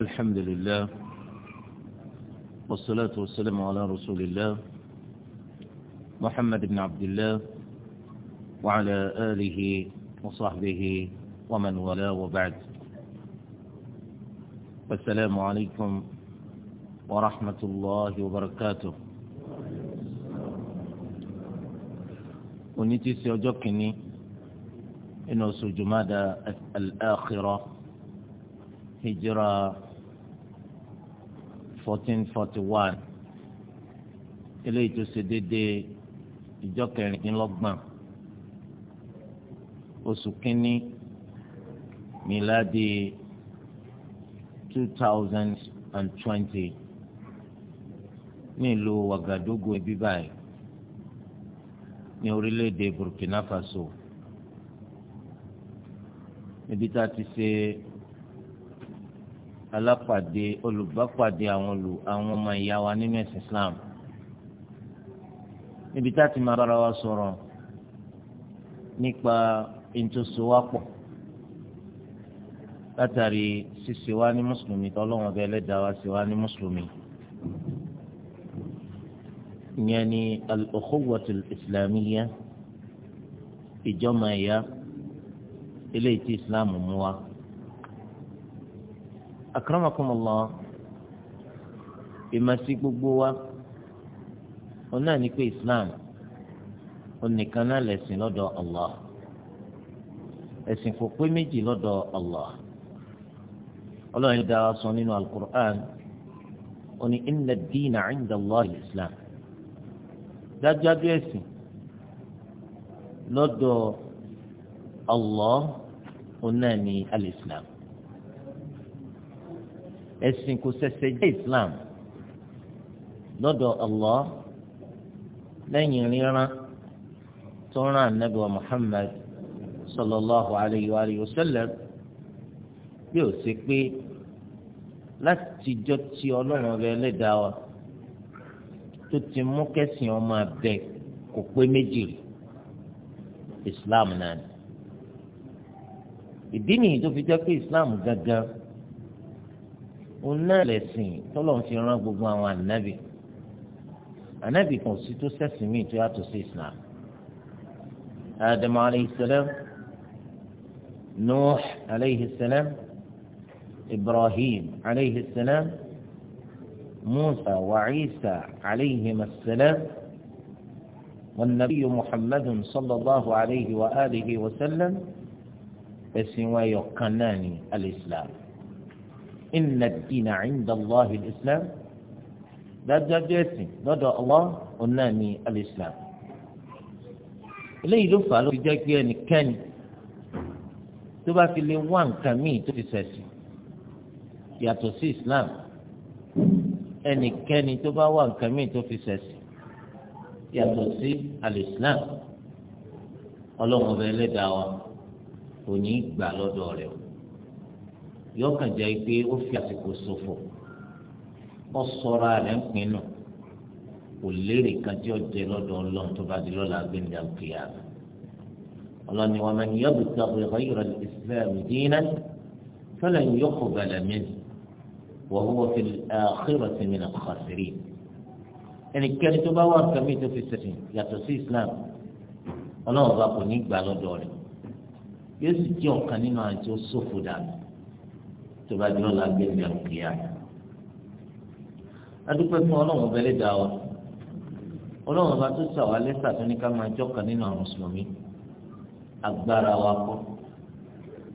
الحمد لله والصلاة والسلام على رسول الله محمد بن عبد الله وعلى آله وصحبه ومن ولا وبعد والسلام عليكم ورحمة الله وبركاته ونتي سيوجوكني إنه سجمادة الآخرة هجرة fourteen forty one eléyìí tó ṣe déédéé ìjọ kẹrìndínlọ́gbọ̀n oṣù kínní miladi two thousand and twenty nílùú Wagadugu ibi báyìí ní orílẹ̀-èdè Burkina Faso níbi tá a ti ṣe alápàdé olùbápàdé àwọn olù àwọn ọmọ ìyá wa nínú ẹ̀sìn Islam níbi tá a ti máa bára wa sọ̀rọ̀ nípa ìtòsíwápọ̀ látàrí ṣíṣe wa ní mùsùlùmí tọ́lọ́wọ́n bẹ́ẹ̀ lẹ́dàá wa ṣe wa ní mùsùlùmí ìyẹn ni al-ukhuwwatu al ìjọ́mọ̀ ẹ̀yà eléyìí tí Islam mú wa akramakumullah ìmọ̀sí gbogbo wa òun náà ní pé islam onìkan náà lẹ̀sìn lọ́dọ̀ allah ẹ̀sìn kò pé méjì lọ́dọ̀ allah ọlọ́run yìí dára sọ nínú alukur'an ó ní inna ad-dina islam dájúdájú ẹ̀sìn lọ́dọ̀ allah òun náà ní ẹ̀sìn kò ṣẹ̀ṣẹ̀ jẹ́ islam lọ́dọ̀ Allah lẹ́yìn ríran tó rán anabi wa muhammad sallallahu alayhi wa alihi wa sallam bí ó ṣe pé látijọ́ tí ọlọ́run ọbẹ̀ ẹlẹ́dàá wa tó ti mú kẹ́sìn ọmọ abẹ kò pé méjì islam náà ìdí nìyí tó fi jẹ́ pé islam gangan. òun náà lẹ̀sìn tọ́lọ́run ti rán gbogbo àwọn ànábì ànábì kan sí tó sẹ́sìn mi tó yàtọ̀ sí islam adam alayhi salam nuh alayhi salam ibrahim alayhi salam musa wa isa alayhi salam والنبي محمد صلى الله عليه وآله وسلم اسم ويقناني الإسلام inna ad-dina 'inda Allahi al-islam dájúdájú ẹ̀sìn lọ́dọ̀ Allah òun náà ní al-islam eléyìí ló fà á ló fi jẹ́ pé ẹnikẹ́ni tó bá fi lè wá nǹkan míì tó fi ṣẹ̀sìn yàtọ̀ sí islam ẹnikẹ́ni tó bá wá nǹkan míì tó fi ṣẹ̀sìn yàtọ̀ sí al-islam ẹlẹ́dàá wa kò ní í gbà lọ́dọ̀ rẹ̀ o yóò kàn jẹ́ pé ó fi àsìkò ṣòfò ó sọra rẹ̀ ń pinnu kò léèrè kan tí ó jẹ lọ́dọ̀ ọlọ́run tó bá di lọ́la gbẹ̀ndà kìá ọlọ́ni wa man yabtaghi ghayra al-islam dinan falan yuqbala minhu wa huwa fil akhirati min al-khasirin ẹnikẹ́ni tó bá wà kàmí tó fi sẹ̀sìn yàtọ̀ sí islam ọlọ́run bá kò ní gbà lọ́dọ̀ rẹ̀ yóò sì jẹ́ ọ̀kan nínú àti ó ṣòfò dànù tó bá jẹ́ ọ̀la gbẹ̀mí àwòkìyà. adúpẹ́ fún ọlọ́run ọbẹ̀lẹ̀ dá wa ọlọ́run ọba tó sàwá lẹ́sà tó ní ká máa jọ́ka nínú àwọn mùsùlùmí agbára wa kọ́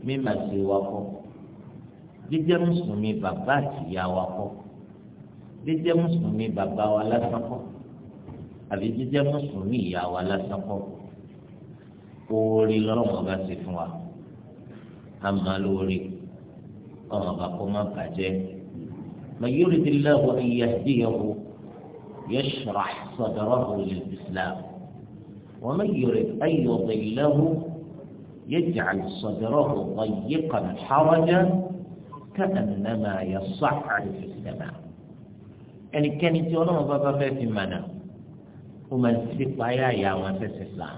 mímà sí wa kọ́ jíjẹ́ mùsùlùmí bàbá àtìyá wa kọ́ jíjẹ́ mùsùlùmí bàbá wa lásán kọ́ àbí jíjẹ́ mùsùlùmí ìyá wa lásán kọ́ oore lọ́rùn ọba ṣe fún wa a ọmọ bàbá má bàjẹ́ mà yóò rí dilẹ́ wọn yẹ díyẹ̀wò yẹ ṣọ̀rọ̀ sọ̀dọ̀rọ̀ òye islam wọn mà yóò rí ayọ̀ dilẹ́ wọn yẹ jàl sọ̀dọ̀rọ̀ òye kan xawájá kàdánnámà yẹ sọ̀xàlì fìsẹ̀mà ẹnikẹ́ni tí ọlọ́run bá fẹ́ fi mànà ó máa ń ti payá ìyá àwọn afẹ́sẹ̀ islam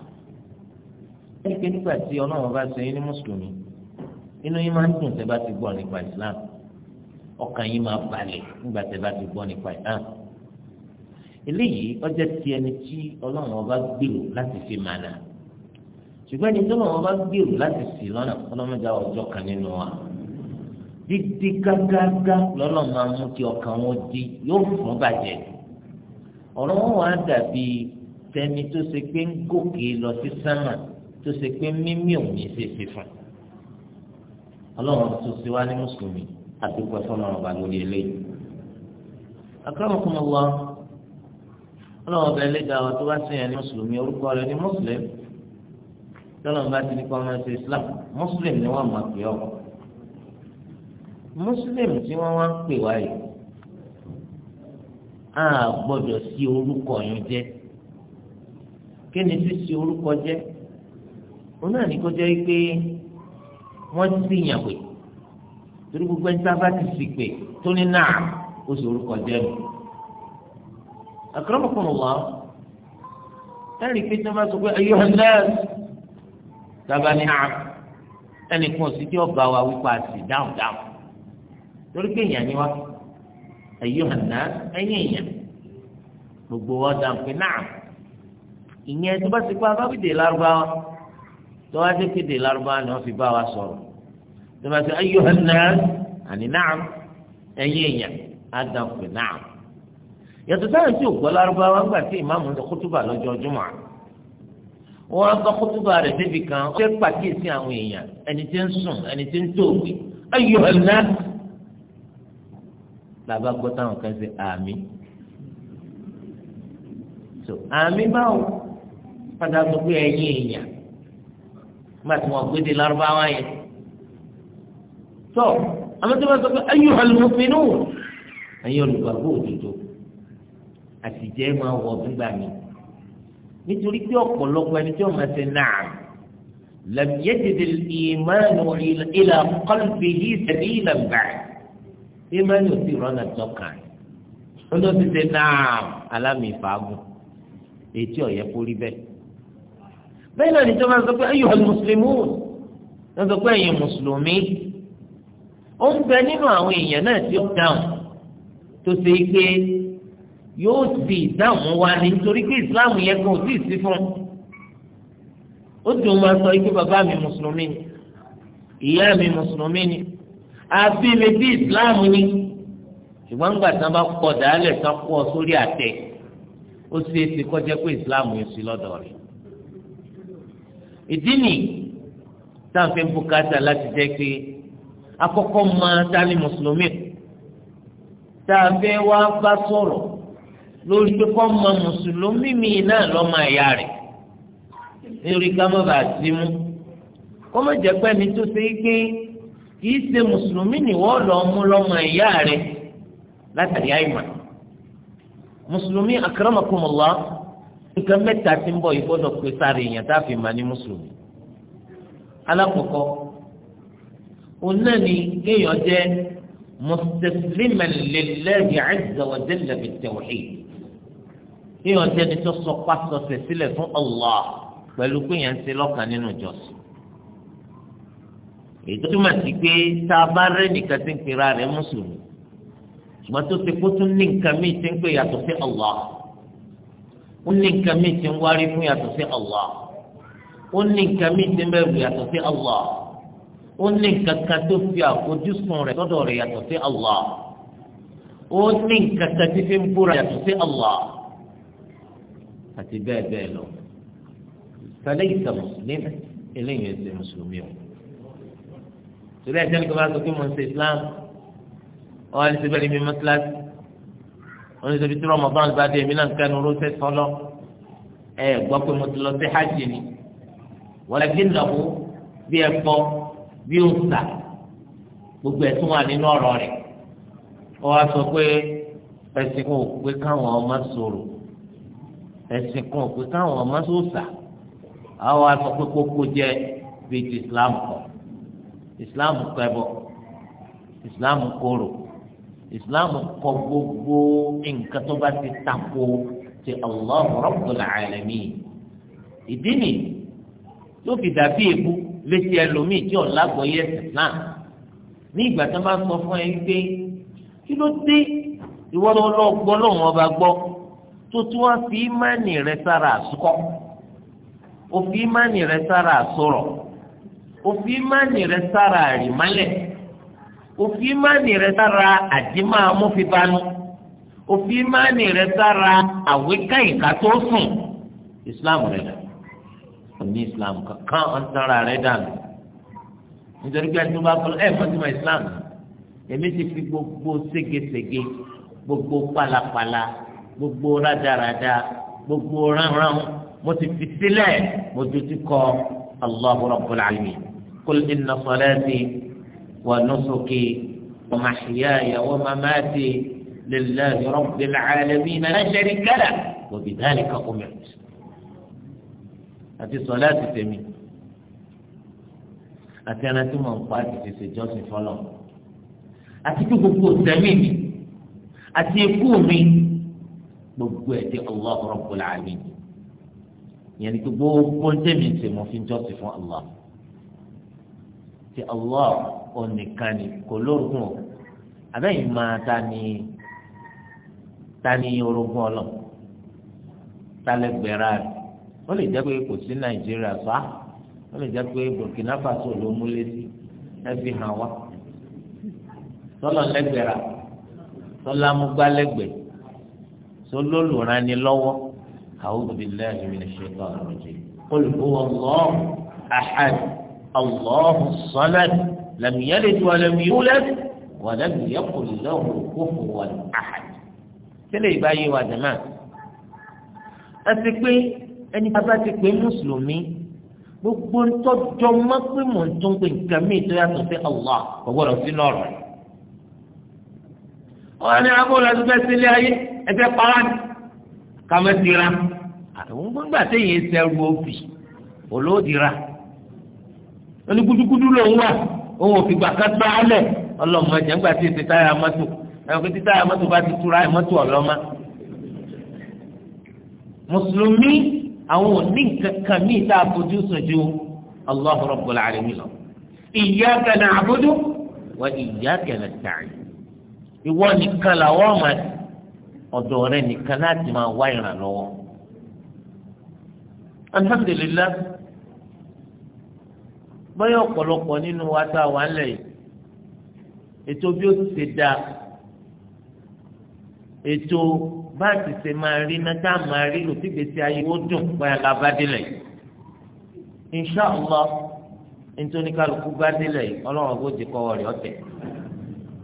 ẹnikẹ́ni nígbà tí ọlọ́run bá sẹ́yìn ní mùsùlùmí inú yín máa ń dùn tẹ́ bá ti gbọ́ nípa islam ọkàn yín máa balẹ̀ nígbà tẹ́ bá ti gbọ́ nípa islam eléyìí ọjọ́ ti ẹni tí ọlọ́run ọba gbèrò láti fi mànà ṣùgbọ́n ẹni tí ọlọ́run ọba gbèrò láti sì lọ́nà ọlọ́mọdé ọjọ́ kan nínú wa dídí gágágá lọ́lọ́run máa mú kí ọkàn wọn di yóò fún bàjẹ́ ọ̀rọ̀ wọn wà dàbí tẹni tó ṣe pé ń gòkè lọ sí sánmà tó ṣe pé mímí òun yìí ọlọ́run tó ṣe wá ní mùsùlùmí àti pẹ̀fọ́ náà ọba lórí eléyìí. akramakumullah ọlọ́run ọba ẹlẹ́dàá wa tó bá ṣe yẹn ní mùsùlùmí orúkọ rẹ̀ ní mùsùlùm tọ́lọ́run bá ti ní kọ́ máa ṣe islam mùsùlùm ni wọ́n máa pè ọ́ mùsùlùm tí wọ́n wá ń pè wá yìí á gbọ́dọ̀ sí orúkọ yẹn jẹ́ kí ni sísí orúkọ jẹ́ òun ní kó jẹ́ pé wọ́n sì yàn pé torí gbogbo ẹni sábà ti sì pé tó ní náà ó sì orúkọ jẹ́ mi. akramakumullah ẹnì pé tí wọ́n bá sọ pé ayé ọ̀hún náà sábà ní náà ẹnì kan sì jẹ́ ọba wa wípé a sì dáhùn dáhùn torí pé èèyàn ni wá ayé ọ̀hún náà ẹ̀yìn èèyàn gbogbo wọn dáhùn pé náà ìyẹn tó bá ti pa abáwídè lárúbáwá tó wá dé kéde lárúbáwá ni wọ́n fi bá wa sọ̀rọ̀ tọ́ba sọ ayyuhan nas àní na'am ẹ̀yìn èèyàn adam pè na'am. yàtọ̀ sáà tí ògbọ́ lárúbáwá gbà tí ìmáàmù ń sọ kútúbà lọ́jọ́ jùmọ̀ wọ́n á gbọ́ kútúbà rẹ̀ débi kan ó fẹ́ pàkíyèsí àwọn èèyàn ẹni tí ń sùn ẹni tí ń tóògbé ayyuhan nas làbá gbọ́ táwọn kan ṣe àmín so àmín báwo padà sọ ẹ̀yìn èèyàn nígbà tí wọ́n gbé de lárúbáwá yẹn tọ àwọn tó bá sọ pé ayyuhal mu'minun ẹ̀yin olùgbàgbọ́ òdodo àtijọ́ ẹ máa wọ gbígbà mi nítorí pé ọ̀pọ̀lọpọ̀ ẹni tí wọ́n máa ṣe náà lam yajid al-imanu ila qalbihi sabilan ba'd ìmánu ti rọ́nà tọ́ka ọ̀nà ti ṣe náà alámì ìfàgùn etí ọ̀yẹ́ kórí bẹ́ẹ̀. bẹ́ẹ̀ náà ni tí sọ pé ayyuhal muslimun wọ́n sọ pé ẹ̀yin mùsùlùmí ó ń bẹ nínú àwọn èèyàn náà tí ó dáhùn tó ṣe é pé yóò sì dáhùn wa ni nítorí pé ìsìláàmù yẹn kan ò sì sí fún un ó dùn máa sọ pé bàbá mi mùsùlùmí ni ìyá mi mùsùlùmí ni àbí mi bí ìsìláàmù ni ṣùgbọ́n nígbà tí wọ́n bá kọ̀ dálẹ̀ tán kú ọ sórí àtẹ ó sì ti kọjá pé ìsìláàmù yẹn sí lọ́dọ̀ rẹ̀ ìdí nì táwọn fi ń bùkátà láti jẹ́ pé. àkọ́kọ́ máa dání mùsùlùmí tá a wá bá sọ̀rọ̀ lórí pé mi náà lọ́mọ ẹ̀yà rẹ̀ nítorí ká má bàa mú kọ́ jẹ́ pé ẹni tó ṣe é pé ṣe mùsùlùmí nìwọ́ lọ́ọ́ mú lọ́mọ ẹ̀yà rẹ̀ látàrí àìmọ̀ mùsùlùmí akramakumullah nǹkan mẹ́ta tí ń bọ̀ yìí pé sáré a fi ní mùsùlùmí alákọ̀ọ́kọ́. òun náà ni kéèyàn jẹ́ mustasliman lillahi azza wa jalla bit-tawhid kéèyàn jẹ́ ni tó sọ pásọsẹ̀ sílẹ̀ fún Allah pẹ̀lú kéèyàn ń ṣe lọ́kàn nínú ìjọsìn èyí tó túmọ̀ sí pé tá a bá rẹ́ nìkan tí ń pera rẹ̀ mùsùlùmí ṣùgbọ́n tó ti kó tún ní nǹkan míì tí ń pè yàtọ̀ sí Allah ó ní nǹkan míì tí ń wárí fún yàtọ̀ sí Allah ó ní nǹkan míì tí ń bẹ̀rù yàtọ̀ sí Allah ó ní nǹkan kan tó fi àfojúsùn rẹ̀ sọ́dọ̀ rẹ̀ yàtọ̀ sí Allah ó ní nǹkan kan tí fi ń búra yàtọ̀ sí Allah àti bẹ́ẹ̀ bẹ́ẹ̀ lọ sálẹ̀ ìtàn mùsùlùmí eléyìí ẹsẹ̀ mùsùlùmí o torí ẹ̀jẹ̀ nìkan bá sọ mo ń ṣe Islam ọ̀ ẹni tí bẹ́ẹ̀ ni mi mọ́ ní sọ fi tí Ramadan bá dé èmi náà kẹ́nu rọ́ṣẹ́ sọ́lọ́ ẹ gbọ́ pé mo ti lọ sí hajj ni wọ́n lè fi bí ẹ bọ́. bí ó ń gbogbo ẹ̀ tún wà nínú ọ̀rọ̀ rẹ̀ ó wá sọ pé ẹ̀sìn kan ò pé káwọn ọmọ kan ò pé káwọn ọmọ wá kọ Islam kọ Islam kóró Islam kọ gbogbo nǹkan tó bá ti tako ti Allah Rabbul Alamin ìdí nìyí tó fi dàbí èkú. létí ẹlòmíì tí ọ̀la gbọ́ yẹ islam ní ìgbà tí wọ́n bá sọ fún ẹ wípé kí ló dé ìwọ lọ́wọ́ gbọ́ lọ́wọ́ ọba gbọ́ tó tún wá fi ìmánì rẹ sára àsukọ́ ó fi ìmánì rẹ sára àsọ̀rọ̀ ó fi ìmánì rẹ sára àrìmálẹ̀ ó fi ìmánì rẹ sára àdìmọ́ amúfibánú ó fi ìmánì rẹ sára àwíká tó sùn islam rẹ dàbí kò ní islam kankan ọ̀ntara rẹ̀ dànù nítorí pé ẹtú bá fọlọ ẹ fọtí ma islam èmi ti fi gbogbo ségesège gbogbo pálapàla gbogbo rádaràda gbogbo ránran mo ti fi sílẹ̀ mo ju ti kọ allahu rabbul alamin kul inna salati wa nusuki wa mahyaya wa mamati lillahi rabbil alamin la sharika lahu wa bidhalika umirtu àti sọlá ti tèmi àti ẹran tí mo ń pa àti tètè jọ́sìn fọlọ́ àti kí gbogbo tẹ̀mí mi àti ikú mi gbogbo ẹ̀ ti Allah Rabbul Alamin yẹn ni gbogbo pọ́ńtẹ́mì ṣe mo fi jọ́sìn fún Allah ti Allah onìkan ni kò lórúkún o àbẹ́yìn máa ta ni ta ni orogún ọlọ́ ta lẹ́gbẹ̀ẹ́ rárẹ̀ ó lè jẹ́ pé kò sí nàìjíríà sá ó lè jẹ́ pé burkina faso ló mú létí ẹ fi hàn wá sọlọ lẹgbẹrà sọlá amúgbálẹgbẹ sọlọlùrani lọ́wọ́ a'udhu billahi minash shaitanir rajim qul huwa Allahu ahad Allahu samad lam yalid wa lam yulad wa lam yakul lahu kufuwan ahad. sílẹ̀ ìbáyé wa jẹ̀mọ́ ẹ ti pín ẹni bàbá ti pè mùsùlùmí gbogbo ntọ́jọ́ má pé mò ń tún pé nǹkan mi tó yàtọ̀ sí Allah ọgbọ́dọ̀ sínú ọ̀rọ̀ ni abúlé ẹsẹ sílé ayé ẹsẹ para ni kàmẹsìra àwọn gbọdọ àtẹyìn ẹsẹ ru òbí olódìra ẹni gudugudu lòun wà òun ò fi gbà ká gbá alẹ ọlọmọdé ńgbà tí èsì táyà mọ́tò ẹnì pé títáyà mọ́tò bá ti túra ẹ mọ́tò ọlọmọ àwọn òní kankan míì tá a fojú sojú Allahu Rabbul Alamin lọ iyyaka na'budu wa iyyaka nasta'in ìwọ nìkan làwọn ọmọ ọ̀dọ̀ rẹ nìkan láti máa wá ìrànlọ́wọ́ alhamdulilah báyọ̀ ọ̀pọ̀lọpọ̀ nínú wa tá a wà ń lẹ̀ ètò bí ó ti ṣe dáa ètò bá a ti ṣe máa rí iná tá a máa rí lò tí gbèsè ayé ó dùn báyà la bá délẹ̀ insha allah nítorí kálukú bá délẹ̀ yìí ọlọ́run kò ti kọ́ ọ̀rẹ́ ọ̀tẹ̀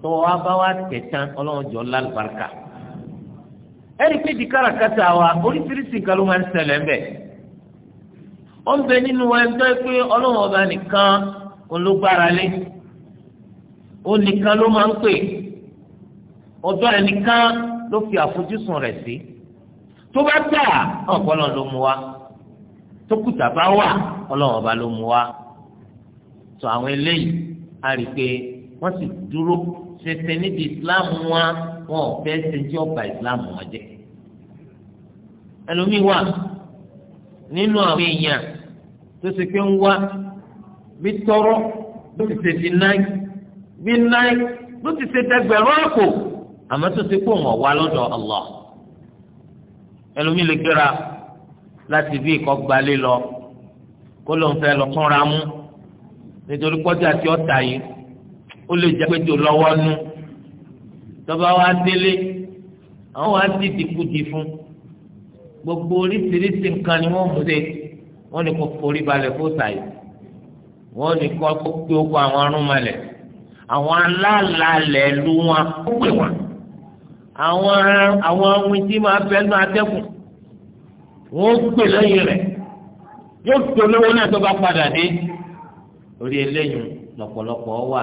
tó wá bá wá tẹ̀ tán ọlọ́run jọ lálùbáríkà ẹni pé di kárakáta wa oríṣiríṣi nǹkan ló máa ń ṣẹlẹ̀ ńbẹ̀ ó ń bẹ nínú wa ẹjọ́ pé ọlọ́run ọba nìkan ológbára lé ó nìkan ló máa ń pè ọ̀dọ̀ ẹnìkan ló fi àfojúsùn rẹ̀ sí tó bá tà ọ̀pọ̀lọ́ ló mú wa tó kùtà bá wà ọlọ́run ọba ló mú wa tó àwọn eléyìí a rí i pé wọ́n sì dúró ṣẹṣẹ níbi ìsìláàmù wa wọn ò fẹ́ ṣe tí ọba ìsìláàmù wọn jẹ ẹlòmíì wà nínú àwọn èèyàn tó ṣe pé ń wá bí tọrọ ló ti ṣe di náì bí náì ló ti ṣe dẹgbẹ̀rún àpò àmọ́ tó ti kó wọn wá lọ́dọ̀ Allah ẹlòmíì lè gbéra láti bí ìkọ́ gbalé lọ kó ló ń fẹ́ lọ túnra mú nítorí pọ́jà tí ó ta yìí ó lè jẹ́ péjọ lọ́wọ́ nú tọ́ba wa délé àwọn wa ti dìkudì fún gbogbo oríṣiríṣi nǹkan ni wọ́n mú de wọ́n ní kó forí balẹ̀ fó sàyè wọ́n ní kó pé kó àwọn arúnmalẹ̀ àwọn aláàlá lẹ̀ lu wọn ó pè wọ́n àwọn àwọn ohun tí máa bẹ nù atẹ́kùn wọ́n gbè lẹ́yìn rẹ̀ yóò tó lówó náà tó bá padà dé orí eléyìí lọ́pọ̀lọpọ̀ wà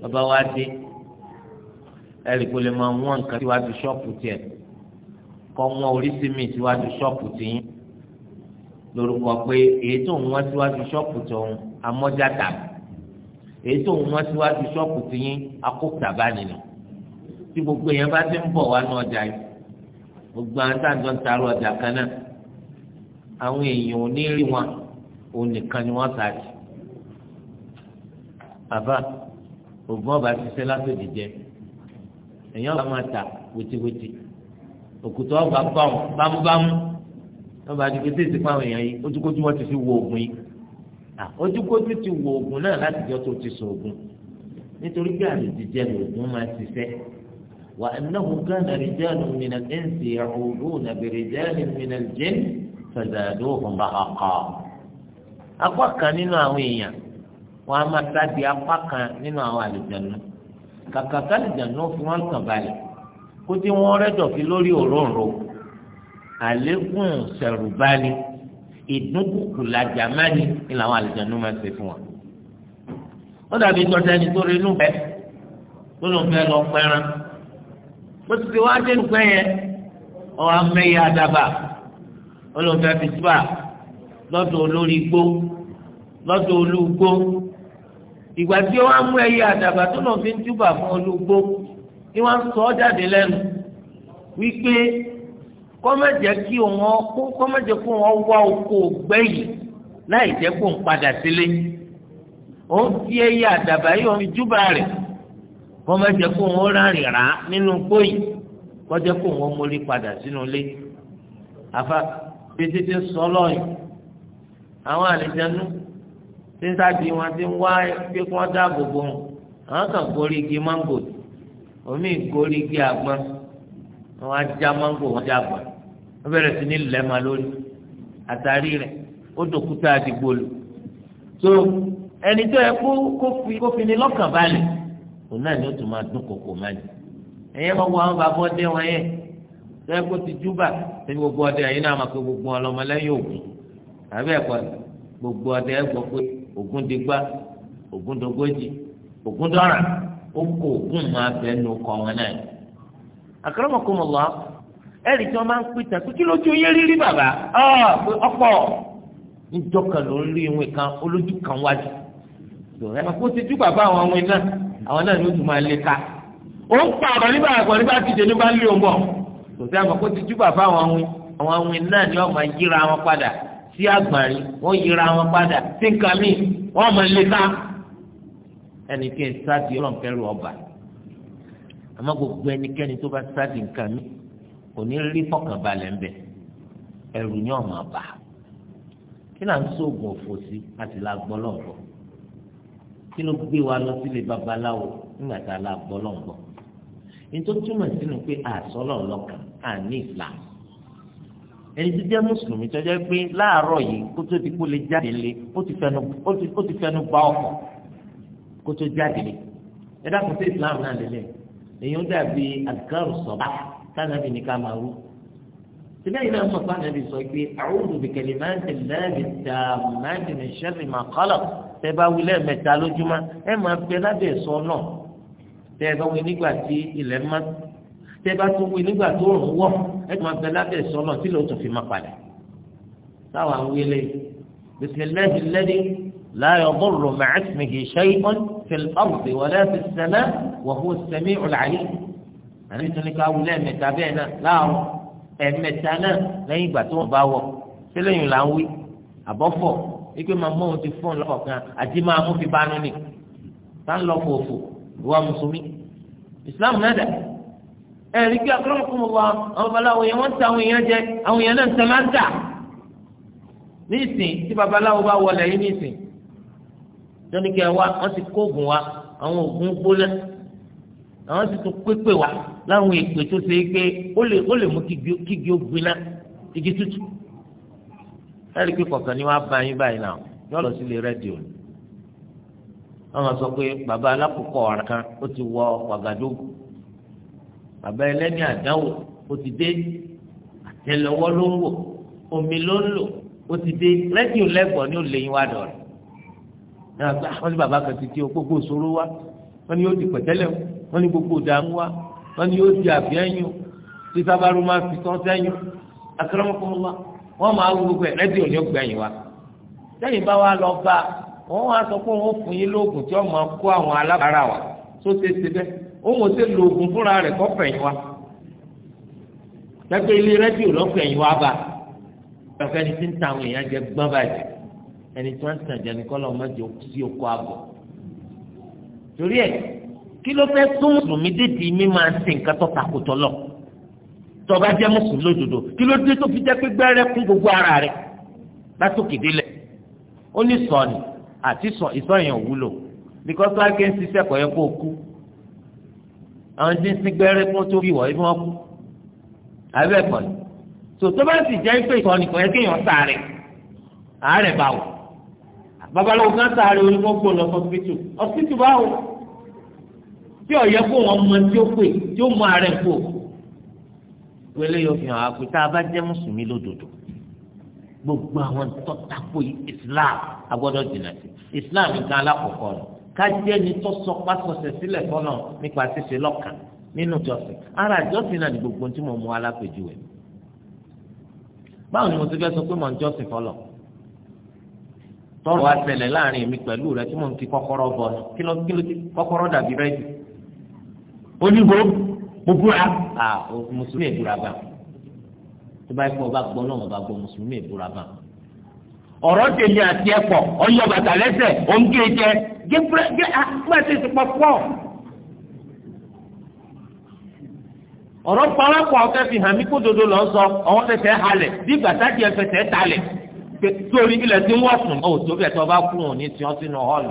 bàbá wa dé ẹ̀rì kò lè máa wọ́n nǹkan síwájú ṣọ́ọ̀pù tiẹ̀ kọ́ wọ́n oríṣi mi síwájú ṣọ́ọ̀pù tiyín lórúkọ pé èyí tó ń wọ́n síwájú ṣọ́ọ̀pù tòun amọ́jà tàbí èyí tó ń wọ́n síwájú ṣọ́ọ̀pù tiyín akókò tàbá nínú tí gbogbo èèyàn bá ti ń bọ̀ wá ní ọjà yìí gbogbo àwọn táǹtọ̀ ń tarọ ọjà kan náà àwọn èèyàn ò ní rí wọn òun nìkan ni wọ́n tàjì bàbá òògùn ọba ṣiṣẹ́ látòdì jẹ èèyàn bá máa tà wetiweti òkùtà ọba bámúbámú ọba àdìgbèsè ti fún àwọn èèyàn yìí ojúkójú wọn ti fi wo oògùn yìí ojúkójú ti wo oògùn náà láti jọ tó ti sọ oògùn nítorí pé àlejò jẹ lóògùn máa ṣiṣẹ́ وأنه كان رجال من الإنس يعودون برجال من الجن فزادوهم بهقا apá kan nínú àwọn èèyàn wọn a máa sáàdì apá kan nínú àwọn àlùjànnú kàkà kálùjànnú fi wọn kàn balẹ̀ kó tí wọn rẹdọfi lórí òróǹro àlékún sẹrùbáni ìdúnkùkù làjàmánì ni làwọn àlùjànnú máa ń ṣe fún wọn. ó dàbí tọ́jà ẹni tó rinú bẹ́ẹ̀ tó ló ń fẹ́ lọ pẹ́ràn bó ti ti wá dé nùpẹ́ yẹn ọwọ́ amẹ́yẹ àdàbà olùfẹ́ fìtúbà lọ́dọ̀ olórí igbó lọ́dọ̀ olúgbó ìgbà tí wọ́n á mú ẹyẹ àdàbà tó lọ́ọ́ fi ń túbà fún olúgbó ni wọ́n sọ ọ́ jáde lẹ́nu wípé kọ́mẹ́jẹ kí wọ́n kó kọ́mẹ́jẹ kó wọ́n wá oko gbẹ́yìn láì jẹ́ kó ń padà sílé òun fi ẹyẹ àdàbà yìí wọ́n fi júbà rẹ̀ kọ́ má jẹ́ kó wọn rárìn rà nínú gbóyè kọ́ jẹ́ kó wọn mórí padà sínú ilé àfa bí títí sọ lọ́yìn àwọn àlejànú tí ń sáàbì wọn ti ń wá pé kí wọ́n dáàbò bò wọn àwọn kan gorí igi máńgò omi gorí igi àgbọn wọn á já máńgò wọn já àgbọn bẹ̀rẹ̀ sí ní lẹ́ẹ̀ma lórí àtàrí rẹ̀ ó dòkúta àdìgbò lò so ẹni tó yẹ kó kó fi ní lọ́kàn balẹ̀. òun náà ni ó tún máa dún kòkò máa ní. gbogbo àwọn bàbá ọdẹ wọn kó ti júbà gbogbo ọdẹ yẹn náà máa gbogbo ọlọmọ lẹ́yìn ògùn àbí gbogbo ọdẹ ẹ̀ pé ògùn ti gbá ògùn dógójì ògùn ó kó ògùn máa nu wọn náà. tí máa ń lójú bàbá kan ló ń rí ìwé kan olójú kan wájú. àwọn náà ló tún máa lé ká ó ń pa ọ̀rọ̀ nígbà àgbọ̀ nígbà tíjẹ ní lé òun bọ̀ kò sí àgbà kó ti júbà fáwọn awin àwọn awin náà ni wọ́n máa yíra wọn padà sí àgbàrin wọ́n yíra wọn padà sí nǹkan míì wọ́n máa lé ká ẹnikẹ́ni sáàdì ọlọ́nkẹ́rù ọba àmọ́ gbogbo ẹnikẹ́ni tó bá sáàdì nǹkan kò ní rí fọkànbalẹ̀ ńbẹ ẹrù ni ọ̀ máa bà kí náà ń sóògùn òfò sí àti kí ló gbé wa lọ sílé babaláwo nígbà tá a la gbọ́ lọ́n gbọ́ nítorí túmọ̀ sínú pé àsọlọ̀ lọ́kàn á ní ìlà ẹni tó jẹ́ mùsùlùmí tó jẹ́ pé láàárọ̀ yìí kó tó ti kó lè jáde lé ó ti fẹnu bá ọkọ̀ kó tó jáde lé ẹ dákun sí Islam náà lélẹ̀ èyí ń dàbí àdìkárù sọ̀bá tánàbì ní ká máa rú síbẹ̀ yìí náà sọ̀tàn nàbì sọ pé a'udhu bi kalimati llahi tammati min sharri ma khalaq tẹ bá wí lẹ́ẹ̀mẹ́ta lójúmọ́ ẹ máa bẹ lábẹ́ ìsọ náà tẹ bá wí nígbà tí ilẹ̀ mọ́ tẹ bá tún wí nígbà tó rùn wọ̀ ẹ máa bẹ lábẹ́ ìsọ náà tí lóòótọ́ fi máa padà táwa ń wílé bisimilahi lẹ́dí láyọ̀ bọ́ọ̀lù màásìmìhì ṣẹ́yìn fi ọ̀rùn wọlé fi sẹ́lẹ̀ wọ̀hún sẹ́mi ọ̀làyé àní tún ní ká wí lẹ́ẹ̀mẹ́ta bẹ́ẹ̀ náà láàrún ẹ̀ẹ̀mẹ́ta náà lẹ́yìn ìgbà tó wọ́n bá wọ̀ sílẹ̀ yìí là ń wí àbọ̀fọ̀ ikú màmá òun ti fún un lọ́kọ̀ọ̀kan àti máa mú fi bánú ni tá ń lọ́kọ̀ òfò ìwà mùsùlùmí islam náà dà ẹ rí kí akọ́lọ́mọkùn wa àwọn babaláwo yẹn wọ́n ń ta àwọn èèyàn jẹ àwọn èèyàn náà ń tẹ̀lé ń tà ní ìsìn tí babaláwo bá wọlé yìí ní ìsìn jọ́nìkẹ́ wa wọ́n ti kóògùn wa àwọn oògùn gbóná àwọn ti tún pépè wa láwọn èpè tó ṣe é pé ó lè mú kígi ó gbiná igi tútù ẹ̀rí pé kọ̀ọ̀kan ni wọ́n á bá yín báyìí náà yóò lọ sílé rédíò ni wọ́n máa sọ pé bàbá alákòókò ọ̀ràn kan ó ti wọ wàgàdógù bàbá ẹlẹ́ni àdánwò ó ti dé àtẹ́lẹwọ́ ló ń wò omi ló ń lò ó ti dé rédíò lẹ́gbọ̀n ni ó lè yín wá dọ̀rẹ́ wọ́n ní bàbá kan ti di gbogbo ìṣòro wa wọ́n ní yóò di pẹ̀tẹ́lẹ̀ wọ́n ní gbogbo ìdààmú wa wọ́n ní yóò di àbíẹ́yìn o tí sábàrú máa fi tán sẹ́yìn akérèmọ́kọ́ wa wọ́n máa wú gbogbo ẹ̀ rẹ́díò ní ògbẹ́yìn wa sẹ́yìn bá wa lọ bá wọ́n wá sọ pé wọ́n fún yín lóògùn tí wọ́n máa kó àwọn alábàárà wa tó ṣe ṣe bẹ́ẹ̀ òun ò ṣe lo oògùn fúnra rẹ̀ kọ́ wa lẹ́gbẹ́ ilé rẹ́díò lọ́fẹ̀yìn wa bá pẹ̀fẹ́ ni tí ń ta àwọn èèyàn jẹ gbọ́n bàjẹ́ ẹni tí wọ́n ń tàn jẹ ní kọ́lọ́ sí oko àgọ́ torí ẹ̀ kí ló fẹ́ tún mùsùlùmí dèdè mi máa ń sin nǹkan tó takò tọ́lọ̀ tọba jẹ́ mùsùlùmí lódodo kí ló dé tó fi jẹ́ pé gbẹ́rẹ́ kún gbogbo ara rẹ̀ látòkè délẹ̀ ó ní sọ̀nì àti sọ ìsọ̀yìn òwúlò bíkọ́sọ́ àgẹ́ ń ṣiṣẹ́ kọ̀ yẹ kó o kú àwọn tí ń sin gbẹ́rẹ́ kó tó bí wọ̀ ibi wọn kú àbẹ́ ẹ̀kọ́ ni tò tó bá sì jẹ́ pé ìsọ̀nì kọ̀ yẹ kéèyàn sáré àárẹ̀ bá wò babaláwo kan sáré onígbọ́gbọ́ lọ sọ́sibítù ọ̀sibítù báwo tí ọ̀yẹ́ kó wọn mọ tí ó pè tí ó mọ àárẹ̀ kó o wọlé yóò fi hàn á pé tá a bá jẹ́ mùsùlùmí lódodo gbogbo àwọn tọ́tako islam agbọ́dọ̀ jìnnà sí islam nǹkan alákọ̀ọ́kọ́ rẹ̀ kájẹ́ ni tó sọ pásọsẹ̀ sílẹ̀ fọ́nà nípa ṣíṣe lọ́kàn nínú ìjọsìn ara ìjọsìn náà ni gbogbo tí mo mú alápèjúwe báwo ni mo ti fẹ́ sọ pé mo ń jọ́sìn fọlọ̀ tọrọ wa ṣẹlẹ̀ láàrin mi pẹ̀lú rẹ tí mo ń ti kọ́kọ́rọ́ bọ̀ kí ló kí ló ti kọ́kọ́rọ́ dàbí rẹ́dì oníbo mo búra à mùsùlùmí èbúra bá tó bá yẹ kó o náà o bá gbọ́ mùsùlùmí èbúra bá ọ̀rọ̀ tèmi àti ẹ̀pọ̀ ọ̀yọ́ bàtà lẹ́sẹ̀ òǹkè jẹ gé pẹ́ gé àgbà tẹ̀ sí pọ̀pọ̀. ọ̀rọ̀ parapọ̀ ọ̀kẹ́ fi hàn mí kó dodo lọ sọ ọ̀wọ́n fẹsẹ̀ halẹ̀ bí bàtà tiẹ̀ fẹsẹ̀ talẹ̀ torí ilẹ̀ tí ń wọ̀ sùn ọ̀ tó bẹ̀ tó bá kú òní tí wọ́n sínú họ́ọ̀lù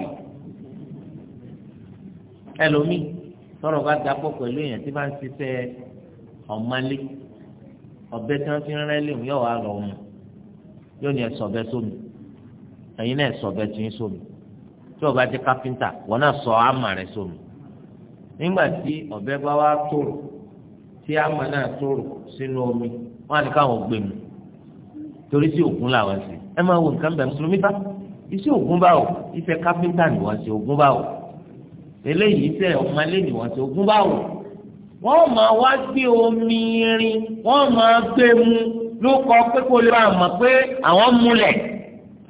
ẹlòmíì tọrọ bá dapò pẹ̀lú èèyàn tí bá ń ṣiṣẹ́ ọ̀málé ọ̀bẹ tí wọ́n fi rẹ́ lè yọ̀ wá lọ mu yóò ní ẹ̀sọ̀ ọ̀bẹ sómi ẹ̀yin náà ẹ̀sọ̀ ọ̀bẹ tí ń sómi tí ọba jẹ́ káfíńtà wọn náà sọ àmà rẹ̀ sómi nígbà tí ọ̀bẹ bá wá tòrò tí àmà náà tòrò sínú omi wọn á ní káwọn gbé mu torí sí ògùn làwọn sí ẹ máa wo nǹkan bẹ̀ mùsùlùmí bá iṣẹ́ ògùn báwo iṣẹ́ káfíńtà ni wọ́n ṣe ògùn báwo eléyìí tẹ ọmọ lẹ́nu wọn tó gún báwò wọ́n máa wá gbé omi rin wọ́n máa gbé mu ló kọ pé kó lè máa mọ̀ pé àwọn múlẹ̀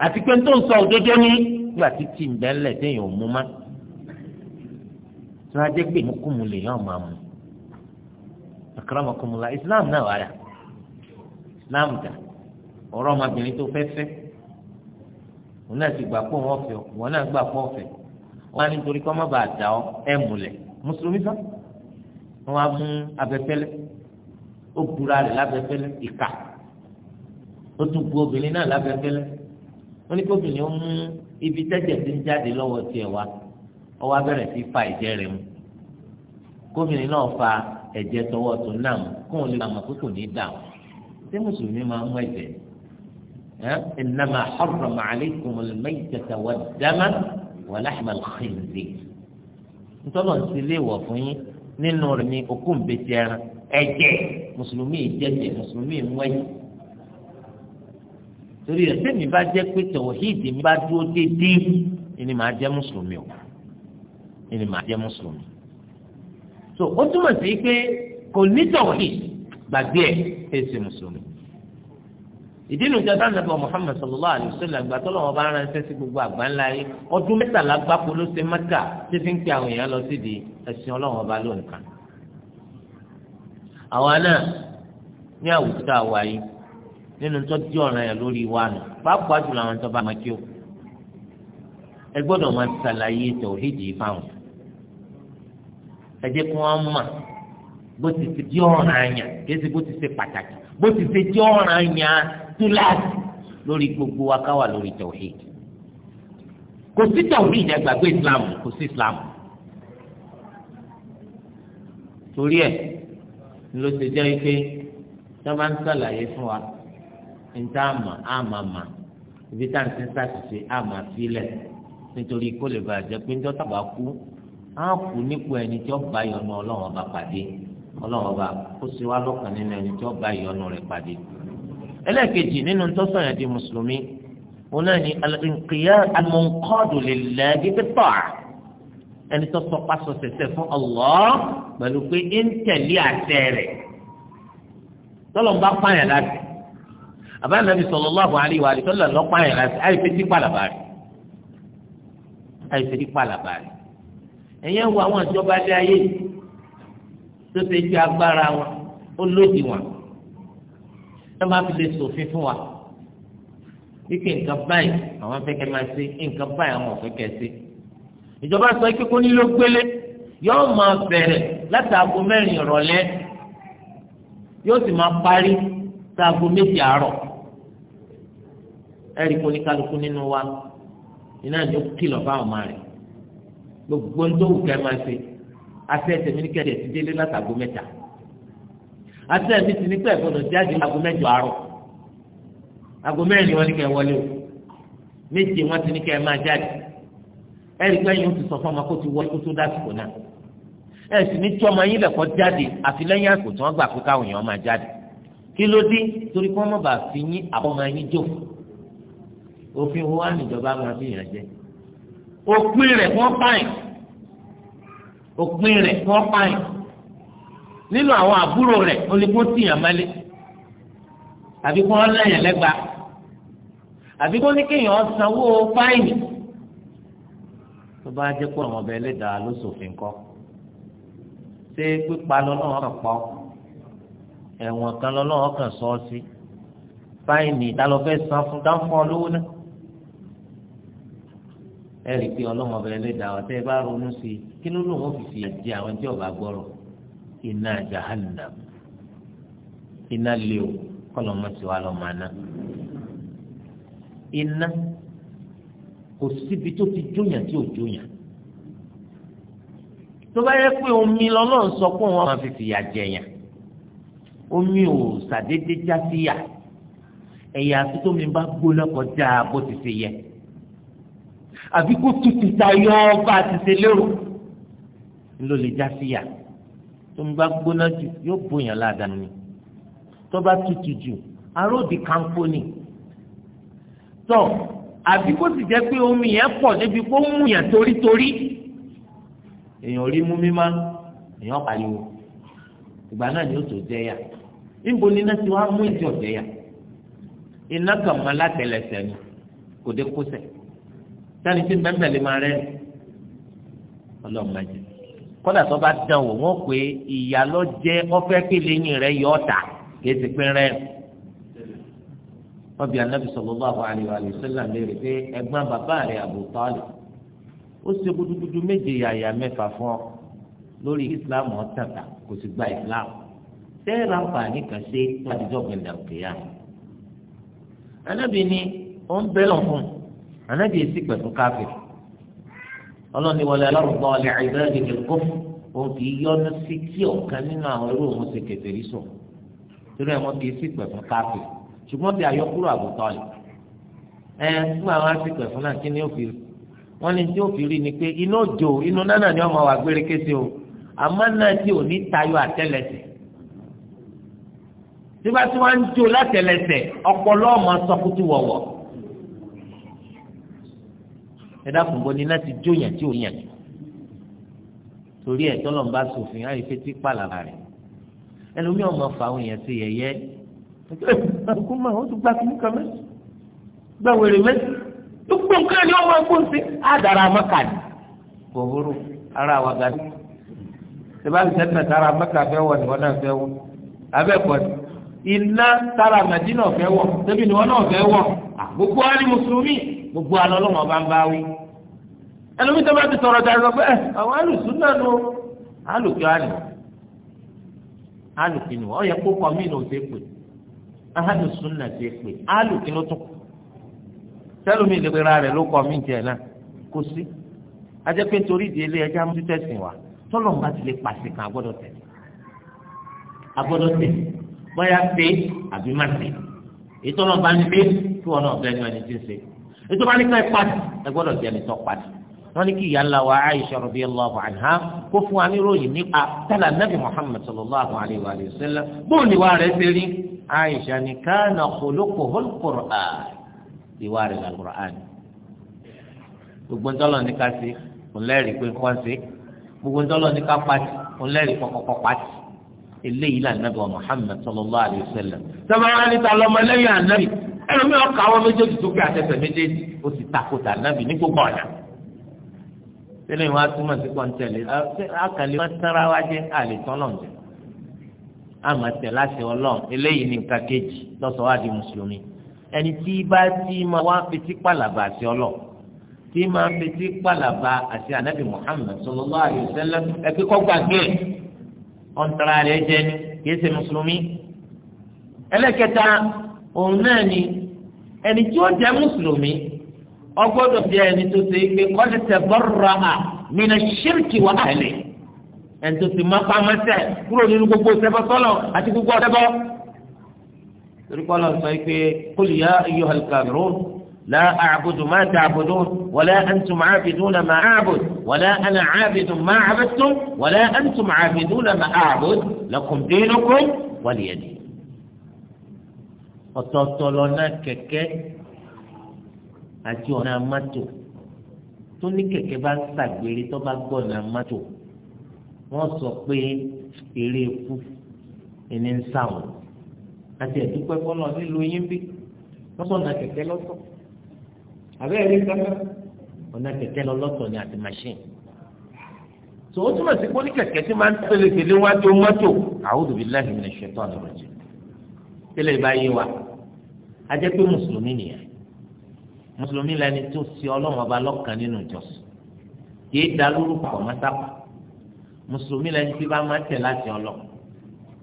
àti pé tó ń sọ òdodo ní nígbà tí tì ń bẹ́ńlẹ̀ téèyàn ò mú má tí wọ́n á jẹ́ pé ìmúkùmù lèèyàn máa mú akaramakumula islam náà wà islam dà ọ̀rọ̀ ọmọbìnrin tó fẹ́ fẹ́ wọn náà ti gbà pọ̀ wọ́n fẹ́ wọn náà gbà pọ̀ fẹ́ wọn á ní torí kọ́ má bàa dà ọ́ ẹ̀ múlẹ̀ mùsùlùmí sọ wọn á mú abẹ́fẹ́lẹ́ ó búra rẹ̀ lábẹ́fẹ́lẹ́ ìkà ó tún bu obìnrin náà lábẹ́fẹ́lẹ́ wọn ní kó obìnrin ó mú ibi tẹ́jẹ̀ tí ń jáde lọ́wọ́ tiẹ̀ wá ọwọ́ abẹ́rẹ́ sí fa ìjẹ́ rẹ̀ mu gómìnà náà fa ẹ̀jẹ̀ tọwọ́ tó náà mu kóun lè máa kókò ní dà ọ́ ṣé mùsùlùmí máa mú ẹ̀jẹ̀ ẹ̀ ẹ̀ innama wa lahmal khinzir ntọ́lọ̀ ń ti léèwọ̀ fún yín nínú rẹ̀ ní okú ńbẹ́tì ẹran ẹ̀jẹ̀ mùsùlùmí ìjẹ̀jẹ̀ mùsùlùmí ìmúẹ̀jẹ̀ torí rẹ̀ sẹ́mi bá jẹ́ pé tọ̀wọ̀hídì mi bá dúró déédéé ẹni màá jẹ́ mùsùlùmí o ẹni màá jẹ́ mùsùlùmí so ó túmọ̀ sí pé kò ní tọ̀wọ̀hídì gbàgbé ẹ̀ ẹ̀ ṣe mùsùlùmí ìdí nu jẹ́sán wa Muhammad sallallahu alayhi wa sallam gba tó lọ́wọ́ bá ń ránṣẹ́ sí gbogbo àgbáńlá yìí ọdún mẹ́tàlá gbáko ló ṣe Mẹ́kà tí fi ń pe àwọn èèyàn lọ sí di ẹ̀sìn Ọlọ́run ọba lónìkan. àwa náà ní àwùjọ àwa yìí nínú tó di ọ̀ràn yẹn lórí wa nù pàápàá jùlọ àwọn tó bá máa kí o. ẹ gbọ́dọ̀ máa ṣàlàyé tòhídìí fáwọn. ẹ jẹ́ kí wọ́n mọ̀ bó ti ti di ọ̀ràn yẹn kí túláàsì lórí gbogbo wa ká wà lórí tawhid kò sí tawhid ẹgbàgbé islam kò sí islam torí ẹ̀ ló ṣe jẹ́ pé tí wọ́n bá ń sàlàyé fún wa ní tá a mọ̀ á mọ̀ mọ̀ ibi tá à ń sin sàṣìṣe á mọ̀ sílẹ̀ nítorí kó lè bàjẹ́ pé níjọ́ tàbá kú á kú nípò ẹni tí ó bá yọnu ọlọ́run ọba pàdé ọlọ́run ọba kó sì wá lọ́kàn nínú ẹni tí ó bá yọnu rẹ̀ pàdé ẹlẹ́ẹ̀kejì nínú tọ́sán yẹn di mùsùlùmí wọn náà ní alìkìyà alìmọ̀nkọ́dù lèlẹ́ gẹ́gẹ́tọ̀ ẹni tó sọ pásọ sẹsẹ fún Allah pẹ̀lú pé ń tẹ̀lé àtẹ rẹ̀ tọ́lọ̀ ń bá pààyàn láti àbá nàbì sallallahu alaihi wa sallam lọ́ pààyàn láti àìsí tí pàlàbà rẹ̀ àìsí tí pàlàbà rẹ̀ ẹ̀yẹ́ àwọn ìjọba dé ayé tó ṣe jẹ́ agbára wọn ó lòdì wọn ẹ máa fi lè ṣòfin fún wa wípé nǹkan báyìí àwọn afẹ́kẹ́ máa ṣe nǹkan báyìí àwọn afẹ́kẹ́ ṣe ìjọba sọ pé kó nílò gbélé yóò máa bẹ̀rẹ̀ láti aago mẹ́rin ìrọ̀lẹ́ yóò sì máa parí sí aago méjì àárọ̀ ẹ̀rí kò ní kálukú nínú wa iná ìjọ kìlọ̀ fáwọn ọmọ rẹ̀ gbogbo ń tó wù kẹ́ máa ṣe afẹ́ tẹ̀mí ní kẹ́ẹ̀dẹ̀ ti délé láti aago mẹ́ta àti ẹ̀mí ti ní pé ẹ̀gbọ́dọ̀ jáde aago mẹ́jọ àárọ̀ aago mẹ́rin wọn ní kẹ́ wọlé o méje wọn ti ní kẹ́ máa jáde ẹ̀rí pé ẹ̀yin ó ti sọ fún ọmọ kó ti wọlé kó tó dásìkò náà ẹ̀ sì ní tí ọmọ yín lẹ̀kọ́ jáde àfi lẹ́yìn àsìkò tí wọ́n gbà pé káwọn èèyàn máa jáde kí ló dé torí kí wọ́n má bàa fi yín àbọ̀mọ yín jò òfin wo wá níjọba máa fi yàn jẹ òpin rẹ̀ wọ́n pààyàn nínú àwọn àbúrò rẹ̀ ó ní kó tìyàn mọ́lé àbí kó wọ́n lẹ́yìn lẹ́gba àbí kó ní kéèyàn sanwó fáìnì tó bá jẹ́ pé ọmọ ọba ẹlẹ́dàá ló ṣòfin kọ́ ṣé pípa lọ́lọ́wọ́ kan pọ̀ ẹ̀wọ̀n kan lọ́lọ́wọ́ kan sọ ọ́ sí fáìnì ìdálọ́fẹ́ san fún dáńfọ́ lówó náà ẹ rí i pé ọlọ́mọ ọba ẹlẹ́dàá ọ̀tẹ́ bá ronú sí i kí ló lóun fi fìyà jẹ àwọn tí ọba gbọ́rọ̀ iná jahannam iná lé o kọlọmọ sí wa lọmọ aná iná kò síbi tó ti jóyàn tí ò jóyàn tó bá yẹ pé omi lọ́lọ́run sọ pé wọ́n máa fi fìyà jẹyàn omi ò sàdédé já síyà ẹ̀yà àtúntòmí bá gbóná kọjá bó ti ṣe yẹ àbí kó tutù tayọ bá a ti ṣe lérò ńlọ lè já síyà tó ń bá gbóná jù yóò bóyàn ládàá ni tó bá tutù jù aróòdì kanko ni tó àbí kó sì jẹ́ pé omi yẹn pọ̀ débi kó mú yàn torítorí èèyàn rí mú mímá èèyàn pariwo ìgbà náà ni ó tó jẹ́ yà níbo ni náà ti wá mú ìjọ jẹ́ yà iná kan mọ́ látẹlẹsẹ̀ ni kò dé kó sẹ̀ sani tí bẹ́ẹ̀ máa rẹ́ ọlọ́run kódà tó bá dán wò wọ́n pé ìyá lọ jẹ́ ọfẹ́ pé lẹ́yìn rẹ̀ yọ ọ̀tà kì í ti pín rẹ̀. wọ́n bí anábì sallallahu alaihi wa sallam léèrè pé ẹ̀gbọ́n bàbá rẹ̀ Abu Talib ó ṣe gudugudu méje yàyà mẹ́fà fún ọ lórí islam ọ̀tàtà kò sì gba islam sẹ́ẹ̀rà àǹfààní kan ṣe ládìjọ́ gbẹ̀dà òkèèyà anábì ni ó ń bẹ́lọ̀ fún anábì èsì pẹ̀lú káfíìn ọlọ́ni wọlé alárùbọ̀ ọ̀lẹ́ àìbẹ́rẹ́ ní kó òun kì í yọnu sí tí ọ̀kan nínú àwọn irú òun ṣe kèfèrí sùn torí ẹ̀ wọ́n kì í sì pẹ̀ fún káàpì ṣùgbọ́n bí àyọkúrò àgùntàn yìí ẹ fún àwọn àṣìpẹ̀ fún náà kí ni ó fi wọ́n ní tí ó fi rí ni pé iná òjò inú nánà ni ọmọ wa gbére kése o àmọ́ náà tí ò ní tayọ àtẹ́lẹsẹ̀ tí bá tí wọ́n ń jó látẹ́lẹsẹ̀ ọpọlọ ọmọ sọkútù wọ̀wọ̀ ẹ̀dá kùnbọ ni láti jóyàn tí ò yàn torí ẹ̀ tọ́lọ̀ ń bá sòfin á yìí fetí pàlàlà rẹ̀ ẹlòmí ọmọ fà àwọn èèyàn sí yẹ̀yẹ́ ẹkú máa ó tún gbá kínní kan mẹ́sì gbá wèrè mẹ́sì gbogbo nǹkan ni ọmọ ẹkú sí àdàrà mọ́kà ni kòhóró ara wa gàdí ìbáfi sẹ́tẹ̀ tara mẹ́kà fẹ́ wọ̀ ni wọ́n náà fẹ́ wọ̀ abẹ́kọ̀ ni iná tara mẹ́dínà fẹ́ wọ̀ débi ni wọ́n náà fẹ́ wọ̀ gbogbo wa ni mùsùlùmí gbogbo alọ́lọ́wọ́ bá ń bá wí. ẹlòmí tó bá ti sọ̀rọ̀ ta sọ pé ẹ eh, àwọn alùsùn náà ló alùkí àná alùkí nù ọ̀yẹ́ kó kọ́ mí ní òsè pè alùsùn náà ti pè alùkí ló tún kù sẹ́lómi lè ra rẹ̀ ló kọ́ mí jẹ náà kò sí ajẹ́ pé nítorí ìdí ilé ẹja mú tẹ̀sìn wa tọ́lọ́mù bá ti lè pàṣẹ kan agbọ́dọ̀ tẹ̀ agbọ́dọ̀ tẹ̀ bóyá pé àbí má tẹ̀ ètò ètò wọn ní ká ẹ pàdé ẹ gbọ́dọ̀ jẹ́ ẹni tó pàdé wọn ní kí ìyá ńlá wa Aisha radiyallahu anha kó fún wa níròyìn nípa tẹ́lẹ̀ nabi Muhammad sallallahu alayhi wa sallam bóun ni wà rẹ̀ ṣe rí Aisha ní kana khuluquhul Qur'an ìwà rẹ̀ la Qur'an gbogbo ńtọ́lọ̀ ní ká sí kò lẹ́rìí pé kọ́ sí gbogbo ńtọ́lọ̀ ní ká pàtì kò kọ́kọ́kọ́ pàtì eléyìí là nàbẹ̀ wa sallallahu alayhi wa sallam ẹlòmíì ọkà àwọn méjèèjì tó gbé àtẹsẹ̀ méjèèjì ó sì takòtà nàbì ní gbogbo ọ̀nà tẹ́lẹ̀ wọn atúmọ̀ sí kọ́ńtẹ́lẹ̀ àkàlẹ́ wọn tẹ́ra wá jẹ́ àlè tọ́lọ̀ jẹ́ àmọ́ tẹ̀ láti ọlọ́run eléyìí ní nǹkan kejì lọ́sọ̀ọ́ àdì mùsùlùmí ẹni tí bá ti máa wá fetí pàlàbà àti ọlọ́ tí máa fetí pàlàbà àti anabi Muhammad sallallahu alaihi wasallam ẹbí kọ́ gbàgbé ọ̀ntara rẹ̀ jẹ́ ni kìí ṣe mùsùlùmí òun náà ni ẹni tí ó jẹ́ mùsùlùmí ọgbọ́dọ̀ bí ẹni tó ṣe pé kọ́ni tẹ̀bọ́ra à mina ṣírkì wà áhìlì ẹni tó ti má pàmẹ́sẹ̀ mina siriki wa ahili eni to ti ma se kuro ninu gbogbo sẹ́fọ́ sọ́lọ̀ àti gbogbo ọ̀dẹ́bọ́. torí kọ́lọ̀ sọ pé qul ya ayyuhal kafirun la a'budu ma ta'budun wala antum 'abiduna ma a'bud wala ana 'abidun ma 'abadtum wala antum 'abiduna ma a'bud lakum dinukum waliya din ọ̀tọ̀ọ̀tọ̀ lọ́nà kẹ̀kẹ́ àti ọ̀nà mọ́tò tó ní kẹ̀kẹ́ bá ń ṣàgbèrè tó bá gbọ̀nà mọ́tò wọ́n sọ pé eré ikú ẹni ń sàwọn àti ẹ̀dúpẹ́ fọlọ́ nílùú yín bí wọ́n sọ ọ̀nà kẹ̀kẹ́ lọ́tọ̀ àbẹ́ ẹ̀rí kankan ọ̀nà kẹ̀kẹ́ lọ lọ́tọ̀ ni àti machine tó o túmọ̀ sí pé ní kẹ̀kẹ́ tí máa ń tẹ̀lé tẹ̀lé wájú mọ́tò a'udhu billahi minash shaitani rajim tẹ́lẹ̀ bá yé wa ajẹ́ pé mùsùlùmí nìyẹn mùsùlùmí lẹni tó ṣe ọlọ́run ọba lọ́kàn nínú ìjọsìn kìí da lórúkọ mọ́sápà mùsùlùmí lẹni tí bá máa tẹ̀ láti ọlọ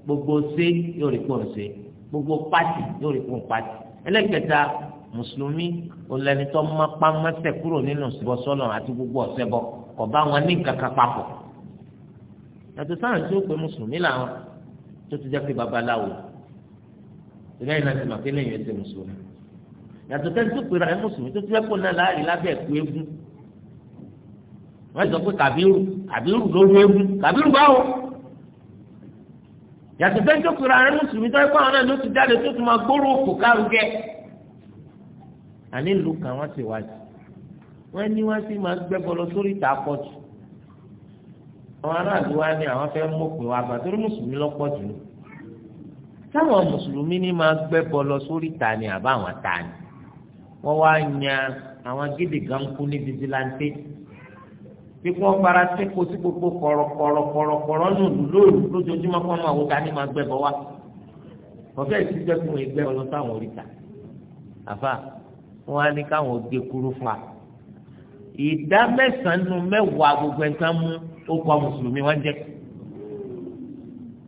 gbogbo ṣe yóò rí pọ̀ ṣe gbogbo pàtì yóò rí pọ̀ pàtì ẹlẹ́kẹta mùsùlùmí olẹni tó máa pa mọ́sẹ̀ kúrò nínú ìbọ̀sọ́lọ̀ àti gbogbo ọ̀sẹ̀ bọ̀ kò bá wọn ní nǹkan kan papọ̀ yàtọ̀ sáà tí ó pe mùsùlùmí làwọn tó ti jẹ́ pé babaláwo eléyìí náà ti mọ̀ kéle yẹn ti mùsùlùmí yàtọ̀ tẹ́tí tó pera ẹ mùsùlùmí tó ti lẹ́kọ̀ọ́ náà láàrin lábẹ́ ẹ̀kú egun wọ́n sọ pé kàbírù kàbírù lórí egun kàbírù báwo yàtọ̀ tẹ́tí tó pera ẹ mùsùlùmí tó ẹ̀kọ́ àwọn náà ló ti jáde tó ti máa gbóró òkú kárugẹ. àní ìlú kan wọ́n ti wájú wọ́n ní wọ́n sì máa gbẹ́ bọ́lọ sórí ìta pọ̀jù àwọn aráàlú wa ní táwọn mùsùlùmí ní máa gbẹ́bọ lọ sórí tani àbáwọn tani wọ́n wá yan àwọn gidi gan kú ní fìdílàntè bí wọ́n fara sẹ́kọ sí gbogbo kọ̀rọ̀kọ̀rọ̀kọ̀rọ̀ nùlù lóòlù lójoojúmọ́ kọ́ máa wò tani máa gbẹ́bọ wá ọ̀fẹ́ ìsìnkú fún ẹgbẹ́ ọlọ́ táwọn oríta àfa wọn á ní káwọn gbé kúrú fún ìdá mẹ́sàn-án gbogbo ẹ̀ mú ó kọ́ mùsùlùmí wọn jẹ́ kí.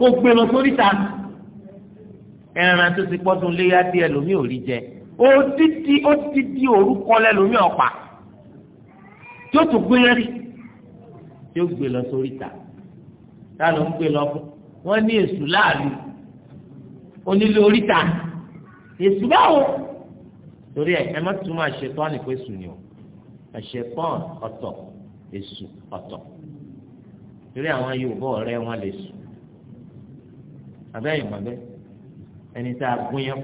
kó gbé lọ sórí ta ẹran tó ti pọ́tún léyà tí ẹlòmíì ò rí jẹ ó ti di ó ti di orúkọ lẹ́lòmíì ọ̀pá tí ó tún gbé yẹn rí tí ó gbé lọ sórí ta tá ló ń gbé lọ fún wọn ní èṣù láàlú onílé oríta èṣù báwo torí ẹ ẹ má túmọ̀ àṣetọ́ nìkan èṣù ni o àṣetọ́ ọ̀tọ̀ èṣù ọ̀tọ̀ torí àwọn Yorùbá ọ̀rẹ́ wọn lè sùn àbẹ́yìn mọ̀bẹ́ ẹni tá a gún yẹn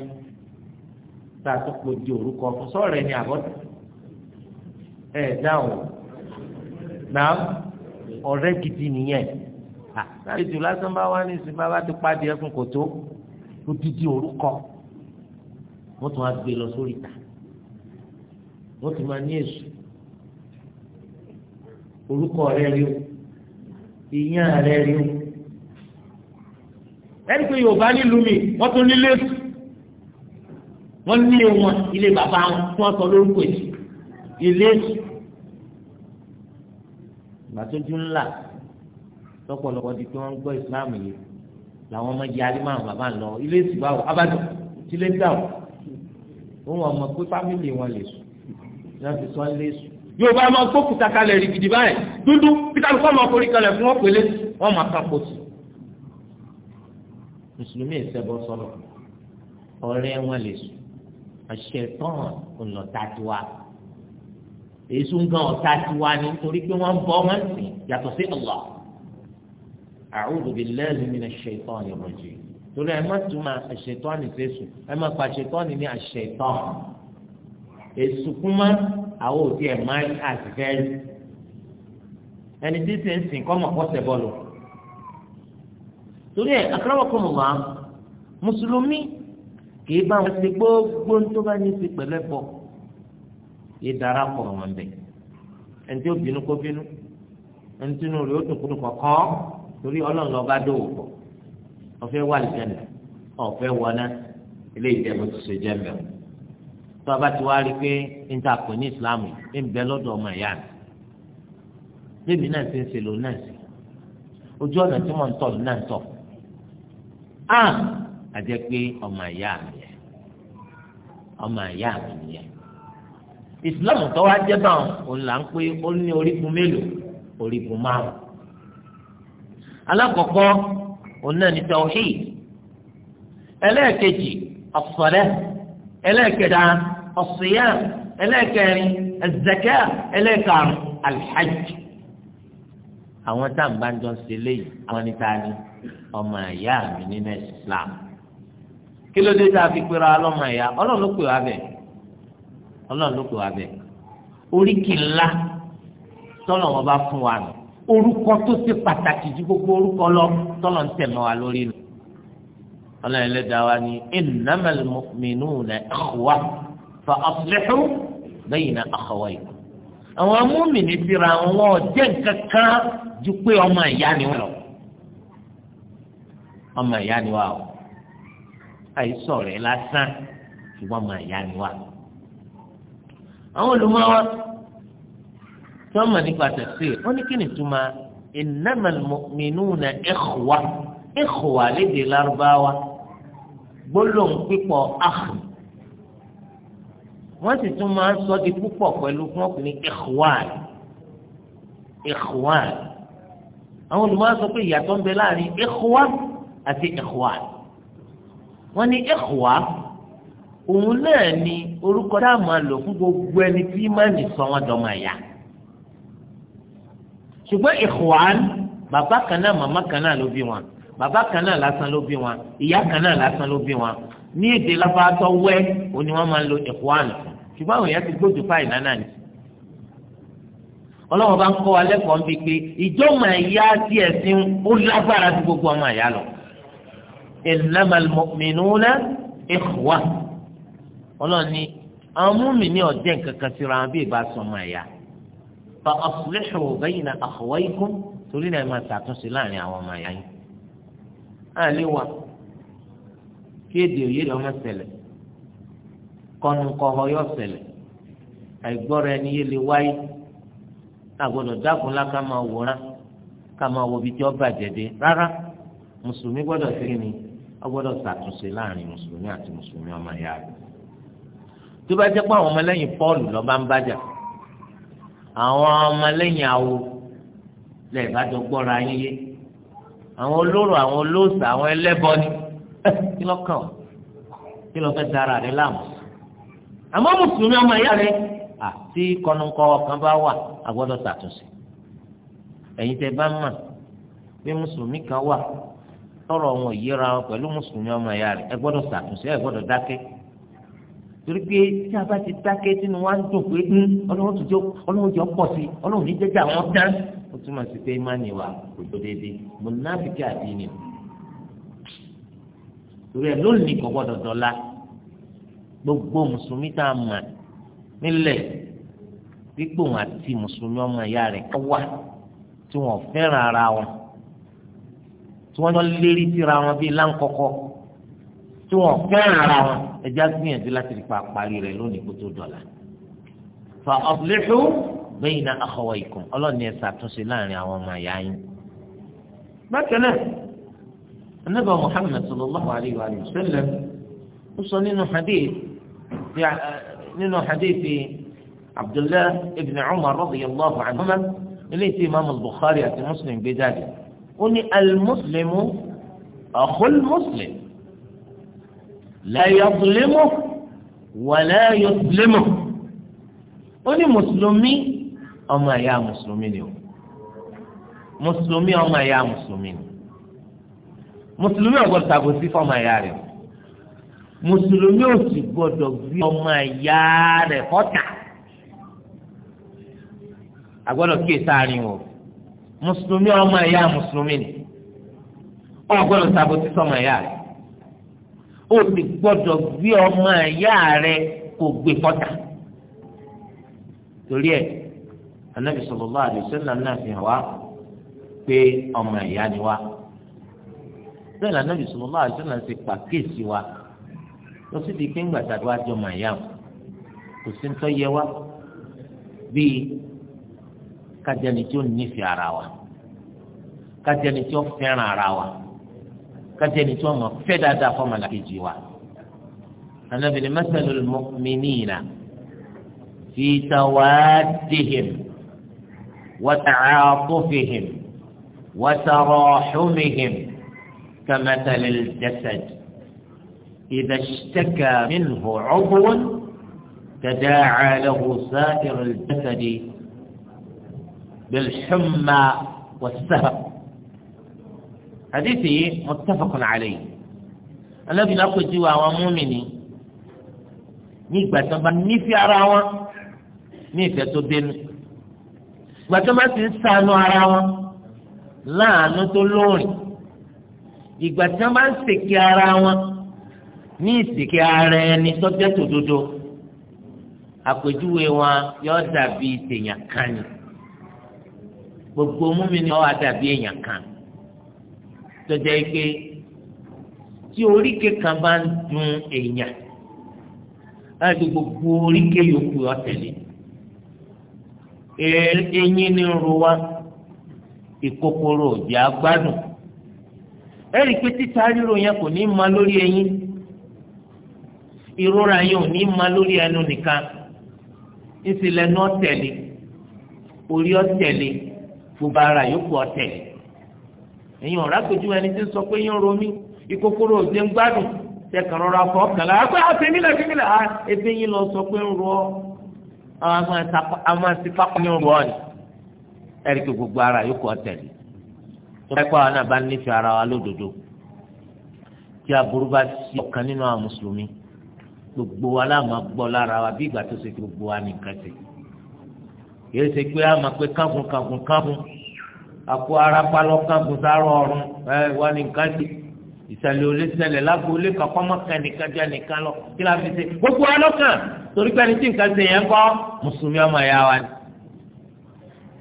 tá a tó kó di orúkọ fún sọ́ọ̀rọ̀ ẹni àbọ̀tà ẹ̀ dáhùn náà ọ̀rẹ́ gidi nìyẹn láti jù lásán bá wá ní ìsinmi bá ti pàdé ẹkùn kò tó kó dídí orúkọ wọ́n tún á gbé lọ sórí ìta wọ́n tún máa ní èṣù orúkọ rẹ̀ rí o ìyẹn rẹ̀ rí o ẹni pé yorùbá nílùú mi wọ́n tún nílé wọ́n nílé wọn ilé bàbá wọn tí wọ́n sọ lórúkọ yìí ilé ìgbàtójú ńlá lọ́pọ̀lọpọ̀ di pé wọ́n gbọ́ islam yìí làwọn ọmọ yìí alẹ́ máa bàbá lọ ilé ìsìbáwò abájọ tílé dáwò òun ọmọ pé fámìlì wọn lè sùn yóò ti sọ lé sùn. yorùbá máa gbókùtà kalẹ̀ rìgìdì báyìí dúdú peter lukọ́ máa forí kalẹ̀ fún ọ̀pẹ̀lẹ̀ wọn máa kà pọ̀ sí i mùsùlùmí ìṣẹbọ sọlọ ọ̀rẹ́ wọn lè sùn àṣetán ọlọta tiwa èso nǹkan ọ̀tá tiwa ni nítorí pé wọ́n ń bọ́ wọ́n sìn yàtọ̀ sí Allah a'udhu billahi minash shaitani rrajim torí ẹ má túmọ̀ àṣetán ní sẹ́sù ẹ má pa àṣetán ní àṣetán èso kúmọ́ àwọn òtí ẹ̀ má àtìfẹ́ ẹni tí sẹ́nsìn kọ́ mọ̀ kọ́ sẹ́ bọ́ọ̀lù torí ẹ akramakumullah mùsùlùmí kìí bá wọn ṣe gbogbo tó bá ní ti pẹ̀lẹ́ bọ̀ yé darapọ̀ wọn bẹ̀ ẹni tí ó bínú kó bínú ẹni tí inú rẹ̀ ó dùn kó dùn kọ̀ọ̀kan torí ọlọ́run lọ́ọ́ bá dòwò pọ̀ ọ̀fẹ́ wà lìjẹ̀nà ọ̀fẹ́ wọná eléyìí jẹ́ bó ti ṣe jẹ́ mẹ́rin tó a bá ti wá rí i pé n ta pè ní ìsìláàmù ń bẹ lọ́dọ̀ ọmọ ìyá mi bébí náà ti ń ṣe lòun náà sí ojú ọ̀nà tí wọ́n ń tọ̀ lòun náà ń tọ̀ A, àjẹ́ pé ọmọ ìyá mi yẹ ọmọ ìyá mi yẹ ìsìlámù tó wá jẹ́ báwọn òun là ń pé ó ní orígun mélòó orígun márùn alákọ̀ọ́kọ́ òun náà ní tawhid ẹlẹ́ẹ̀kejì as ẹlẹ́ẹ̀kẹta as-siyam ẹlẹ́ẹ̀kẹrin az-zakah ẹlẹ́ẹ̀karùn al-hajj àwọn tá à ń bá ń ṣe léyìí àwọn níta ni ọmọ ẹ̀yà mi nínú Islam kí ló dé tá a fi pera ọlọ́mọ ẹ̀yà ọlọ́run ló pè wá bẹ̀ ọlọ́run ló pè wá bẹ̀ oríkì ńlá tọ́lọ̀ wọn bá fún wa nù orúkọ tó ṣe pàtàkì ju gbogbo orúkọ lọ tọ́lọ̀ ń tẹ̀mọ́ wa lórí nù ọlọ́run ẹlẹ́dàá wa ni innamal mu'minuna ikhwa fa aslihu bayna akhawaykum àwọn amúmìnì wọn jẹ́ nǹkan kan ju pé ọmọ ìyá ni wọn lọ ọmọ ìyá ni wà o àìsàn rẹ̀ lásán ṣùgbọ́n ọmọ ìyá ni wà. àwọn olùmọ̀wá tí wọ́n mọ̀ nípa tẹ̀sí wọ́n ní kí ni túmọ̀ innamal mu'minuna ikhwa ikhwa lédè lárúbáwá gbólóhùn pípọ̀ àhùn wọ́n sì tún máa ń sọ di púpọ̀ pẹ̀lú fún ọkùnrin ikhwan ikhwan àwọn olùmọ̀ sọ pé ìyàtọ̀ ń bẹ láàrin ikhwan àti ikhwa wọ́n ní ikhwa òun náà ni orúkọ tá a máa lò fún gbogbo ẹni tí ìmánì sọ wọ́n dọ́mọ ẹ̀yà ṣùgbọ́n ikhwa bàbá kan náà màmá kan náà ló bí wọn bàbá kan náà lásán ló bí wọn ìyá kan náà lásán ló bí wọn ní èdè lápáátọ́ wẹ́ òní wọ́n máa ń lo ikhwa ṣùgbọ́n àwọn èèyàn ti gbójú fáìlì náà ni ọlọ́wọ́n bá ń kọ́ wa lẹ́kọ̀ọ́ bíi pé ìjọ́mọ̀ ẹ̀yà tí ẹ̀sìn ó lágbára ju gbogbo ọmọ ẹ̀yà lọ innamal mu'minuna ikhwa ọlọ́run ní àwọn múmi ní ọ̀jẹ̀ nǹkankan síra wọn bí ìbá sọmọ ẹ̀yà fa aslihu bayna akhawaykum torí náà máa ṣàtúnṣe láàrin àwọn ọmọ ẹ̀yà yìí. àlè wa kí èdè òye lọ́mọ ṣẹlẹ̀ kọ́nùkọ́họ yọ ṣẹlẹ̀ àìgbọ́ra ẹni yé lè wáyé àgbọ̀dọ̀ dákun lá ká máa wòran ká máa wo ibi tí ó bàjẹ́ dé rárá mùsùlùmí gbọ́dọ̀ sí ni a gbọ́dọ̀ ṣàtúnṣe láàrin mùsùlùmí àti mùsùlùmí ọmọ ìyá rẹ̀ tó bá jẹ́ pé àwọn ọmọlẹ́yìn Pọ́ọ̀lù lọ́ba ń bájà àwọn ọmọlẹ́yìn awo lẹ́ẹ̀bájọ gbọ́ra yín yé àwọn olóró àwọn olóòṣà àwọn ẹlẹ́bọ ni kí ló kàn kí ló fẹ́ dára rẹ̀ láàmú àmọ́ mùsùlùmí ọmọ ìyá rẹ̀ àti kọ́nùkọ́wọ́ kan bá wà a gbọ́dọ̀ ṣàtúnṣe ẹ̀yin tẹ́ bá mọ̀ pé mùsùlùmí kan wà tọrọ wọn yíra wọn pẹ̀lú mùsùlùmí ọmọ ìyá rẹ̀ ẹ gbọ́dọ̀ ṣàtúnṣe ẹ gbọ́dọ̀ dákẹ́ torí pé tí a bá ti dákẹ́ tínú wa ń dùn pé ń hmm, ọlọ́run tó jọ ọlọ́run jọ pọ̀ sí ọlọ́run ní jẹ́jẹ́ àwọn dán ó túmọ̀ sí pé má ní wa kò tó déédéé mùnáfíkì àbí ni torí ẹ lónìí kò gbọ́dọ̀ dọ́là gbogbo mùsùlùmí tá a mọ̀ nílẹ̀ pípò wọn àti mùsùlùmí ọmọ ìyá rẹ̀ kọ́ wà tí wọ́n fẹ́ràn ara wọn tí wọ́n jọ lérí síra wọn bíi láńkọ́kọ́ tí wọ́n fẹ́ràn ara wọn ẹja gbìyànjú láti rí pa parí rẹ̀ lónìí kó tó dọ̀la. fa aslihu bayna akhawaykum ọlọ́ni ẹ̀ ṣàtúnṣe láàrin àwọn ọmọ ìyá yín. bákan náà anábà muhammed sallallahu alayhi wa sallam ó sọ nínú hadith nínú hadith abdullah ibn umar radiyallahu anhuma ilé tí imaamu bukhari àti muslim gbé jáde ó ní alimuslimu akhul muslim la yadhlimu wa la yuzlimu ó ní mùsùlùmí ọmọ ẹ̀yà mùsùlùmí ni o mùsùlùmí ọmọ ẹ̀yà mùsùlùmí ni mùsùlùmí ò gbọ́dọ̀ ṣàbòsí fọmọ ẹ̀yà rẹ̀ mùsùlùmí ò sì gbọ́dọ̀ gbé ọmọ ẹ̀yà rẹ̀ kọta agbọ́dọ̀ kíyèsáàrin o mùsùlùmí ọmọ ẹ̀yà mùsùlùmí ni ọ gbọ́dọ̀ sàbòtì sọmọ ẹ̀yà rẹ̀ ó sì gbọ́dọ̀ gbé ọmọ ẹ̀yà rẹ̀ kò gbé kọ́tà torí ẹ̀ anabi sallallahu alaihi wasallam náà fi hàn wá pé ọmọ ẹ̀yà ni wá bẹ́ẹ̀ ni anabi sallallahu alaihi wasallam ti pàkíyèsí wa lọ sí di pé ńgbà wá jọ ọmọ ẹ̀yà kò sí ń tọ́ yẹ wá bíi. kájẹni tí ó nífẹ̀ẹ́ ara wa kájẹni tí ó fẹ́ràn ara wa kájẹni tí ó mọ̀ fẹ́ dáadáa lákejì wa anabi ni masalul mu'minina fi tawaadihim wa ta'aatufihim wa taraahumihim kamasalil jasad idha ishtaka minhu 'udwun tadaa'a lahu saa'iru al-jasadi. بالحمى والسهر حديثه متفق عليه النبي نقول جوا ومؤمني nígbà tí wọn bá nífẹ̀ẹ́ ara wọn ní ìfẹ́ tó dénú ìgbà tí wọn bá ti ń ṣàánú ara wọn láàánú tó lóòrìn ìgbà tí wọn bá ń ṣèké ara wọn ní ìṣèké ara ẹni tọ́jẹ́ tòdodo àpèjúwe wọn yóò dàbí tèèyàn kan ni. gbogbo múmi ni ọwọ́ àdàbí èèyàn kan tọjá ike tí oríkè kan bá ń dùn èèyàn láti gbogbo oríkè yòókù ọtẹlẹ eyín ni ro wa ìkòkòrò òdì agbádùn ẹrí pé títa ríro yẹn kò ní ma lórí ìrora yẹn ò ní ma lórí ẹnu nìkan ìsìlẹ̀ ní orí gbogbo ara yòókù ọ̀tẹ̀ ẹ̀yin ọ̀rá kojú ẹni tí ń sọ pé yín romi ìkókóró òde ń gbádùn tẹkàn rọra fọ ọkàn lára pé àfẹnilẹ ah, à ah, ebi yín lọ sọ pé ń rọ àwọn asipakọ ní rọ ni ẹ̀rí gbogbo ara yòókù ọ̀tẹ̀ ni tó bá yìí ṣe pé àmọ́ pé kángun kángun kángun àpò arapa lọ kángun sáró ọrùn ẹ wà ní nǹkan ti ìsàlẹ̀ olè sẹlẹ̀ lágbo olè kankan mọ́kàn nìkan jẹ́ nìkan lọ kí la fi ṣe gbogbo wa lọ́kàn torí pé ẹni tí nǹkan ṣe yẹn kọ́ mùsùlùmí ọmọ ìyá wa ni.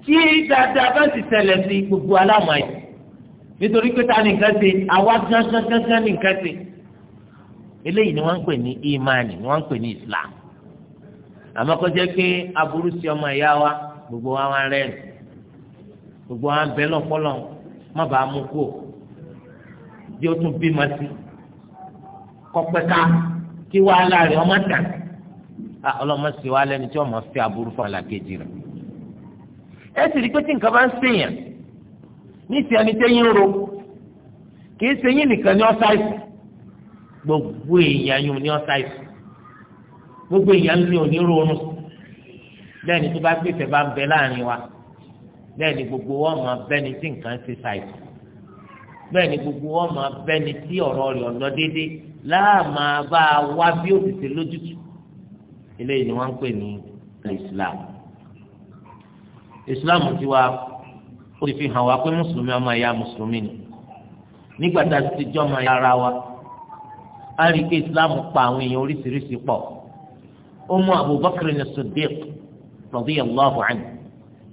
tí dáadáa bá ti ṣẹlẹ̀ sí gbogbo aláàmọ̀ yìí nítorí pé ta nìkan ṣe àwa gángan gángan nìkan ṣe eléyìí ni wọ́n ń pè ní imani ni wọ́n ń pè ní islam àmọ́ kó jẹ́ pé aburú sí ọmọ ìyá wa gbogbo wa wá rẹ̀ gbogbo wa bẹ́ lọ́pọ́lọ́ má bàa mú kú o bí ó tún bímọ sí kọ́pẹ́ká kí wàhálà rẹ̀ ọmọ tà ọlọ́mọ sí wa lẹ́ni tí ọmọ fi aburú fún alákejì rẹ̀ ẹ sì rí pé tí nǹkan bá ń sèyàn ní ti ẹni tẹ́yìn ro kì í ṣe nìkan ní ọ́ sáìsì gbogbo èèyàn yìí ní ọ́ sáìsì gbogbo èèyàn ní onírúurú bẹ́ẹ̀ ni tó bá gbèsè bá ń bẹ láàrin wa bẹ́ẹ̀ ni gbogbo wọn máa bẹ́ni tí nǹkan ṣe ṣàìsàn bẹ́ẹ̀ ni gbogbo wọn máa bẹ́ni tí ọ̀rọ̀ rẹ̀ ọ̀lọ́ déédéé láàmà bá a wá bí ó ti ṣe lójútùú eléyìí ni wọ́n ń pè ní Islam Islam ti wá ó ti fi hàn wá pé mùsùlùmí ọmọ ẹ̀yà mùsùlùmí ni nígbà tá a ti jọ́ ọmọ ẹ̀yà ara wa a rí i pé Islam pa àwọn èèyàn oríṣiríṣi pọ̀ ó mú abubakar ní sadiq radiyallahu anhu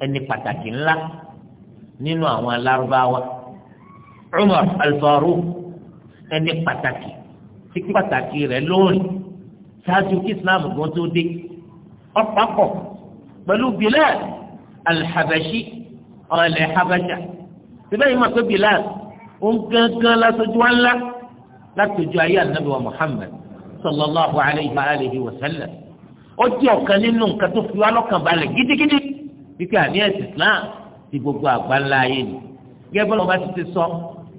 ẹni pàtàkì ńlá nínú àwọn alárúbáwá umar al-faruq ẹni pàtàkì tí pàtàkì rẹ̀ lórí ṣáájú kí islam gan tó dé ọ̀pápọ̀ pẹ̀lú bilal al-habashi ọ̀lẹ̀ habasha síbẹ̀ yìí máa pé bilal ó gángan lásojú wa ńlá láti ojú ayé anabi wa muhammad sallallahu alayhi wa sallam ó jẹ́ ọ̀kan nínú nǹkan tó fi wá lọ́kàn balẹ̀ gidigidi wípé àní ẹ̀sìn Islam ti gbogbo àgbáńlá ayé ni gẹ́gẹ́ bọ́lá ọba ti ti sọ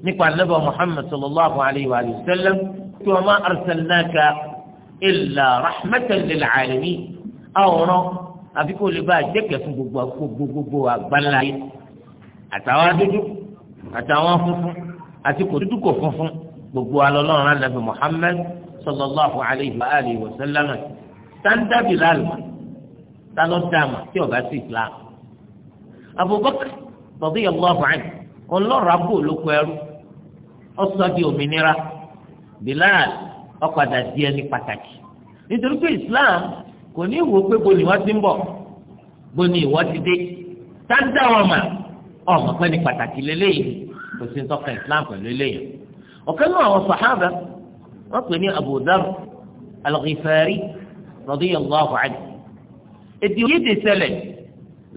nípa anábọ̀ Muhammad sallallahu alayhi wa sallam tí wa ma arsalnaka illa rahmatan lil alamin àwòrán àfi kò lè bá àjẹkẹ fún gbogbo gbogbo àgbáńlá ayé àtàwọn dúdú àtàwọn funfun àti kò dúdú kò funfun gbogbo alọ́lọ́run anábì Muhammad sallallahu alayhi wa sallam tanda bilal ta lọ dàmà tí ọba sí islam abubakar radiyallahu anhu ọlọ́run abó olóko ẹrú ọsọ di òmìnira bilal ọ̀padà di ẹni pàtàkì nítorí pé islam kò ní ìwò pé bóni wọ́n ti ń bọ̀ bóni ìwọ́ ti dé tanda wọn mà ọmọ pé ní pàtàkì lélẹ́yìn kò sí ntọ́ka islam pẹ̀lú eléyìí ọ̀kan náà àwọn sàhábà wọ́n pè ní abu dhar radiyallahu anhu èdè òyìnbó ṣẹlẹ̀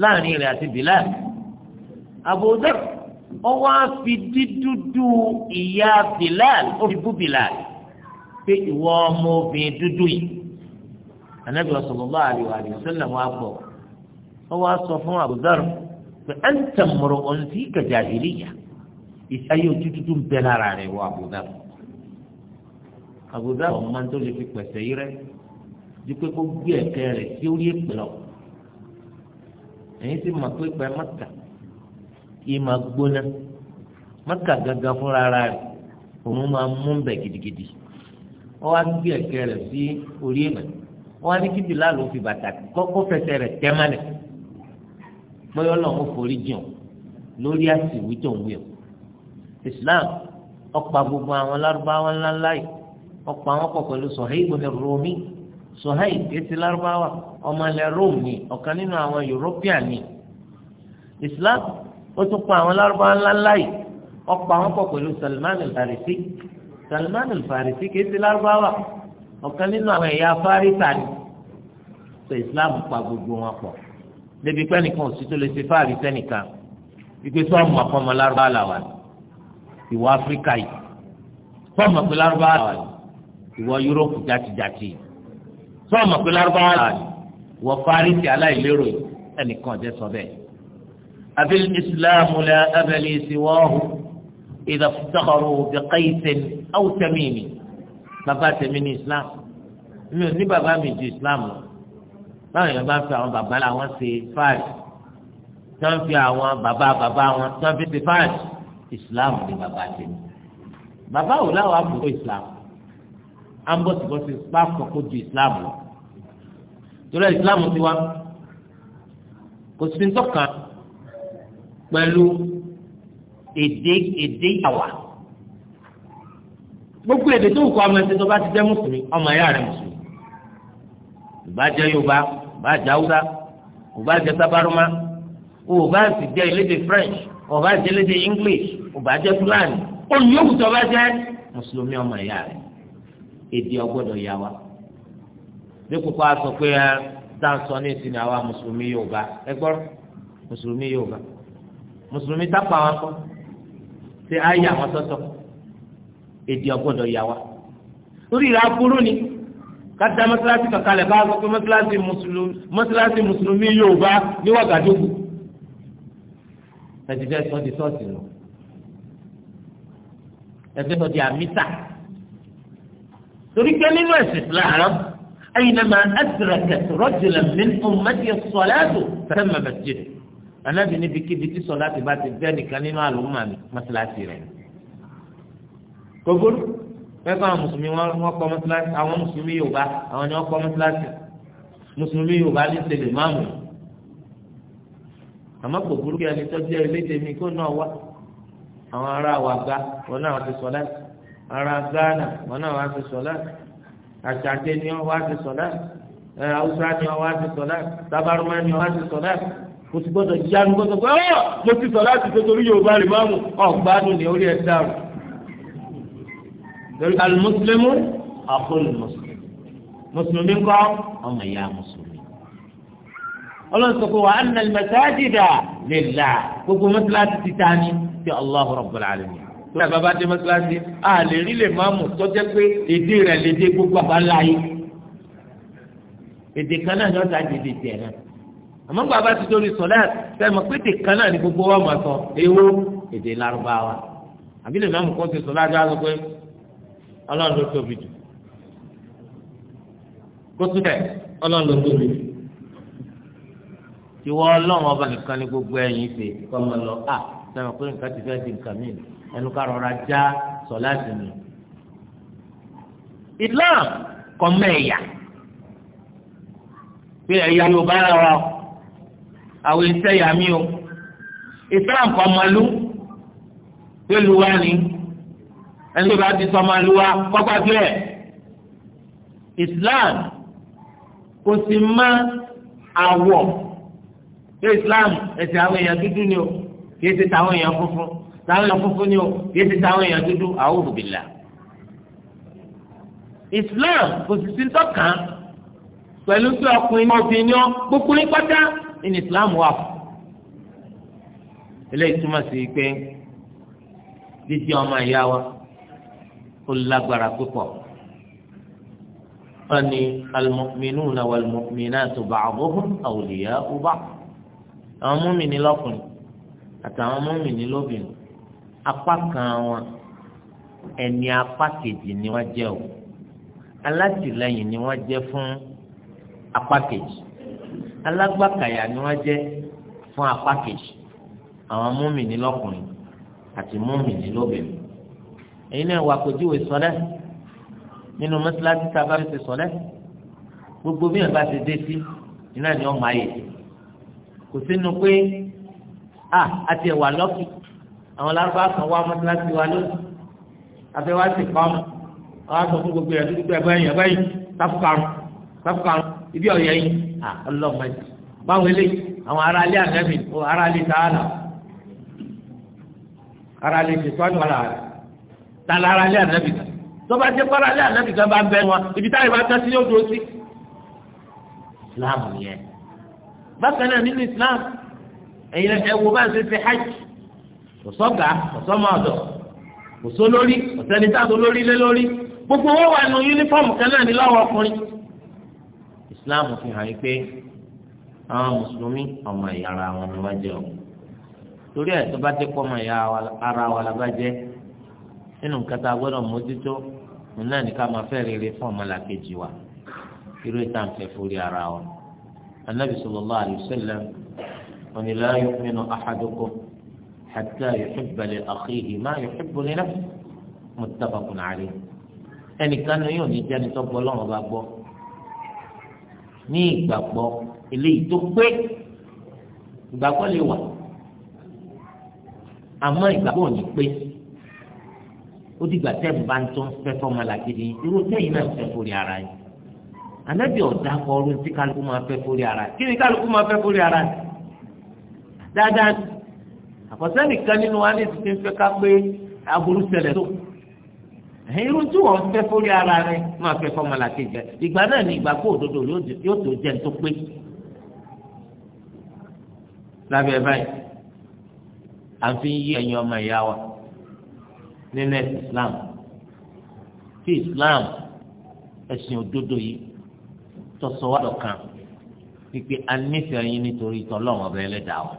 láàrin rẹ̀ àti Bilal Abu Dharr ọwọ́ àfi dídúdú ìyá Bilal ó fi bú Bilal pé ìwọ ọmọ obìnrin dúdú yìí anabi sallallahu alaihi wa sallam wa bọ ọwọ́ sọ fún Abu Dharr pé anta mur'un fika jahiliyya ìsáyé ojú dúdú ń bẹ lára rẹ̀ wọ Abu Dharr Abu Dharr ọmọ tó lè fi pẹ̀sẹ̀ yìí rẹ̀ ju pé kó gbé ẹ̀kẹ́ rẹ̀ tí ó rí èpè lọ èyí sì mọ̀ pé pẹ́ mọ́kà yìí máa gbóná mọ́kà gangan fúnra rẹ̀ òun máa mú bẹ̀ gidigidi wọ́n wá gbé ẹ̀kẹ́ rẹ̀ sí orí èèmẹ̀ wọ́n wá ní kíbi láàlú fi bàtà kọ́kọ́ fẹsẹ̀ rẹ̀ tẹ́ mọ́lẹ̀ bóyá ọlọ́run ó forí jìn lórí àsìwí tó ń wí o Islam ọ̀pá gbogbo àwọn lárúbáwá ńláńlá yìí ọ̀pá wọn kọ̀ pẹ̀lú Suhaib ibn Rumi Suhaib etí lárúbáwá ọmọ ilẹ̀ Rome ni ọ̀kan nínú àwọn European ni Islam ó tún pa àwọn lárúbáwá ńláńlá yìí ọ̀pọ̀ àwọn pọ̀ pẹ̀lú Salman al-Farisi Salman al-Farisi kì í ti lárúbáwá ọ̀kan nínú àwọn ẹ̀yà fáríta ni sọ Islam pa gbogbo wọn pọ̀ débi pé nìkan ò sí tó lè ṣe fáàrí sẹ́nìkan ìgbé sọ́ọ̀mù àpọ̀mọ́ lárúbáwá làwà ìwọ Áfíríkà yìí sọ́ọ̀mù àpẹ́ lárúbáwá làwà ìwọ Yúróòpù játijáti yìí sọ ma pé lárúbáwá ni wọ fárísì aláìlérò ẹnìkan jẹ sọ bẹ́ẹ̀ abil islamu la abali siwahu idha iftakharu bi qaisin aw tamimi bàbá tèmi ní islam mi ò ní bàbá mi ju islam lọ báwọn yẹn bá ń fi àwọn bàbá làwọn ṣe fáàlì tí wọ́n fi àwọn bàbá bàbá wọn tí wọ́n fi ṣe fáàlì islam ní bàbá tèmi bàbá wò láwọn àbúrò islam à ń bọ̀sibọ̀si pápọ̀ kó ju islam lọ torí islam ti wá kò sí ntọ́ka pẹ̀lú èdè èdè àwà gbogbo èdè tó kọ ọmọ ẹsẹ̀ tó bá ti jẹ́ mùsùlùmí ọmọ ẹ̀yà rẹ̀ mùsùlùmí ìbá jẹ́ yorùbá ìbá jẹ́ haúsá ìbá jẹ́ sábàrúmá ìbá sì jẹ́ elédè french ìbá jẹ́ elédè english ìbá jẹ́ fúlàní olùyọ̀wù tó bá jẹ́ mùsùlùmí ọmọ ẹ̀yà rẹ̀ èdè ọgbọdọ yà wá a pé ẹ dáńsọ ní ìsinmi àwa mùsùlùmí Yorùbá ẹ gbọ́rọ̀ mùsùlùmí Yorùbá mùsùlùmí tápà wọn kọ́ ṣe ayé àwọn èdè ọgbọ́dọ̀ yà wá lórí aburú ni mọ́sálásí kàkálẹ̀ bá sọ pé mọ́sálásí mùsùlùmí ní Wàgàdógù ẹ̀dìdẹ́ sọ́ di sọ́ọ̀sì lọ di torí pé nínú ẹ̀sìn Islam aynama adrakat rajulan min ummati as-salatu fatamma masjiduhu anábì níbi kíbi tí sọlá ti bá ti bẹ́ nìkan nínú àlùmọ́ mi mọ́sálásí rẹ̀ gbogbo fẹ́ẹ́ kọ́ àwọn mùsùlùmí wọn kọ́ mọ́sálásí àwọn mùsùlùmí Yorùbá àwọn ni wọ́n kọ́ mọ́sálásí mùsùlùmí Yorùbá ní sèlè máàmù àmọ́ kò burúkú ẹni tó jẹ́ ara Ghana wọn náà wá sí sọlá àṣàjẹ ni wọn wá sí sọlá ẹ Haúsá ni wọn wá sí sọlá sábàrúmá ni wọn wá sí sọlá kò sì gbọdọ̀ yanu gbọdọ̀ pé ọ mo ti sọlá ti tó torí Yorùbá rẹ máa mú ọgbádùn ní orí ẹ dàrú torí alimusulemu akóni musulmi musulmi kọ ọmọ ìyá musulmi ọlọ́sọ̀kọ̀ wa anna al-masajida lillah gbogbo mọ́tíláṣí ti ta ni ti Allahu Rabbul Alamin pé àbábá dé mọ́sálásí a lè rí lè máa mú tọ́jẹ́ pé èdè rẹ̀ lè dé gbogbo àbálá yìí èdè kan náà ni wọ́n ta dèdè tẹ̀ náà àmọ́ bàbá ti dórí sọ̀lá sẹ́mi pé èdè kan náà ni gbogbo wa máa sọ ewo èdè lárúbáwá àbí lè máa mú kọ́sì sọ̀lá dá sọ pé ọlọ́run ló tóbi jù kó tún bẹ̀ ọlọ́run ló tóbi jù tiwọ́ ọlọ́run ọba nìkan ni gbogbo ẹ̀yìn ṣe kọ́ ọ lọ à sẹ́mi pé nǹkan ti fẹ́ di nǹkan mìíràn ẹnu ká rọra já sọláàtì mi Islam kọ mẹ́ẹ̀yà pé ẹ̀yà yóò bá ara wa àwọn iṣẹ́ yà mí o Islam kọ ọmọlú pé luwa ni ẹni tó bá ti sọ ọmọlúwa kọ́gbàgbé ẹ̀ Islam kò sì má àwọ̀ pé Islam ẹ̀sìn àwọn èèyàn dúdú ni o kì í ṣe tàwọn èèyàn funfun táwọn èèyàn funfun ni o yéé ti táwọn èèyàn dúdú a'udhu billah islam kò sì sí tọ́kàn pẹ̀lú pé ọkùnrin náà fi yan gbogbo yín pátá ní islam wà fún eléyìí túmọ̀ sí pé jíjí ọmọ ìyá wa ó lágbára púpọ̀ wọ́n ní al-mu'minuna wal-mu'minatu ba'duhum awliya'u ba'd àwọn mùmínì lọ́kùnrin àtàwọn mùmínì lóbìnrin apá kan wọn ẹni apá kejì ni wọ́n jẹ́ o alátìlẹ́yìn ni wọ́n jẹ́ fún apá kejì alágbàkàyà ni wọ́n jẹ́ fún apá kejì àwọn múmìnì lọ́kùnrin àti múmìnì lóbìnrin èyí náà wà pèjúwe sọlẹ nínú mọ́sálásí tá a bá fi ṣe sọlẹ gbogbo bí wọn bá ti dé sí iná ni wọn máa yẹ kò sínú pé a àti ẹwà lọkì àwọn lárúbá kan wá mọ́tíláṣí wa lónìí afẹ́ wá sí pamọ́ wá sọ fún gbogbo ẹ̀dúgbò pé ẹgbẹ́ yìí ẹgbẹ́ yìí sáfùkàrún sáfùkàrún ibi ọ̀yẹ́ yìí à ọlọ́mọdé báwọn eléyìí àwọn ará ilé àtẹ́bì ará ilé sàánà ará ilé sèpánù ara rẹ̀ tala ará ilé àtẹ́bì kan tọ́ba jẹ́ pàrọ̀ ilé àtẹ́bì kan bá bẹ́ wọn ibi táyì bá tẹ́sí yóò dúró sí. islam yẹn bákan náà nínú islam ẹ̀yin ẹ̀ wò bá ń ṣe ṣe hajj kò sọ́gà kò sọ́mọ̀dọ̀ kò sólórí kò sẹ́ni tá a tó lórí lé lórí gbogbo wọn wà nù yúnífọ̀mù kan náà ní lọ́wọ́ ọkùnrin islam fi hàn yín pé àwọn mùsùlùmí ọmọ ìyá ara wọn ni wọ́n jẹ́ o torí ẹ̀ tó bá jẹ́ pọ́ ọmọ ìyá ara wa la bá jẹ́ nínú nǹkan a gbọ́dọ̀ mójútó òun náà ní ká máa fẹ́ rere fún ọmọlàkejì wa irú ìtànfẹ́ forí ara wa anabi sallallahu alaihi wasallam la yu'minu حتى يحب لأخيه ما يحب لنفسه متفق عليه. muttafaqun alayh ẹnìkan ní yóò ní jẹ́ni tó gbọ́ lọ́wọ́ bá gbọ́ ní ìgbàgbọ́ eléyìí tó pé ìgbàgbọ́ lè wà àmọ́ ìgbàgbọ́ ò ní pé ó dìgbà tẹ́ẹ̀mù bá ń tó ń fẹ́ fọ́mọ làgídí irú tẹ́yìn náà fẹ́ forí ara yìí anabi ọ̀dà kọ́ ọdún tí kálukú máa fẹ́ forí ara kí ni kálukú máa fẹ́ forí ara dáadáa àkọsẹ́nìkan nínú wa ní ìsìnkú fẹ́ ká pé aburú ṣẹlẹ̀ tó irú tí wọ́n fẹ́ fórí ara rẹ máa fẹ́ fọmọlàkè jẹ ìgbà náà ni ìgbàgbọ́ òdodo yóò tó jẹ tó pé lábẹ́ báyìí à ń fi yí ẹ̀yin ọmọ ìyá wa nínú ẹ̀sìn Islam tí Islam ẹ̀sìn òdodo yìí tọ́sọ̀wádọ̀ kan pípé a nífẹ̀ẹ́ yín nítorí tọ́lọ́wọ́n ọba ẹlẹ́dàá wa.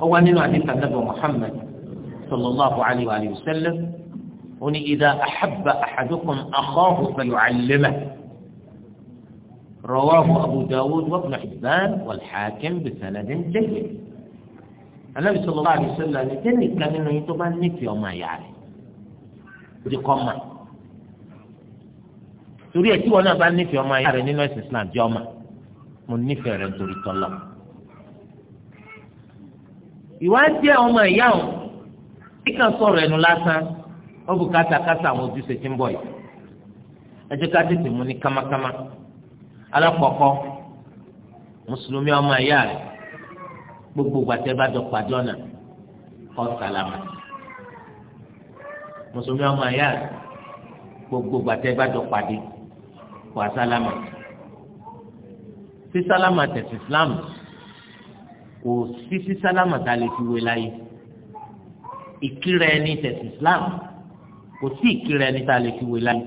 هو أن حديث النبي محمد صلى الله عليه وآله وسلم أن إذا أحب أحدكم أخاه فيعلمه رواه أبو داود وابن حبان والحاكم بسند جيد النبي صلى الله عليه وسلم تني كان إنه يتوب عنك يوم يعرف دي قمة torí ẹ tí wọn náà bá يعرف ọmọ ayé rẹ ما من Islam jẹ́ ọmọ ìwádìí àwọn ọmọ ìyá òun kíkà sọ̀rọ̀ ẹnu lásán ó bu kátàkátà àwọn ojúṣe tí ń bọ̀ yìí ẹ jẹ́ ká tètè mú ní kámákámá alákọ̀ọ́kọ́ mùsùlùmí ọmọ ìyá rẹ̀ gbogbo gbàtẹ́ bá jọ pàdé ọ̀nà kọ́ sàlámà mùsùlùmí ọmọ ìyá rẹ̀ gbogbo gbàtẹ́ bá jọ pàdé kọ́ sàlámà sí sàlámà tẹ̀sí islámù kò sí sí sálámà tá a lè fi wé láyé ìkírẹ ẹni tẹsí islam kò sí ìkírẹ ẹni tá a lè fi wé láyé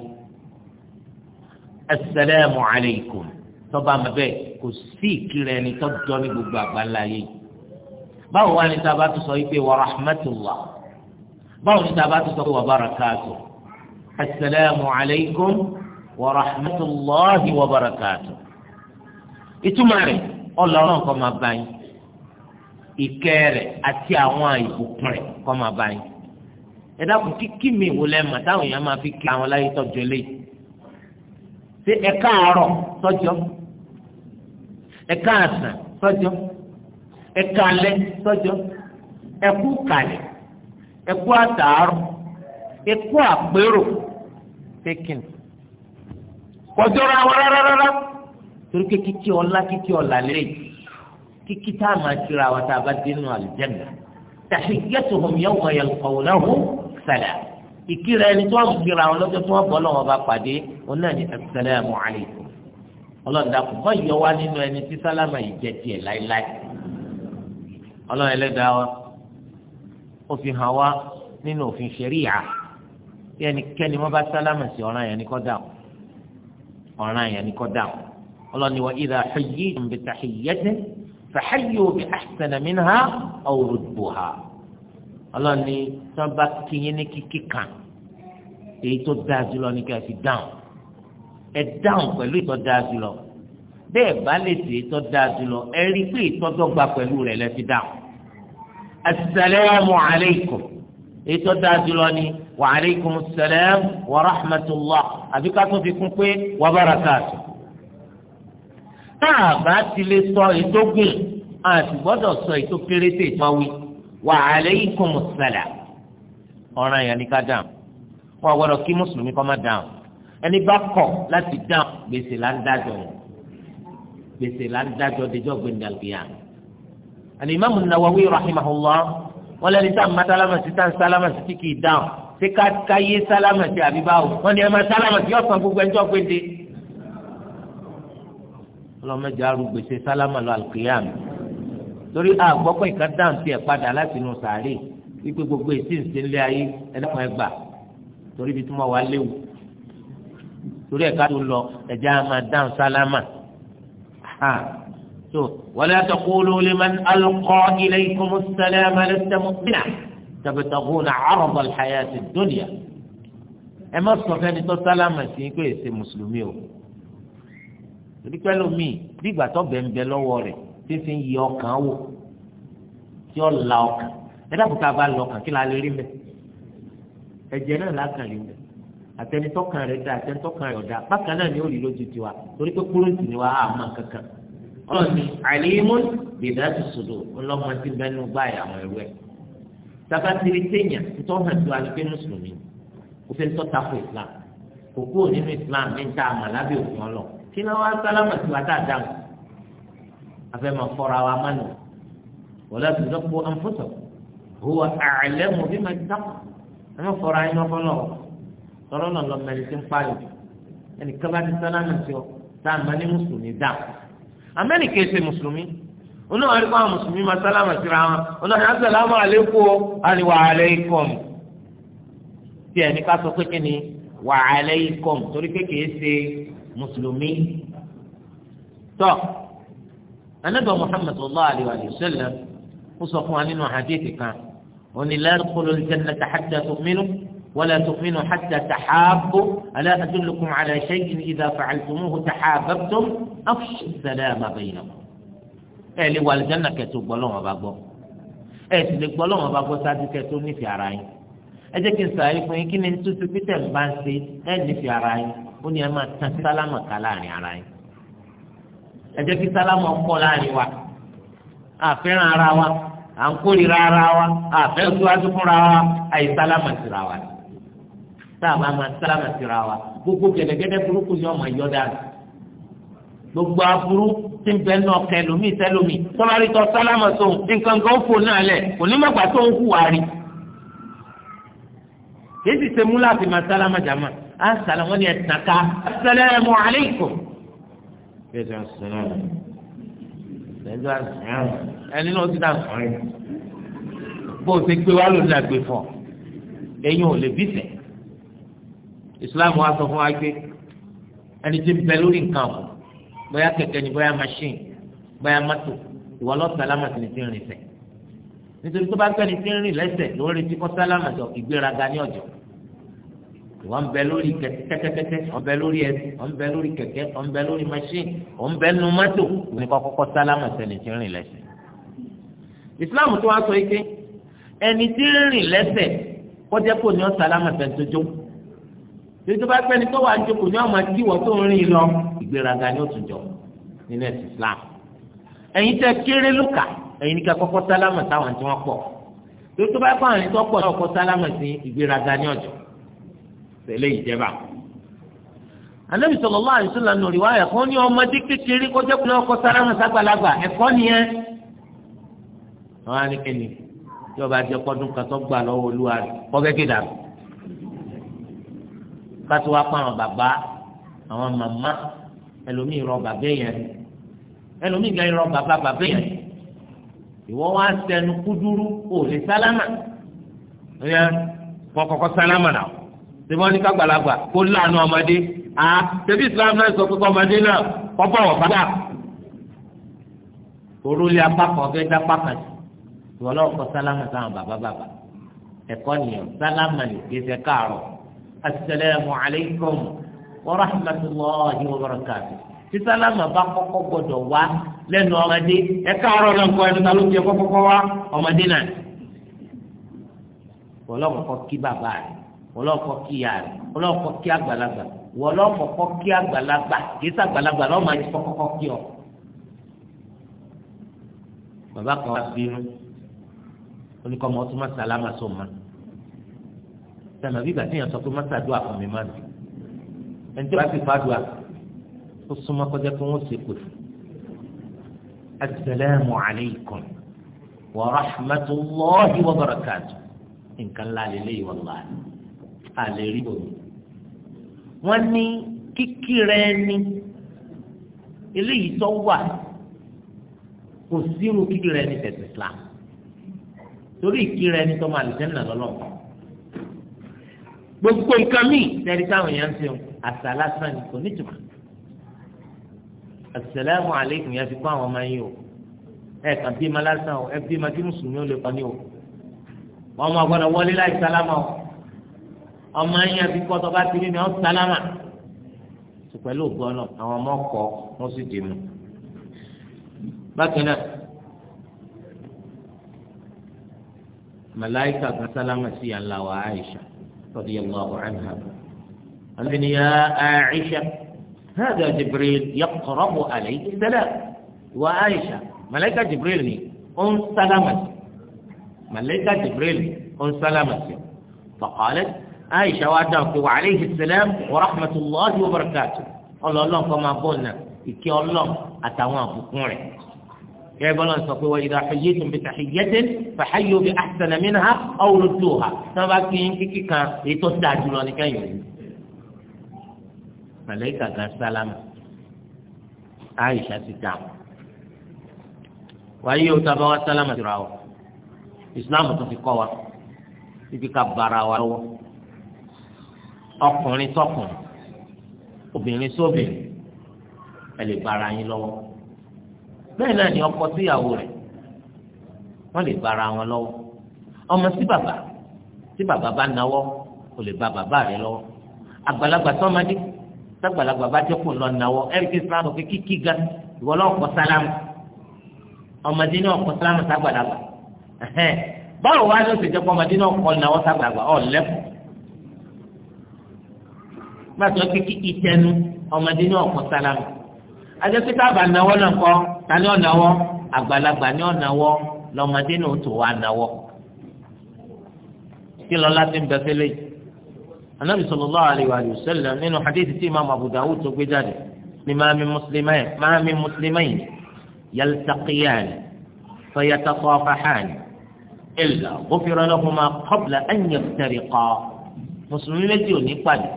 assalamu alaykum tọba mẹbẹ kò sí ìkírẹ ẹni tó jọ ní gbogbo àgbáńlá yìí báwo wá ní sábà tó sọ wípé wa rahmatullah báwo ní sábà tó sọ pé wa barakatuh assalamu alaykum wa rahmatullahi wa barakatuh ìtumọ̀ rẹ̀ ọlọ́run kọ́ máa bá yín ìkẹ́ rẹ̀ àti àwọn ìbùkún rẹ̀ kọ́ máa bá yín ẹ dákun kíkí mi wò lẹ́mọ̀ táwọn èèyàn máa fi kí àwọn láyé tọ́jú eléyìí ṣé ẹ káàárọ̀ sọ́jọ́ ẹ káàsán sọ́jọ́ ẹ kálẹ́ sọ́jọ́ ẹ kú kálẹ̀ ẹ kú àtàárọ̀ ẹ kú àpérò pékin kọjọ́ ra wọn rárá rárá torí pé kíkí ọlá kíkí ọlà lẹ́yìn kíkí tá a máa tura wa tá a bá dénú àlùjẹ́nà tahiyyatuhum yawma yalqawnahu salam ìkírẹ ẹni tó wọ́n gbéra wọn lọ́jọ́ tó wọ́n bọ́ lọ́wọ́ bá pàdé wọn náà ní assalamu alaykum ọlọ́dàkùn kọ́ yọ wá nínú ẹni tí sálámà yìí jẹ tiẹ̀ láéláé ọlọ́run ẹlẹ́dàá wa ó fi hàn wá nínú òfin ṣẹ̀ríyà bí ẹnikẹ́ni wọ́n bá sálámà sí ọ̀ràn yẹn ni kó dáhùn ọ̀ràn yẹn ni kó dáhùn ọlọ́run fàáyò bí ahsana minha aw rudduha ọlọ́ni tí wọ́n bá kíyìn ní kíkí kan èyí tó dáa jùlọ ní ká fi dáhùn ẹ dáhùn pẹ̀lú ìtọ́ dáa jùlọ bẹ́ẹ̀ bá lè tè ìtọ́ dáa jùlọ ẹ rí i pé ìtọ́dọ́gba pẹ̀lú rẹ̀ lẹ́ fi dáhùn. asalaamu alaykum ètò dáadúlọ ni wa aleykum salam wa rahmatulah àbí fi kún pé wa tá a bá ti lè sọ ètò gùn àti gbọ́dọ̀ sọ ètò péréte ìpawí wa alaykumus salam ọ̀ràn yẹn ni ká dáhùn wọn ò gbọ́dọ̀ kí mùsùlùmí kọ́ má dáhùn ẹni bá kọ̀ láti dáhùn gbèsè là ń dájọ́ gbèsè là ń dájọ́ déjọ́ gbẹ̀ndàlùkìyà Al-Imam an-Nawawi rahimahullah wọn tá a má sálámà sí tá a sálámà sí tí kì í dáhùn ṣé ká yé sálámà sí àbí báwo ni ẹ má sálámà sí ọ̀sán gbogbo ẹjọ́ ọlọ́mọdé arúgbèsè sálámà lọ àlùkìyàmù torí àgbọ́pọ̀ ìka dáǹtì ẹ̀ padà láti inú sàárè wípé gbogbo èsì ń sílé ayé ẹlẹ́kùn ẹgbà torí ibi tí wọ́n wá léwu torí ẹ̀ka tó lọ ẹ̀jẹ̀ á máa dáhùn sálámà tó wala taqulu liman alqa ilaykumu salama lasta mu'mina tabtaghuna 'arada al-hayati ad ẹ má sọ fẹ́ni tó sálámà sí pé torí pẹ́lú mi bí ìgbà tó bẹ̀ ń bẹ lọ́wọ́ rẹ̀ fífi ń yí ọkàn wò tí ó la ọkàn ẹ dákun tá a bá lọ ọkàn kí la lè rí mẹ ẹ̀jẹ̀ náà lákàn rí mẹ àtẹnitọ́kàn rẹ̀ dá àtẹnitọ́kàn rẹ̀ ọ̀dá bákan náà ni ó rí lójú tiwa torí pé kúròǹtì ni wa á máa kankan ọlọ́ni àlímú bìdá ti sòdò ọlọ́mọ ti bẹnu gbá àwọn ẹ̀rọ ẹ̀ tabatiri téèyàn tó hàn tó alẹ́ pé mùsùlùmí kò fẹ́ tó takò Islam kò kúrò nínú Islam ní tí náà wá sálámà tí wà tá a dáhùn afẹ́ máa fọ́ra wa má nù wọlé àtúntò kó ànfọ́tò huwa a'lamu bí máa ti dáhùn ẹ má fọ́ra ẹ má fọ́nà tọ́lọ́ náà lọ mẹ́rin tí ń pààyàn ẹnì kan bá ti sálámà tí ọ tá a máa ní mùsùlùmí dáhùn amẹ́nì kìí ṣe mùsùlùmí onáwó àríkọ́ àwọn mùsùlùmí máa sálámà síra wọn onáwó àṣàlámà àlékún àníwá àlékún tí ẹnì ká sọ pé kí ni wà àlékún torí pé kìí ṣe mùsùlùmí tọ anabi muhammad sallallahu alayhi wa sallam ó sọ fún wa nínú hadith kan ó ní la tadkhulul jannata hatta tu'minu ولا تؤمنوا حتى تحابوا ألا أدلكم على شيء إذا فعلتموه تحاببتم أفشوا السلام بينكم ẹ lè wà lìjánà kẹtù gbọlọ́wọ́n bá gbọ́ ẹ sì lè gbọlọ́wọ́n bá gbọ́ sáájú kẹtù nífẹ̀ẹ́ ara yín ẹ jẹ́ kí n sàáyé fún yín kí ni tuntun pété ń bá ń ṣe ẹ nífẹ̀ẹ́ ara yín ó ní ẹ máa tan sálámà ká láàrin ara yín ẹ jẹ́ kí sálámà pọ̀ láàrin wa àfẹ́ràn ara wa à ń kórìíra ara wa àfẹ́ síwájú fúnra wa àyè sálámà síra wa tá a máa máa sálámà síra wa gbogbo gẹ́dẹ́gẹ́dẹ́ burúkú ni ọmọ ìyọ́ gbogbo aburú tí ń bẹ náà kẹlòmíì sẹlòmíì tọ́lárí tọ́ sálámà sóhun nǹkan kan ó fò náà lẹ̀ kò ní mọ̀gbà tó ń hùwà rí kìí sì ṣe múlá àti màsálámà jàmá àṣàlà wọn ni ẹ̀tàn ká asalaamu alaykum. bẹ́ẹ̀ sọ̀rọ̀ lẹ́jọ́ àṣàlà ẹni náà ti dàn sọ̀rọ̀ bó o ṣe gbé wa ló dà gbé fọ̀ ẹ̀yin ò lè bí sẹ̀. ìsìláàmù wa sọ fún wa pé ẹni tí ń bẹ lórí nǹkan bóyá kẹ̀kẹ́ ni bóyá machine bóyá mọ́tò ìwọ lọ́sàlámà sì ti rìn sẹ́yìn nítorí tó bá gbẹ́ni tí ń rìn lẹ́sẹ̀ lórí tí kọ́ sálámà jọ ìgbéraga ní ọ̀jọ̀ wọ́n ń bẹ lórí kẹ́kẹ́kẹ́kẹ́ wọ́n ń bẹ lórí ẹsẹ̀ wọ́n ń bẹ lórí kẹ̀kẹ́ wọ́n ń bẹ lórí machine wọ́n ń bẹ nu mọ́tò ní kọ́ kọ́kọ́ sálámà sẹ́ni tí ń rìn lẹ́sẹ̀ Islam tó wá sọ ike ẹni tí ń rìn lẹ́sẹ̀ kọjá kò ní ọ sálámà sẹ́ni tó jó tí tó bá gbẹ́ni tó wà á jókòó ní ọmọ tí wọ́n tó ń rìn Islam ẹ̀yin tẹ kéré lùkà ẹ̀yin ní ká kọ́kọ́ sálámà táwọn tí wọ́n pọ̀ tó tó bá kọ́ àwọn tó pọ̀ náà kọ́ sálámà sí ìgbéraga ní ọ̀jọ̀ tẹ̀lé ìjẹba. Ànábì sallallahu alaihi wasallam nù ríwá ẹ̀kọ́ ní ọmọdé kékeré kọjá kó náà kọ́ sálámà ságbàlagbà ẹ̀kọ́ nìyẹn. àwọn anìkẹ́ni tí ọba jẹ kọ́dún kan tó gbà lọ́wọ́ olúwa rẹ̀ kọ́ fẹ́ kéde pa àwọn bàbá àwọn màmá ẹlòmíì bàbá yẹn ẹlòmíì bàbá bàbá yẹn ìwọ wá sẹnu kúdúrú ò lè sálámà ẹyẹ kọkọkọ sálámà náà tẹmọ ní kágbàlagbà kó láàánú ọmọdé a tẹbi islam náà sọ pé ọmọdé náà kọpọ wọ fada orúlé apákan ọfẹ dá pákan ìwọ náà kọ sálámà sáwọn bàbá bàbá ẹ̀kọ́ nìyẹn sálámà ní gbèsè káàárọ̀ asalaamualeykum wa rahmatulahi wa barakatuh tí sálámà bá kọ́kọ́ gbọ́dọ̀ wá lẹ́nu ọmọdé ẹ káàárọ̀ náà kọ́ ẹni ta ló ti ẹ̀kọ́ kọ́kọ́ wá ọmọdé náà. wọlọ́kọ̀kọ́ kí bàbá rẹ̀ wọlọ́kọ̀ kí ìyá rẹ̀ wọlọ́kọ̀ kí àgbàlagbà wọlọ́kọ̀kọ́ kí àgbàlagbà kì í sàgbàlagbà lọ́ọ́ máa ti kọ́kọ́ kí ọ. bàbá kan wá bínú oníkọ́ ọmọ tó má sálámà sọ ma sàmàbí ìgbà tí èèyàn sọ pé má sàdúà fún mi má ẹni tó bá ti fàdúà ó súnmọ́ kọjá pé wọ́n ṣe pè fún asalaamu alaykum wa rahmatulahi wa barakatu nǹkan láàlẹ́ lẹ́yìn wàllá àlẹ́ rí omi. wọ́n ní kíkìrẹ́ ẹni eléyìí tó wà kò sírú kíkìrẹ́ ẹni tẹ̀sí Islam torí ìkìrẹ́ ẹni tó máa lè jẹ́ nà lọ́lọ́kọ̀ọ́ gbogbo nǹkan míì tẹ̀lé táwọn èèyàn ń sèwọn àṣà ni kò nítumọ̀ asalaamu aleykum yẹn fi kó àwọn ọmọ yín o ẹ kàn bí ma lásán o ẹ bí ma kí mùsùlùmí ó lè kọ́ ní o wọn máa gbọ́dọ̀ wọlé láì sálámà o ọmọ yín yẹn fi kọ́ tó bá ti rí mi ó sálámà tó pẹ̀lú gbọ́nà àwọn ọmọ kọ́ wọ́n sì dì mí. bákan náà màláìkà kan sálámà sí yàn láwa Aisha radiyallahu anha. àbẹ̀niyà Aisha. هذا جبريل يقرأ عليه السلام وعائشة ملكة جبريل ني أم سلامت ملكة جبريل أم سلامت فقالت عائشة وأدرك وعليه السلام ورحمة الله وبركاته الله الله كما قلنا إكي الله أتوان فكوري كيف الله سقوا وإذا حييتم بتحية فحيوا بأحسن منها أو ردوها سبا كي ينكي كان يتوسع جلواني كان màlẹ́kà gan sálámà Aisha ti dà wọ́n. wáyé o tábà wá sálámà síra o Islam tó fi kọ́ wa ibi ká bara wa lọ́wọ́ ọkùnrin sọ́kùnrin obìnrin sóbìnrin ẹ lè bara yín lọ́wọ́ bẹ́ẹ̀ náà ni ọkọ síyàwó rẹ̀ wọ́n lè bara wọn lọ́wọ́ ọmọ sí bàbá tí bàbá bá náwó o lè ba bàbá rẹ̀ lọ́wọ́ àgbàlagbà sọ́mọdé. So sàgbàlagbà bá jẹ́ kó lọ nàwọ́ ẹ̀ríkì sàlámù fi kíkí ga ìwọ lọ́wọ́ kọ́ sàlámù ọmọdé náà kọ́ sàlámù sàgbàlagbà báwo wá ló ti jẹ́ kó ọmọdé náà kọ́ nàwọ́ sàgbàlagbà ọ̀ lẹ́kọ̀ọ́ gbàtí wọ́n kíkí ìtẹnu ọmọdé náà kọ́ sàlámù adékítà bá nàwọ́ náà kọ́ tani ọ̀ nàwọ́ àgbàlagbà ni ọ̀ nàwọ́ lọ́mọdé náà tó wà nàwọ́ kí lọ́lá ti ń bẹ fẹ́lẹ́ yìí anabi sallallahu alayhi wa sallam nínú hadithi tí imaamu abu dawud tó gbé jáde ní maami muslimayn maami muslimayn yaltaqiyan fayatasaafaxan illa gufira lahuma qabla an yaftariqa mùsùlùmí méjì ò ní pàdé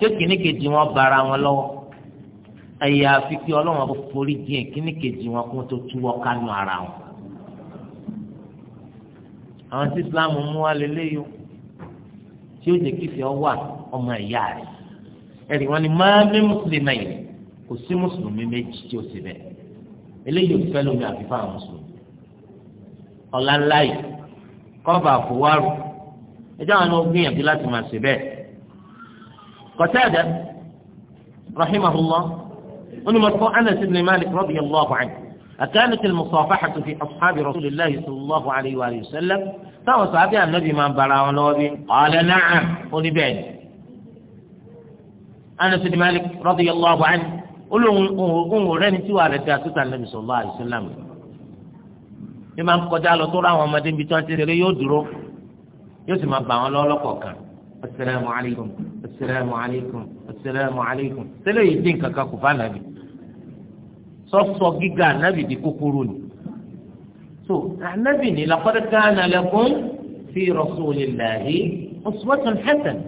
kékeré kejì wọn bara wọn lọ́wọ́ ẹyà àfi kí Ọlọ́run kò forí díẹ̀ kíní kejì wọn kó tó túwọ́ kánú ara wọn àwọn tí islam mú wa lélẹ́yìí o tí ó jẹ́ kí ìfẹ́ wà ọmọ ìyá rẹ̀ ẹ̀rí wọn ni máa mí mùsùlùmí yìí kò sí mùsùlùmí méjì tí ó sì bẹ̀ eléyìí òfìfẹ́ lómi àfi fáwọn mùsùlùmí ọ̀làńlá yìí kọ́ba àfọwárò ẹjọ́ àwọn ọmọ gbìyànjú láti máa ṣe bẹ́ẹ̀ Qatada rahimahullah onímọ̀tò Anas ibn Malik radiyallahu anhu أكانت المصافحة في أصحاب رسول الله صلى الله عليه وآله وسلم táwọn sàbí ànábì máa ń bara wọn lọ́wọ́ bí ọ̀lẹ́ náà oní bẹ́ẹ̀ ni. Anas bin Malik radiyallahu anhu olóhùn òun rẹ̀ ní tiwa rẹ̀ dáa síta ànábì sallallahu alaihi wasallam. bí máa ń kọjá lọ tó ráwọn ọmọdé níbi tí wọ́n ti rere yóò dúró yóò sì máa bà wọ́n lọ́wọ́ lọ́kọ̀ọ̀kan. asalaamualeykum asalaamualeykum asalaamualeykum tẹ́lẹ̀ yìí dín kankan kò fà nàbì sọ́sọ gíga ànábì di kúkúrú ni so ànábì ni laqad kana lakum fi rasulillahi uswatun hasan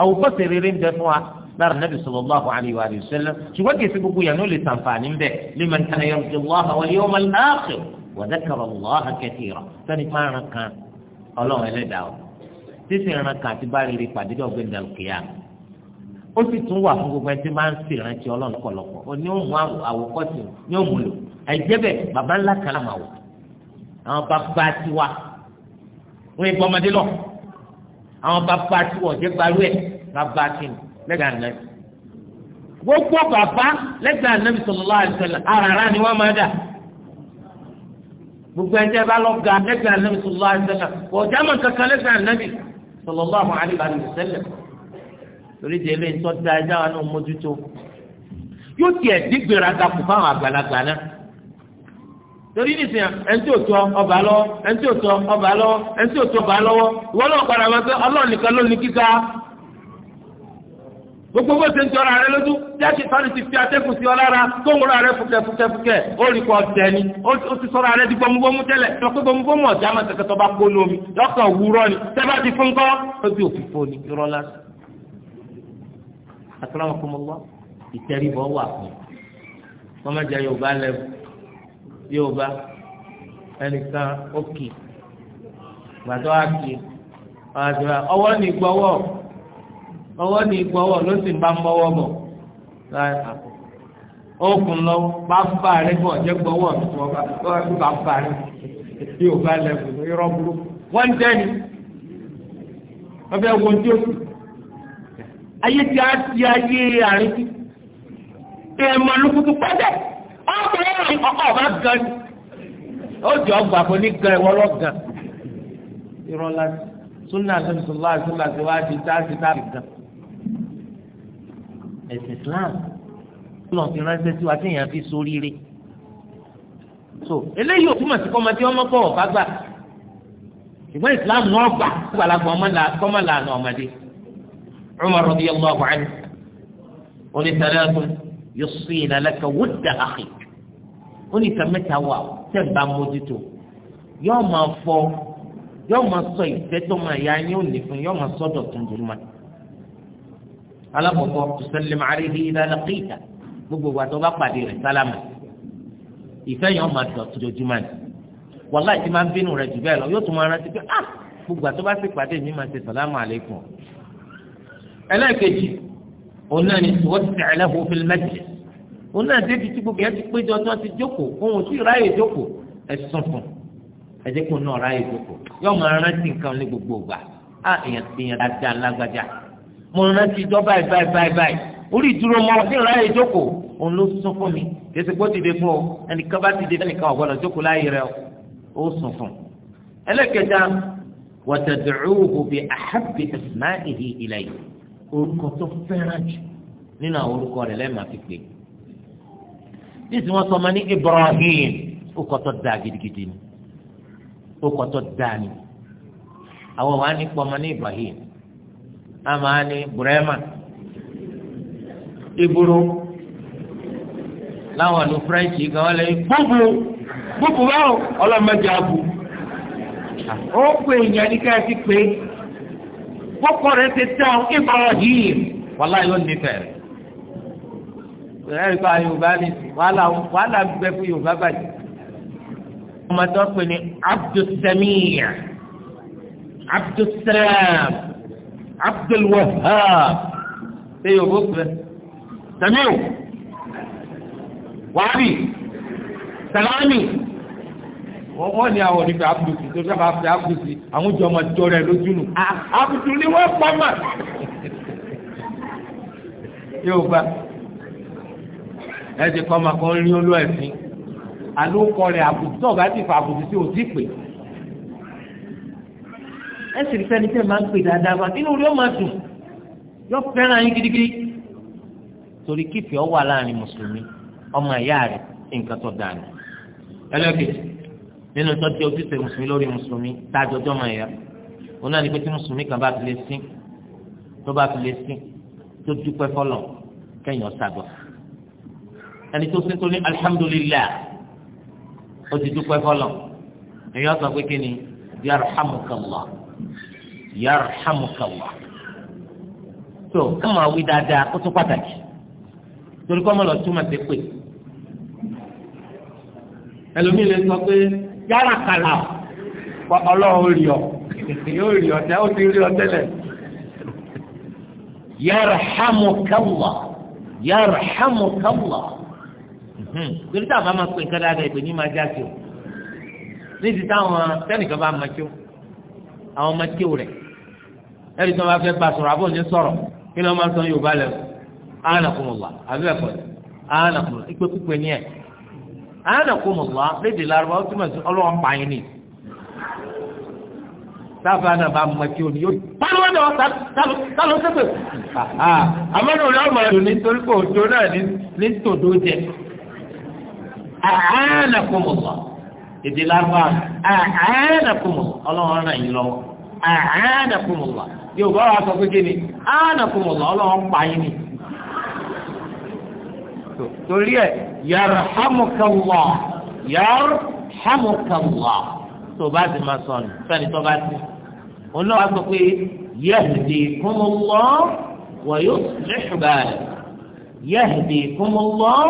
àwòkọ́ṣe rere ń bẹ fún wa lára ànábì sallallahu alayhi wa sallam ṣùgbọ́n kìí ṣe gbogbo yẹn ló lè sànfààní bẹ́ẹ̀ liman kana yarju Allaha wal yawmal akhir wa dhakara Allaha katira sani fáwọn kan ọlọ́run ẹlẹ́dàá o sísè ìran kan àti bá rere pàdé dọ̀gbẹ́ndàlùkìyà ó sì tún wà fún gbogbo ẹni tí máa ń ṣèrántí ọlọ́run pọ̀lọpọ̀ ó ní òun àwòkọ́sì ní òun lò àìjẹ́bẹ̀ bàbá ńlá kan là máa wò àwọn bàbá tiwa wọ́n yẹ bọ́mọdé lọ àwọn bàbá tiwa ọ̀jẹ̀ gbalú ẹ̀ bàbá kìnnì lẹ́gbẹ̀ẹ́ àná gbogbo bàbá lẹ́gbẹ̀ẹ́ ànábì sallallahu alaihi wasallam àràrà ni wọ́n máa dà gbogbo ẹ̀jẹ̀ bá lọ ga lẹ́gbẹ̀ẹ́ ànábì sallallahu alaihi wasallam kò jámọ̀ kankan lẹ́gbẹ̀ẹ́ sallallahu alaihi wasallam torí ti eléyìí tó da ẹja wa náà mójútó yóò tiẹ̀ dín gbèrágà kù fáwọn àgbàlagbà náà torí nìsín ẹnití ò tọ ọba lọ́wọ́ ẹnití ò tọ ọba lọ́wọ́ ẹnití ò tọ ọba lọ́wọ́ ìwọ náà padà wọn pé Ọlọ́run nìkan ló ní kíkà gbogbo bó ṣe ń tọrọ ààrẹ lójú jáde sáré ti fi atẹ́kùn sí ọ lára tó ń rọ ààrẹ fúkẹ́ fúkẹ́ fúkẹ́ ó rí kọ tẹ̀ni ó ti sọ̀rọ̀ ààrẹ di gbọmúgbọmú tẹ́lẹ̀ lọ gbọmúgbọmú ọ̀já máa tẹ̀kẹ́ bá kó lómi lọ́kàn wúrọ́ ni tẹ́ ti fún kọ́ ó ti òfìfo ni irọ́ lásán akramakumullah ìtẹríbọ wà fún wọn má jẹ yorùbá lẹbù yorùbá ẹnìkan òkè gbàdọ àkè ọ̀dọ̀ ọwọ́ ní gbọ́wọ́ ọwọ́ ní gbọ́wọ́ ló sì ń bá mọ́wọ́ bọ̀ okùn lọ bá ń bá rẹ bọ̀ jẹ́ gbọ́wọ́ tó bá ń bá rẹ yóò bá lẹ́kùn irọ́ burú wọ́n ń dẹ́ni wọ́n fẹ́ wo ojú òkú ayé tí a ti ayé àrètí èèmọ̀ lukutu pẹ́tẹ́ ọkùnrin ọkọ̀ ọba gan ni ó jẹ́ ọgbà fún ní gan ìwọ́ lọ́gàn irọ́ láti súnà sọ́nùsọ́lá àṣìlá ti wá di táàsì táàbì gan ẹ̀sìn Islam lọ́n fi ránṣẹ́ sí wa tí èèyàn fi sóríire so eléyìí ò túmọ̀ sí kọ́mọdé ọmọ bọ̀ ọ̀bá gbà ṣùgbọ́n Islam náà gbà gbàlagbà ọmọ làánà ọmọdé. عمر رضي الله عنه ní thalatun yusina laka wudda akhik ó ní tẹ̀mẹ́ta wà tẹ̀mbà mójútó yóò máa fọ yóò máa sọ يوم tó máa yá yóò تسلم عليه yóò لقيته sọ́dọ̀ tuntun máa alákọ̀ọ́kọ́ tusallim alayhi idha laqita gbogbo wa tó bá pàdé rẹ̀ sálámà ìfẹ́ yẹn máa dọ̀ tójoojúmọ́ ni wàláì tí máa ń bínú rẹ̀ jù bẹ́ẹ̀ lọ yóò tún máa rántí pé ah gbogbo àtọ́ bá sì pàdé mi máa ṣe sàlámù àlékún ẹlẹ́ẹ̀kejì òun náà ni wọ́n ti tẹ̀lé fún fílí mẹ́jì òun náà débi tí gbogbo ẹ ti péjọ tí wọ́n ti jókòó òun sì ráyè jókòó ẹ̀sùn fún ẹ̀jẹ̀ kó náà ráyè jókòó yọ máa rántí nǹkan ní gbogbo ìgbà á èèyàn èèyàn dáadáa lágbájá mo rántí jọ báyìí báyìí báyìí báyìí orí ìdúró mọ́ ọdún ráyè jókòó òun ló sún fún mi èsì gbọ́ ti dé fún ọ ẹnìkan bá ti dé ẹnìkan ọ̀gbọ́dọ̀ orúkọ tó fẹ́ràn jù nínú àwọn orúkọ rẹ̀ lẹ́ẹ̀ma fi pè nísìnyí wọ́n sọ ma ní Ibrahim orúkọ tó dáa gidigidi ni orúkọ tó dáa ni àwọn wàá ní pọ́ ma ní Ibrahim a máa ní Burema iburo láwọn àlù French gan wọn lè gbogbo gbogbo báwo ọlọ́mọdé abu ó pè é yẹn ní ká ẹ ti pè é kọ́kọ́ rẹ̀ ti dáhùn Ibrahim wàlá yóò nífẹ̀ẹ́ rẹ̀ ẹ̀rí pa yorùbá ni wàhálà wàhálà gbẹ fún yorùbá bàjẹ́ ọmọ tó ń pè ní abdulsamir abdulsalam abdulwahab ṣé yorùbá pè samiu wàhábì salami wọ́n ní àwọn onífẹ́ abudu tó sábà fẹ́ abudu àwọn jọ ọmọ jọ rẹ lójú nù ah, abudu ni wọ́n pa mà yóò bá ẹsẹ̀ kọ́ ma kọ́ ń rí olú ẹ̀sìn àlókọ rẹ̀ abudu tó ọ̀gá ti fa abudu tí o ti pè ẹsẹ̀ ìfẹ́ ni tẹ́ máa ń pè dáadáa bá inú rí ọmọ dùn yóò fẹ́ràn yín gidigidi torí kífì ọ wà láàrin mùsùlùmí ọmọ ìyá rẹ̀ nǹkan tó dáa ni ẹlẹ́kẹ̀ẹ́ nínú tọ́jú ojúṣe mùsùlùmí lórí mùsùlùmí tá a jọjọ́ mọ̀ ẹ̀yà òun náà ní pé tí mùsùlùmí kan bá fi lè sìn tó bá fi lè sìn tó dúpẹ́ fọlọ̀ kẹ́yìn ọ̀sàgbọ̀ ẹni tó sìn tó ní alihamudulilayi ó ti dúpẹ́ fọlọ̀ èyí ọ̀sán pé kí ni yarhamukallah yarhamukallah tó káwọn àwí dáadáa ó tún pàtàkì torí kọ́ mọ́ lọ túmọ̀ sí pé ẹlòmíì sọ pé yára kàlà ọlọ́run rí ọ yóò rí ọ tẹ́ ó ti rí ọ tẹ́lẹ̀ yarhamukallah yarhamukallah hmm. torí táwọn bá máa pè nǹkan dáadáa ìpè ní máa já sí o ní ti táwọn tẹnìkan bá máa tí o àwọn máa tí o rẹ ẹni tí wọn bá fẹ́ bá sọ̀rọ̀ àbọ̀ ní sọ̀rọ̀ kí ni wọn máa sọ Yorùbá lẹ́nu ànàkùnmọ̀lá àbí ẹ̀kọ́ ànàkùnmọ̀lá ìpè púpẹ̀ ní ẹ̀ anakumullah lédè larubá ó túmọ̀ sí ọlọ́wọ́ pààyàn ni sáfà náà bá mọ kí omi yóò pariwo náà sálọ sẹpẹ àmọ́nà òní ọmọ ẹ̀dùn nítorí pé òjò náà ní tòdó jẹ anakumullah èdè larubá anakumullah ọlọ́wọ́ náà yìí lọ́wọ́ anakumullah yóò bá wa sọ pé kí ni anakumullah ọlọ́wọ́ pààyàn ni torí ẹ̀ yarhamukallah yarhamukallah tó bá ti máa sọnù fẹ́ni tó bá ti olóòwò á sọ pé yahdikumullah wa yuslihu balakum yahdikumullah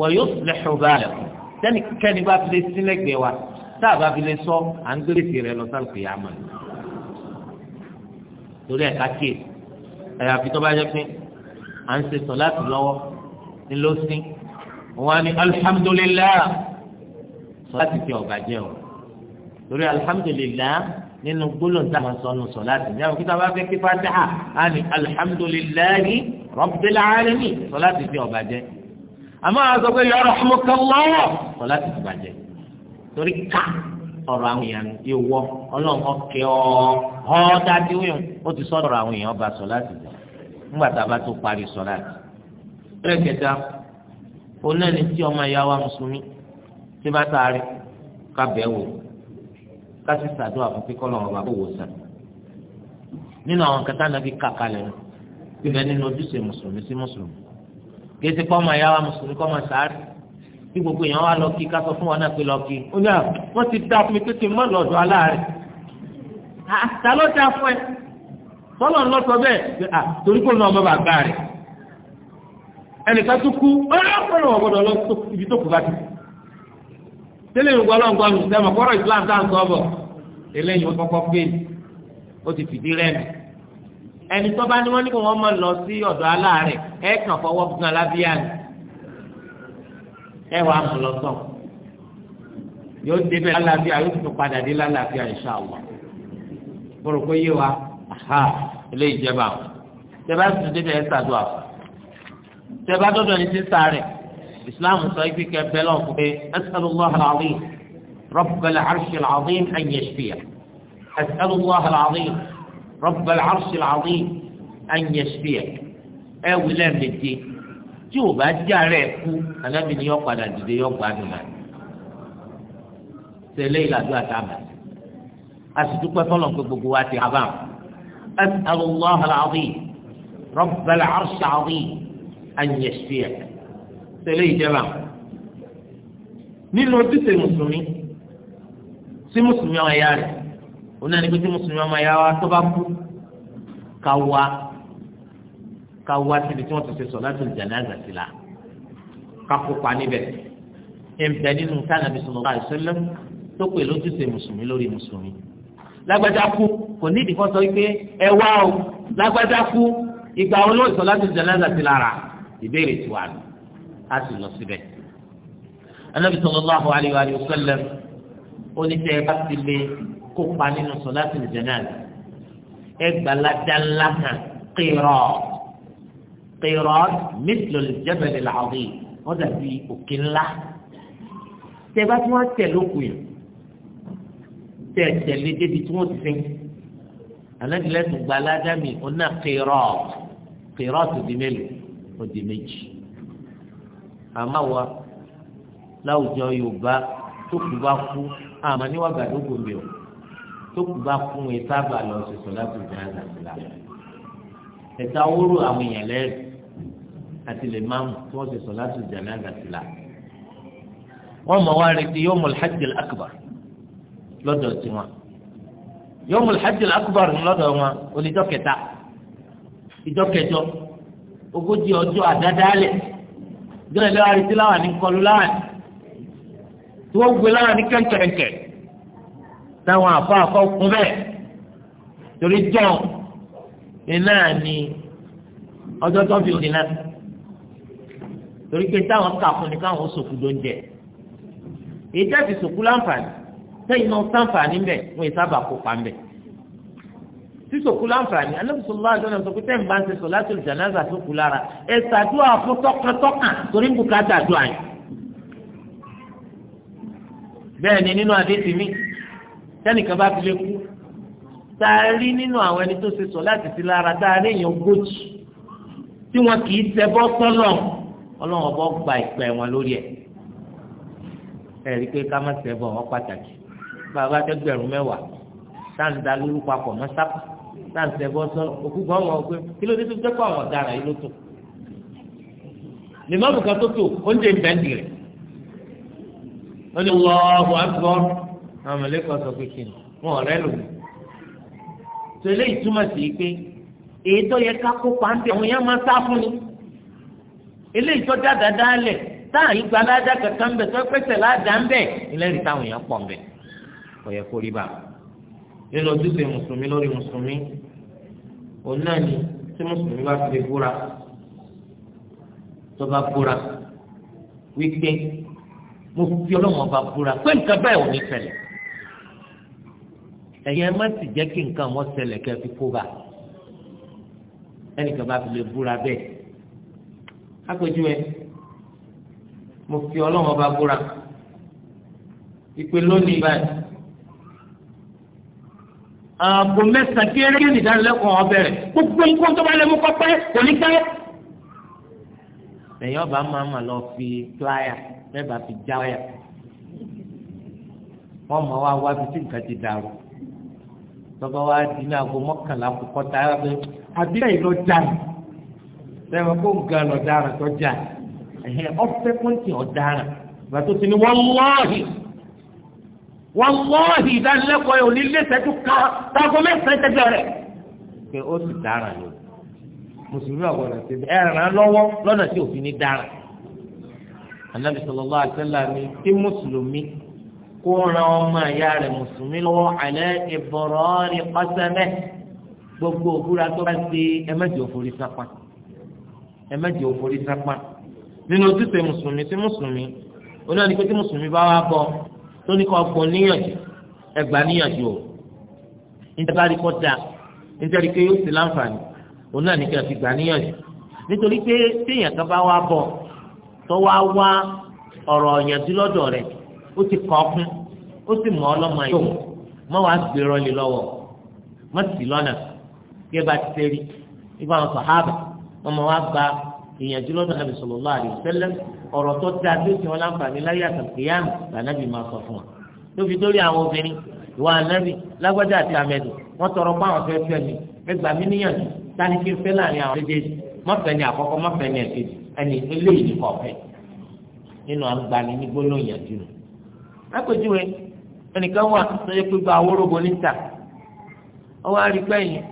wa yuslihu balakum sẹ́ni kẹ́ni bá fi lé sílẹ̀gbẹ̀ wa tá a bá fi lè sọ à ń gbèrè sí rẹ lọ sálù kìí àmọ́ ni torí ẹka kí ẹyà fi tó bá jẹ pé à ń ṣe sọ láti lọ́wọ́ ní ló wọ́n á ní alihamudulilayi sọláàtì tí ọba jẹ o torí alihamudulilayi nínú gbólóńtà máa sọ nù sọláàtì ní àwọn kíkà bá fẹ́ kí fatiha á ní alihamudulilayi rabbil alamin sọláàtì tí ọba jẹ àmọ́ àwọn sọ pé yarhamukallah sọláàtì tí ọba jẹ torí ká ọ̀rọ̀ àwọn èèyàn ìwọ Ọlọ́run ọkẹ ọ ọ dájú yìí ó ti sọ ọ̀rọ̀ àwọn èèyàn ọba sọláàtì jẹ ńgbà tá a bá tó parí sọláàtì òun náà ní tí ọmọ ìyá wa mùsùlùmí tí bá taari kábẹ́ wò kásì sàdúrà fún kíkọ́ lọ́wọ́ bá wò sàn nínú àwọn kẹta nàbí kàkà lẹ́nu ibẹ̀ nínú ojúṣe mùsùlùmí sí mùsùlùmí kí etí kọ́ ọmọ ìyá wa mùsùlùmí kọ́ ọmọ sàárì kí gbogbo èèyàn wá lọ kí ká sọ fún wọn náà pé lọ kí ó ní à wọn ti dá mi kékeré mọ lọ́dọ̀ aláàrẹ àtàlọ́jà fún ẹ tọ́lọ̀ ń lọ sọ bẹ́ẹ̀ ẹnìkan tó kú ọlọ́pàá wọn gbọ́dọ̀ lọ ibi tó kù bá ti kú tẹ́lẹ̀ ìgbà ọlọ́ngbọ́n mi sẹ́mu kọ́rọ̀ Islam tá à ń sọ bọ̀ eléyìí wọ́n kọ́kọ́ pé ó ti fìdí rẹ́mi ẹni tó bá ní wọ́n ní kó wọ́n mọ̀ lọ sí ọ̀dọ̀ aláàárẹ̀ ẹ kàn fọwọ́ gan lábíyá ni ẹ wàá mọ̀ lọ sàn yóò débẹ̀ lálàáfíà yóò tún padà dé lálàáfíà ìṣàwọ̀ mo rò pé yé wa eléyìí jẹba tẹ bá tún débẹ̀ ẹ ṣàdúrà fún tẹ́bá dọ́dọ̀ ní sísá rẹ̀ islam sọ ibi kẹ bẹ́ẹ̀ lọ́n fún mi asalu allah alaazim rabbal arshi alaazim an yashfiya asalu allah alaazim rabbal arshi alaazim an yashfiya ẹ wulẹ̀ méje tí o bá já rẹ̀ kú anábì ni yọ padà dìde yọ gbádùn náà tẹ̀lé ìlàdúrà tá a bá pé gbogbo wa ti habam asalu allah alaazim rabbal arshi alaazim anyẹsí ẹ tẹ́lẹ̀ ìjẹba nínú ojúṣe mùsùlùmí sí mùsùlùmí ọmọ ẹ̀yà rẹ̀ oní ẹni pé tí mùsùlùmí ọmọ ẹ̀yà wa tó bá kú ká wá ká wá síbi tí wọ́n ti ṣe sọ̀látul jánásà sí la ká kópa níbẹ̀ ẹnbẹ nínú tánàbí sallallahu alaihi wasallam tó pè lójúṣe mùsùlùmí lórí mùsùlùmí lágbájá kú kò ní ìdíkọ́ sọ wípé ẹ wá o lágbájá kú ìgbà wo ló sọ̀látul jánásà sí lára ìbéèrè tí wà nù á sì lọ síbẹ̀. anábì sallallahu alayhi wa sallam oníṣẹ́ bá ti lè kópa nínú sọ̀láṣìlì jánásà ẹgbàládá ńlá kan kírọ̀ kírọ̀ mithlul jabal al-azim wọ́n dàbí òkè ńlá tẹ́ bá tí wọ́n tẹ̀ lókun yìí tẹ́ tẹ̀lé débi tí wọ́n ti sìn alẹ́ nílẹ̀ tó gba ọ̀nà kírọ̀ kírọ̀ tó di mélòó ó di méjì àmọ́ wa láwùjọ Yorùbá tó kù bá kú àmọ́ níwà gàdógò mi ò tó kù bá kú wọn sábà lọ sọsọ láti ìjà àgbàlá ẹ̀ka wúrò àwọn èèyàn lẹ́rìí àti lè máa mú tí wọ́n sọsọ láti ìjà àgbàlá wọ́n mọ̀ wá retí yóò mọ̀ lẹ́hàjì àkùbà lọ́dọ̀ tiwọn yóò mọ̀ lẹ́hàjì àkùbà lọ́dọ̀ wọn oníjọ́ kẹta ìjọ́ kẹjọ ogójì ọjọ́ àdádálẹ̀ gbẹrẹ lọ àrètí láwọn ní kọlu láwọn tí wọn gbé láwọn ní kẹńkẹrẹńkẹ táwọn àfa àkọkùn bẹ́ẹ̀ torí jọ̀ọ́ ní náà ni ọjọ́ tó fi òdì náà torí pé táwọn kà fún ni káwọn sòkù ló ń jẹ èyí jáde sòkù láǹfààní sẹ́yìn náà sáǹfààní ń bẹ wọn ì sábà kópa ń bẹ sísòkú láǹfààní alẹ́bùsọ̀lá àdúrà sọ pé tẹ́ ń bá ń ṣe sọ̀látùl jánásà tó kù lára ẹ ṣàdúrà fún tọkàntọkàn torí ń bùkátà àdúrà yìí. bẹ́ẹ̀ ni nínú adé ti mí tẹ́nìkan bá fi lè kú tá a rí nínú àwọn ẹni tó ṣe sọ̀láàtì sí lára tá a rí èèyàn ogójì tí wọn kì í ṣẹbọ sọ́lọ̀ ọlọ́run ọbọ̀ gba ìpè wọn lórí ẹ̀ ẹ̀ rí i pé ká má ṣẹbọ wọn pàtàkì bàbá tẹ́gbẹ̀rún mẹ́wàá táǹdà náà tẹ bọ́ sọ òkú gan wọn pé kí ló dé tó jẹ́kọ̀ àwọn ọ̀daràn yìí ló tó lèmọ́ọ̀mù kan tó tó oúnjẹ ń bẹ́ẹ̀ dìrẹ̀ ó ní wọ́ọ̀hún àgbọ̀ àwọn mọ̀lẹ́kọ̀ sọ pé kí ni wọn ọ̀rẹ́ lò tó eléyìí túmọ̀ sí pé èyí tó yẹ ká kó pàǹtí àwọn yẹn máa sá fún ni eléyìí tó dáadáa dálẹ̀ táàyè gbalada kankan bẹ̀ tó ń bẹ̀ ilé ìtàwọn yẹn ń bẹ̀ kò yẹ nínú ojúṣe mùsùlùmí lórí mùsùlùmí òun náà ni tí mùsùlùmí bá fi búra tó bá búra wípé mo fi ọlọ́wọ́n bá búra pé nǹkan bẹ́ẹ̀ ò ní ṣẹlẹ̀ ẹ̀yẹ má sì jẹ́ kí nǹkan wọ́n ṣẹlẹ̀ kẹ́ fi kó bá ẹnìkan bá fi lè búra bẹ́ẹ̀ akójú ẹ mo fi ọlọ́wọ́n bá búra ìpè lónìí báyìí aago mẹ́sàn-án kéré ní ìdánilẹ́kọ̀ọ́ ọbẹ̀rẹ̀ gbogbo nǹkan tó bá lè mú kọ́pẹ́ kò ní pẹ́. lẹ́yìn ọba máa ma lọ fi pláyà mẹ́bàá fi já ọ̀yà wọ́n mọ̀ wá wá fi tí nǹkan ti dàrú tọ́gbà wá di ní aago mọ́kànlá kọ́kọ́ tá a bẹ àbílẹ̀ yìí lọ já ní sẹ́wọ̀n kó nǹkan lọ dára tó já ọ̀fẹ́ pọ́ǹtì ọ̀daràn bàtó ti ní wọ́n lọ́ọ̀hìn wàlọ́ọ̀hì ìdánilẹ́kọ̀ọ́ yóò nílé ìṣẹ́jú kan tágo mẹ́sàn-án tẹ́jọ́ rẹ̀. pé ó ti dára lò mùsùlùmí ọ̀gbọ̀nà ti bẹ̀ ẹ̀ ràn án lọ́wọ́ lọ́nà tí òfin ní dára. anabi sallallahu alaihi wasallam ni kí mùsùlùmí kó ran ọmọ ìyá rẹ̀ mùsùlùmí lọ́wọ́ alẹ́ ìbọ̀rọ̀ ni pásẹ́mẹ́ gbogbo òkúra tó bá ti ẹmẹ́jì òfòrí sápá ẹmẹ́jì òfòrí sápá nínú tó ní kọ́ fún níyànjú ẹgbà níyànjú o nítorí kọ́ da nítorí pé yóò sì láǹfààní òun náà ní kí a fi gbà níyànjú nítorí pé téèyàn kan bá wá bọ̀ tó wá wá ọ̀rọ̀ ọ̀yànjú lọ́dọ̀ rẹ̀ ó ti kọ́ kún ó sì mọ̀ ọlọ́mọ yìí mọ́ wàá gbèrọ lè lọ́wọ́ mọ́ sì lọ́nà kí ẹ bá ti tẹ́rí ibà wọn sọ̀ hábà wọn mọ̀ wá gba ìyànjú lọ́dọ̀ Ànábì sallallahu alaihi wasallam ọ̀rọ̀ tó dáa tó ti wọn láǹfààní láyé àtàkùyàmù lànàbì máa sọ fún wa lóbi dórí àwọn obìnrin ìwà ànábì lágbájá àti àmẹ́dù wọ́n tọrọ bá àwọn fẹ́ fẹ́ mi ẹgbà mí níyànjú tani kí n fẹ́ láàrin àwọn méjèèjì mọ́fẹ́ ni àkọ́kọ́ mọ́fẹ́ ni ẹ̀kejì ẹni eléyìí ni kọ̀ọ̀fẹ́ nínú àgbàni ní gbólóhùn yànjú nù. lápèjúwe ẹnìkan wà tó yẹ pé gba awórógbó níta ọwọ́ àrígbẹ́yìn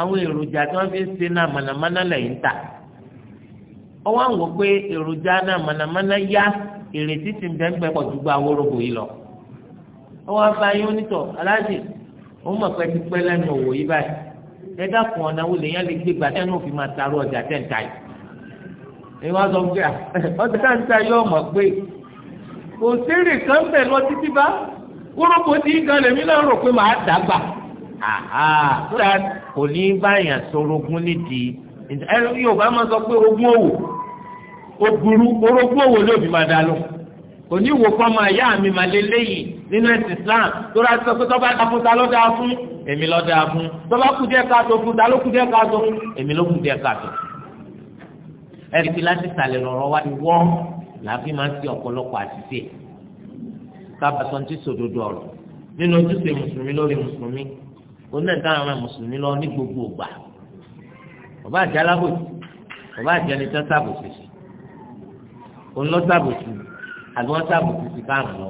àwọn èròjà tí wọ́n fi ń ṣe náà mànàmáná lẹ́yìn ta ọwọ́ àwọn pé èròjà náà mànàmáná yá ìrètí ti bẹ́ẹ̀ pọ̀ ju gba awórogbò yìí lọ. ọwọ́ afáyín onítọ̀ aláàjì òun mọ̀ pé ti pẹ́ lẹ́nu òwò yìí báyìí ẹ dákun ọ̀nà wo lèèyàn lè gbé gbàtẹ́ náà fi máa taró ọjà tẹ́ǹtà yìí. èyí wá sọ pé ah, ọjà tẹ́ǹtà yóò mọ̀ pé kò sérè kan bẹ̀ lọ títí bá wórógbò tí gan lèmi náà rò pé màá dàgbà. àhà kò ní báyà sorogún Yorùbá máa sọ pé ogún òwò oguru orogún òwò ló fi máa dá lọ òní wo kọ́ máa yá mi máa lé léyìí nínú ẹ̀sìn Islam tó rà sọ pé tọ́ba dá fún ta ló dá fún èmi ló dá fún tọ́ba kù díẹ̀ káàtó fún ta ló kù díẹ̀ káàtó èmi ló kù díẹ̀ káàtó. ẹ̀rí fi láti sàlẹ̀ lọ́rọ̀ wá ní wọ́n làbí máa ń ti ọ̀pọ̀lọpọ̀ àṣìṣe kábàtọ́ ti sòdodo ọ̀rọ̀ nínú ojúṣe mùsùlùmí lórí mùsùlùmí onídàáwọn mùsùlùmí lọ ní gbogbo ògbà ọba àti alábòsí ọba àti ẹni tán sábòsí sí òun lọ sábòsí àbí wọn sábòsí sí káàrún lọ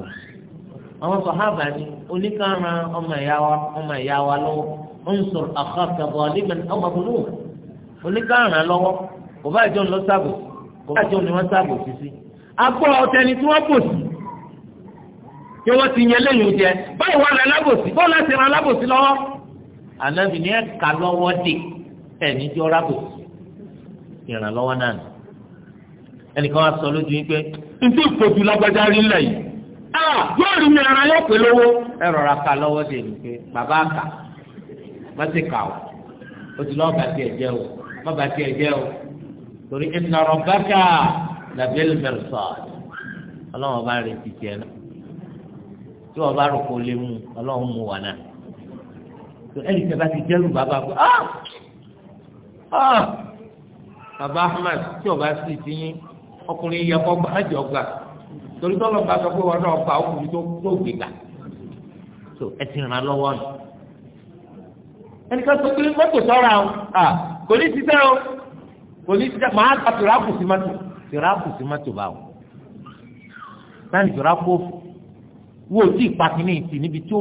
àwọn sọhábà ni oníkàrán ọmọ ìyá wa ọmọ ìyá wa lọ́wọ́ ó ń sọ̀rọ̀ àkọọkẹ bọ nígbàdàn ọmọ ìbùnú oníkàrán lọ́wọ́ ọba àti òun lọ sábòsí ọba àti òun ni wọn sábòsí sí agbọ ọtẹni tí wọn bòsí kí wọn ti yẹn lẹ́yìn oúnjẹ báyìí wọn rẹ alábòsí bọ́ọ̀lù àti ìran alábòsí lọ́wọ́ ànábì ni ẹ kà lọ́wọ́ dè ẹni jọ rábò ìrànlọ́wọ́ náà nù ẹnìkan wá sọ lójú yín pé ntí ìfojú lágbájá rí ńlẹ̀ yìí yóò rí mi ara yóò pè lówó ẹ rọra ka lọ́wọ́ dè mí pé bàbá kà má ti kà ó o ti lọ́ọ́ bá tiẹ̀ jẹ́ o má bá tiẹ̀ jẹ́ o torí ìnàrọ̀ bákà làbẹ́lì mẹ́rẹ̀sọ̀ ọlọ́wọ́n bá retí tiẹ̀ náà tí wọ́n bá rò kó lé mu ọlọ́wọ́n mu wà náà ẹnì kan ti jẹ́rù bàbá kó ah. Ah! bàbá ahmed tí ọba sì ti yín ọkùnrin yẹ torí bá sọ pé wọn náà ọkùnrin tó tó ẹ ti ràn án lọ́wọ́ ẹnìkan o kò ní ti tẹ́ o kò ní ti tẹ́ màá tìrápù sí mọ́tò tìrápù sí mọ́tò tìrápù wo tí ìpàkínní níbi tó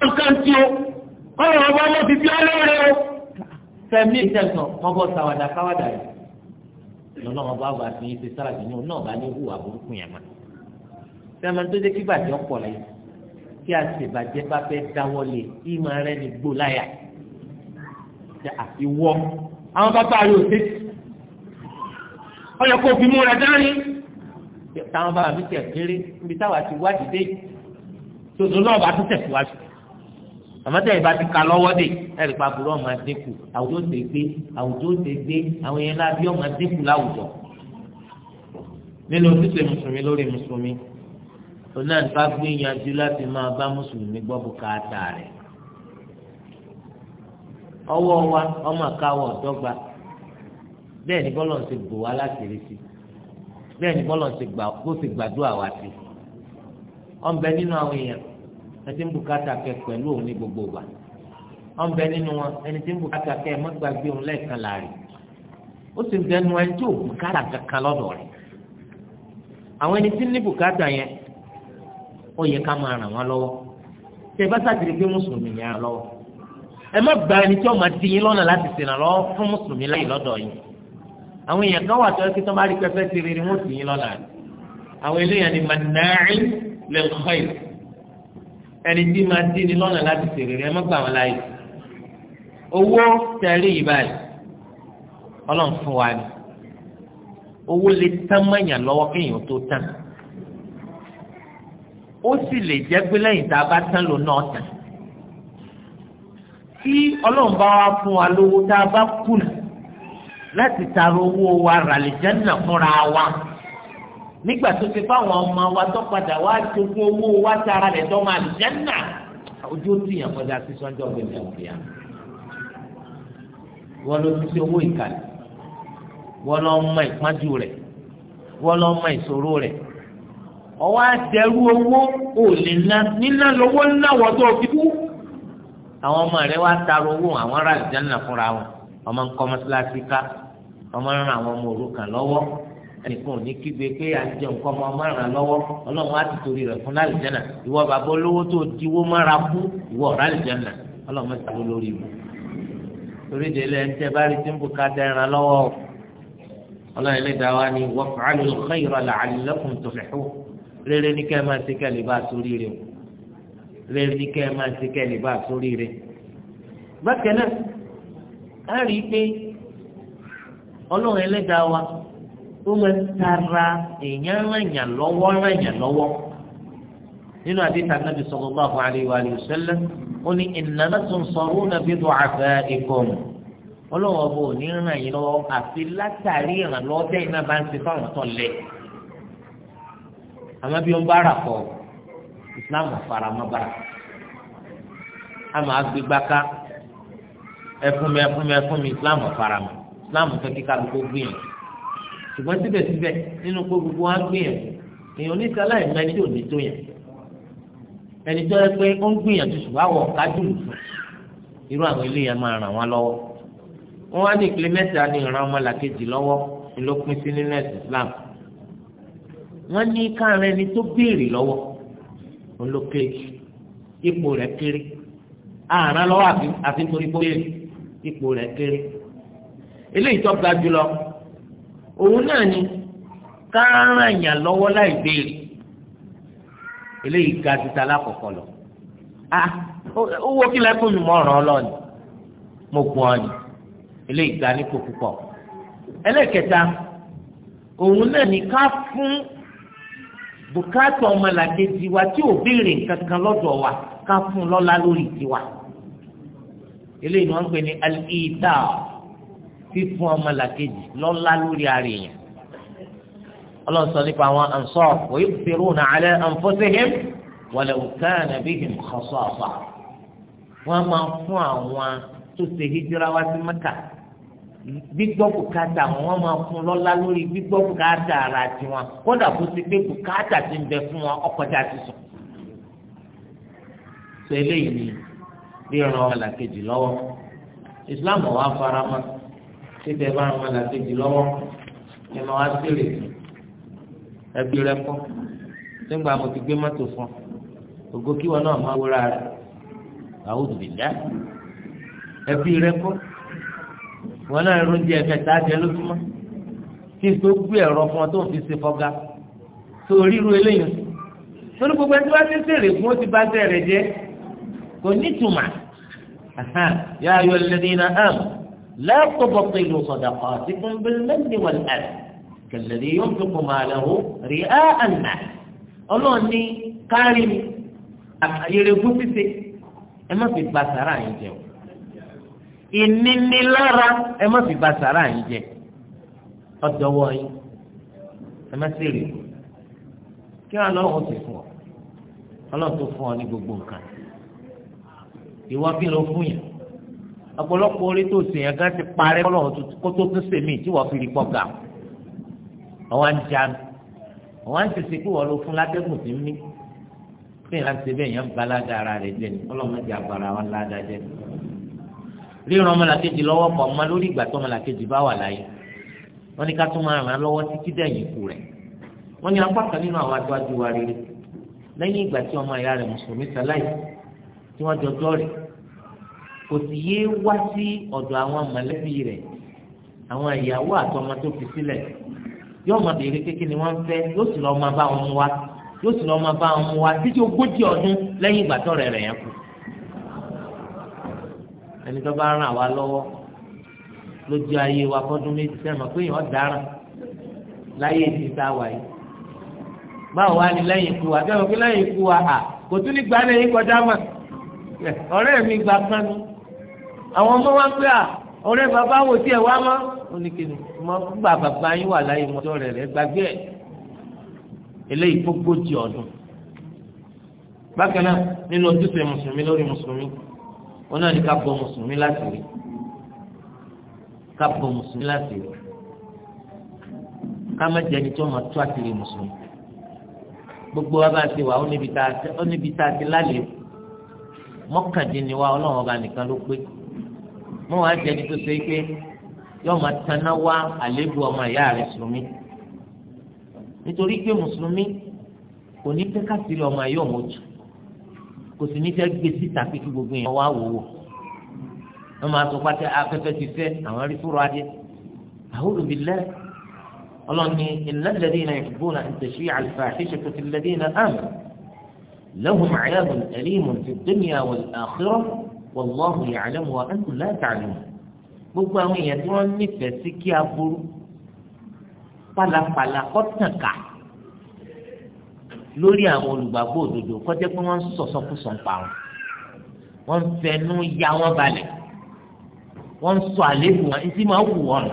nǹkan tí o ọ̀rọ̀ ọba ọmọ ti fi ọlọ́rẹ̀ o. fẹmi ìtẹsán wọn bọ sàwádà káwádà yìí lọ́nà wọn bá wà sí ṣe sára jù ní òun náà bá ní hùwà burúkú yẹn mọ́. sẹ́mi tó dé kí bàjẹ́ ọ̀pọ̀ lẹ́yìn kí a sì bàjẹ́ bá fẹ́ dáwọ́lé ìmọ̀ rẹ ní gbóláyà ṣe àfiwọ́ àwọn bàbá rẹ ò ṣe tì ọyọ kó fi múra dání táwọn bàbá mi tẹ̀ kéré níbi táwa ti wá àmọ́tẹ́ ìbá ti ka lọ́wọ́ dè ẹ̀rí pa burú ọmọ adínkù àwùjọ ṣe gbé àwùjọ ṣe gbé àwọn yẹn lábí ọmọ adínkù láwùjọ. nínú ojúṣe mùsùlùmí lórí mùsùlùmí onáà nípa gbìyànjú láti máa bá mùsùlùmí gbọ́ bùkátà rẹ̀. ọwọ́ wa ọmọ àkáwọ̀ ọ̀dọ́gba bẹ́ẹ̀ ni bọ́lọ̀ ṣe bò wá láti rí sí bẹ́ẹ̀ ni bọ́lọ̀ ṣe gbàdúrà wá sí ọ̀ ẹtí ń bùkátà kẹ pẹ̀lú òun ní gbogbo wa ọ̀n bẹ nínú wọn ẹni tí ń bùkátà kẹ ẹ mọ́gbàgbé òun lẹ́ẹ̀kan láàrin ó sì ń dẹnu ẹni tí ò bùkátà kankan lọ́dọ̀ rẹ̀ àwọn ẹni tí ń ní bùkátà yẹn ó yẹ ká máa ràn wọ́n lọ́wọ́ tẹ bá sàtìrì pé mùsùlùmí yẹn ràn lọ́wọ́ ẹ má gba ẹni tí ó máa di yín lọ́nà láti sìnà lọ́wọ́ fún mùsùlùmí láyé lọ́dọ̀ ẹni tí máa dí ni lọ́nà láti ṣèrè rẹ mọ́gbà wọn láàyè owó tẹ̀lé yìí báyìí ọlọ́run fún wa ni owó lè tán mọ́yàn lọ́wọ́ kéèyàn tó tán ó sì lè jẹ́ pé lẹ́yìn tá a bá tán lò náà tán tí ọlọ́run bá wá fún wa lówó tá a bá kùnà láti tara owó wa ràlìjẹ́ nà fúnra wa nígbà tó ti fáwọn ọmọ wa tó padà wá jogún owó wa tara rẹ̀ tó máa lè jẹ́ nà ojú ó tìyàn kọjá sí sọ́njọ́ gbẹ̀mí ọ̀gbìn wọ́n ló ti ṣe owó ìkàlẹ̀ wọ́n lọ mọ ìpájú rẹ̀ wọ́n lọ mọ ìṣòro rẹ̀ ọwọ́ àdẹrú owó ò lè ná níná lówó ńlá wọ́n tó fi kú àwọn ọmọ rẹ̀ wá tara owó àwọn ará ìjánná fúnra wọn ọmọ nǹkan mọ́sálásí ẹnìkan ò ní kígbe pé à ń jẹ nǹkan ọmọ márùn lọ́wọ́ ọlọ́run á ti torí rẹ̀ fún lálìjẹ́nà ìwọ bàbá olówó tó diwó mára kú ìwọ ọ̀rá lìjẹ́nà ọlọ́run mẹ́ta ló lórí ibù torí délé ẹni tẹ́ bá rí tí ń bu ká dẹ́ran lọ́wọ́ ọlọ́run ẹlẹ́dàá wa ni wọ́n á lè kọ́ ìrọ̀ làálẹ́kùn tó fẹ̀ hù rere ní kẹ́ ẹ máa ṣe kẹ́ lè bá a sórí rere ní kẹ́ ẹ máa ṣe kẹ́ lè bá a sórí bákan náà á rí i pé ọlọ́run ẹlẹ́dàá wa ó máa ń tara èèyàn rànyàn lọ́wọ́ rànyàn lọ́wọ́ nínú àdìsá nàbì sallallahu alaihi wa alihi wasallam ó ní innama tunsaruna bi du'afaikum ọlọ́wọ́ bò ní ràn yín lọ́wọ́ àfi látàrí ìrànlọ́wọ́ bẹ́ẹ̀ náà bá ń ṣe fáwọn tó lẹ̀ àmọ́ bí wọ́n bá rà pọ̀ Islam fara mọ́ bára a máa gbé gbáka ẹfúnmi ẹfúnmi ẹfúnmi Islam fara mọ́ Islam fẹ́ kíkà lóko gbìyànjú ṣùgbọ́n síbẹ̀síbẹ̀ nínú pé gbogbo wa gbìyànjú èèyàn ní sálà ìmọ̀ ẹni tó ní tó yẹn ẹni tó yẹ pé ó ń gbìyànjú ṣùgbọ́n àwọ̀ kájú irú àwọn ilé yẹn máa ràn wọ́n lọ́wọ́ wọ́n wá ní ìpele mẹ́ta ní ìran ọmọlàkejì lọ́wọ́ ló pín sí nínú ẹ̀sìn Islam wọ́n ní káàrin ẹni tó béèrè lọ́wọ́ olókèjì ipò rẹ̀ kéré àràn lọ́wọ́ àfi nítorí pé ipò rẹ̀ kéré eléyìí tó ga jùlọ òun náà ni ká ràn yàn lọ́wọ́ láì béèrè eléyìí ga ti ta lákọ̀ọ́kọ́ lọ ah owó kí lẹ́kùn mi mọ̀ ọ̀ràn ọlọ́ọ̀ni mo gbọ́n ọ̀nì eléyìí ga nípò púpọ̀ ẹlẹ́kẹta òun náà ni ká fún bùkátà ọmọlàkejì wa tí ò béèrè nǹkan kan lọ́dọ̀ wa ká fún lọ́lá lórí tiwa eléyìí ni wọ́n ń pè ní alìdáà fífún ọmọlàkejì lọ́lá lórí ara èèyàn ọlọ́run sọ nípa àwọn ansọ́ wa yu'thiruna ala anfusihim walau kana bihim khasasa wọ́n máa fún àwọn tó ṣe hijira wá sí mẹ́kà gbígbọ́ bùkátà wọn máa fún lọ́lá lórí gbígbọ́ bùkátà ara tiwọn kódà kó ti gbé bùkátà ti ń bẹ fún wọn ọkọjà ti sùn. sọ eléyìí ni bí ìran ọmọlàkejì lọ́wọ́ Islam ọ̀ fara mọ́ títẹ bá àwọn ọmọlàkejì lọ́wọ́ ẹ máa wá sílè ẹbí rẹ kọ́ nígbà mo ti gbé mọ́tò fún ọ ògo kíwọ náà máa wúra rẹ àwùjọ ìdá ẹbí rẹ kọ́ wọn náà ń ronjẹ ẹ̀fẹ̀ta jẹ lójúmọ́ kí n tó gbé ẹ̀rọ fún ọ tó ń fi ṣe fọ́gá tó ríru eléyìí torí gbogbo ẹni tó bá ti sèrè fún ó ti bá sẹ̀rẹ̀ jẹ kò ní ìtumà yà á yọ náà hàn. لا تبطلوا صدقاتكم بالمن والأذى كالذي ينفق ماله رئاء الناس Ọlọ́run ní kárí mi àyèrègún ṣíṣe ẹ má fi ba sàrà yín jẹ o ìnínilára ẹ má fi ba sàrà yín jẹ ọdọwọ yín ẹ má sì rèé kí wọn lọ́wọ́ ti fún ọ Ọlọ́run tó fún ọ ní gbogbo nǹkan ìwọ bí ló fún yẹn ọ̀pọ̀lọpọ̀ orí tó sèyàn gán ti parẹ́ kọ́lọ̀ kó tó tún sèmi tí wọ́n fi rí pọ̀ gà ọ̀wá ń jánu ọ̀wá ń sèse kí wọ́n lo fún látẹ́gùn tí ń mí fún ìlànà tí bẹ́ẹ̀ yẹn ń balada ara rẹ̀ jẹ́ ni ọlọ́mọ ti agbára wa ládàá jẹ́ ni ríran ọmọlàkejì lọ́wọ́ pọ̀ ọmọ lórí ìgbà tó ọmọlàkejì bá wà láyé wọ́n ní ká tún máa ràn lọ́wọ́ títí dẹ̀yìn ikú rẹ̀ wọ́n ní apá kan nínú àwọn aṣáájú wa rere lẹ́yìn ìgbà tí ọmọ ìyá rẹ̀ mùsùlùmí sáláì tí wọ́n jọjọ́ rẹ̀ kò sì yé wá sí ọ̀dọ̀ àwọn mọ̀lẹ́bí rẹ̀ àwọn ìyàwó àtọmọ tó fi sílẹ̀ yóò máa béèrè kékeré ni wọ́n fẹ́ yóò sì lọ́ọ́ máa bá wọn mú wá yóò sì lọ́ọ́ máa bá wọn mú wá títí ogójì ọdún lẹ́yìn ìgbà tọ́rẹ̀ rẹ̀ yẹn kú. ẹni tó bá ràn wá lọ́wọ́ lójú ayé wa fọ́dún méjì sẹ́mọ̀ pé èèyàn dára láyé ti ta wà yìí. báwo wá ní lẹ́yìn ikú wa sẹ́mọ̀ pé lẹ́yìn ikú wa kò tún ní gbà lẹ́yìn kọjá mọ̀ ọ̀rẹ́ mi gbà kánú àwọn ọmọ wa pé à ọ̀rẹ́ bàbá wò tí ẹ wá mọ́ oníkìní mọ́ gbà bàbá yín wà láyé mọ́tò rẹ̀ rẹ̀ gbàgbé ẹ̀ eléyìí fógójì ọdún bákan náà nínú ojúṣe mùsùlùmí lórí mùsùlùmí wọn náà ní ká bọ mùsùlùmí láti rí ká bọ mùsùlùmí láti rí ká má jẹ ẹni tó máa tó àtìrí mùsùlùmí gbogbo wa bá ti wà ó níbi tá a ti lálẹ́ mọ́kàndínníwá ọlọ́run ọba nìkan ló pé mọ wàá jẹ ní tó ṣe pé yóò máa taná wá àléébù ọmọ ìyá rẹ̀ sùnmí nítorí pé mùsùlùmí kò ní fẹ́ káàkiri ọmọ ayé ọmọ jù kò sì ní fẹ́ gbé síta pé kí gbogbo yẹn wá wò wò wọ́n máa sọ pátá afẹ́fẹ́ ti fẹ́ àwọn rí fúru adé a'udhu billahi ọlọ́ni innal ladhina yuhibbuna an tashi'a al-fahishatu fil ladhina amanu lahum 'adhabun alimun fid dunya wal akhirah. والله يعلم wa لا تعلم. ta'lamun gbogbo àwọn èèyàn tí wọ́n nífẹ̀ẹ́ sí kí aburú pálapàla kọ́tànkà lórí àwọn olùgbàgbọ́ òdodo kọ́jẹ́ pé wọ́n ń sọ̀sọ́kùsọ̀ ń pa wọn wọ́n ń fẹnu ya wọn balẹ̀ wọ́n ń sọ àléébù wọn etí máa wù wọn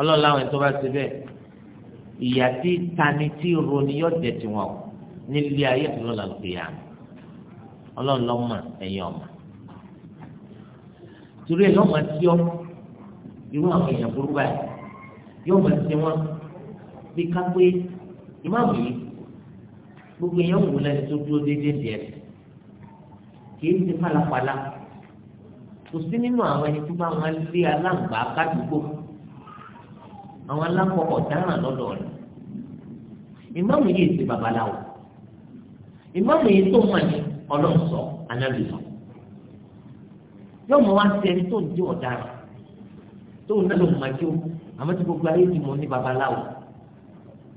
ọlọ́lá àwọn ètò bá ti bẹ́ẹ̀ ìyá tí tani tí roni yóò jẹ tiwọn nílé ayé tó lọ́la lókè yá ọlọ́run lọ́mọ ẹ̀yìn ọ̀mọ torí ẹ̀ lọ́mọ tí ọ́ irú àwọn èèyàn burú báyìí yóò mọ̀ sí wọn bí kápé ìmáàmù yìí gbogbo èèyàn wò lẹ́ni tó dúró déédéé díẹ̀ kì í ti pálapàla kò sí nínú àwọn ẹni tó bá wọn lé aláǹgbá kádùúgbò àwọn alákọ̀ọ́kọ̀ dáràn lọ́dọ̀ rẹ̀ ìmáàmù yìí ti babaláwo ìmáàmù yìí tó mọ̀ ní ọlọ́sọ anábìsọ yóò mọ wá sí ẹni tó ń di ọ̀daràn tó ń náà ló máa jó àmọ́ tí gbogbo ayé ti mọ ní babaláwo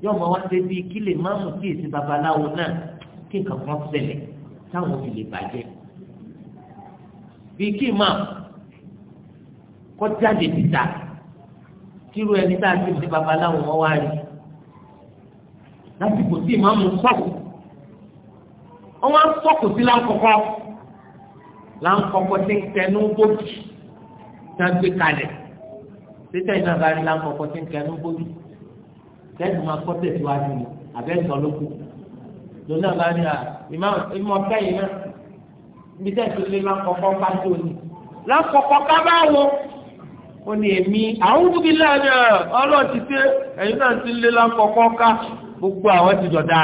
yóò mọ wá sí ẹbí kí lè má mú kíyèsí babaláwo náà kí nǹkan kan ṣẹlẹ̀ táwọn òbí lè bàjẹ́ bí kí máa kọ́ jáde níta kíru ẹni tá a ti mọ ní babaláwo wọn wá rí lásìkò tí ìmáàmù sọ̀rọ̀ wọn wá ń sọkù sí láńkọkọ láńkọkọ tí ń tẹnu bójú tí wọn gbé kalẹ̀ títẹ iná bá rí láńkọkọ tí ń tẹnu bójú tẹnu máa kọ tẹsíwájú ni àbẹ sọ lóko lónà bá rí à ìmọ̀ kẹ́yìn náà ibi tẹ̀sí lé láńkọkọ pàtó ni láńkọkọ ká bá wọ ó ní èmi àwọn bíi lẹ́yìn ọlọ́ọ̀tì tẹ ẹ̀yin náà ti lé láńkọkọ ká gbogbo àwọn ti dọ̀dá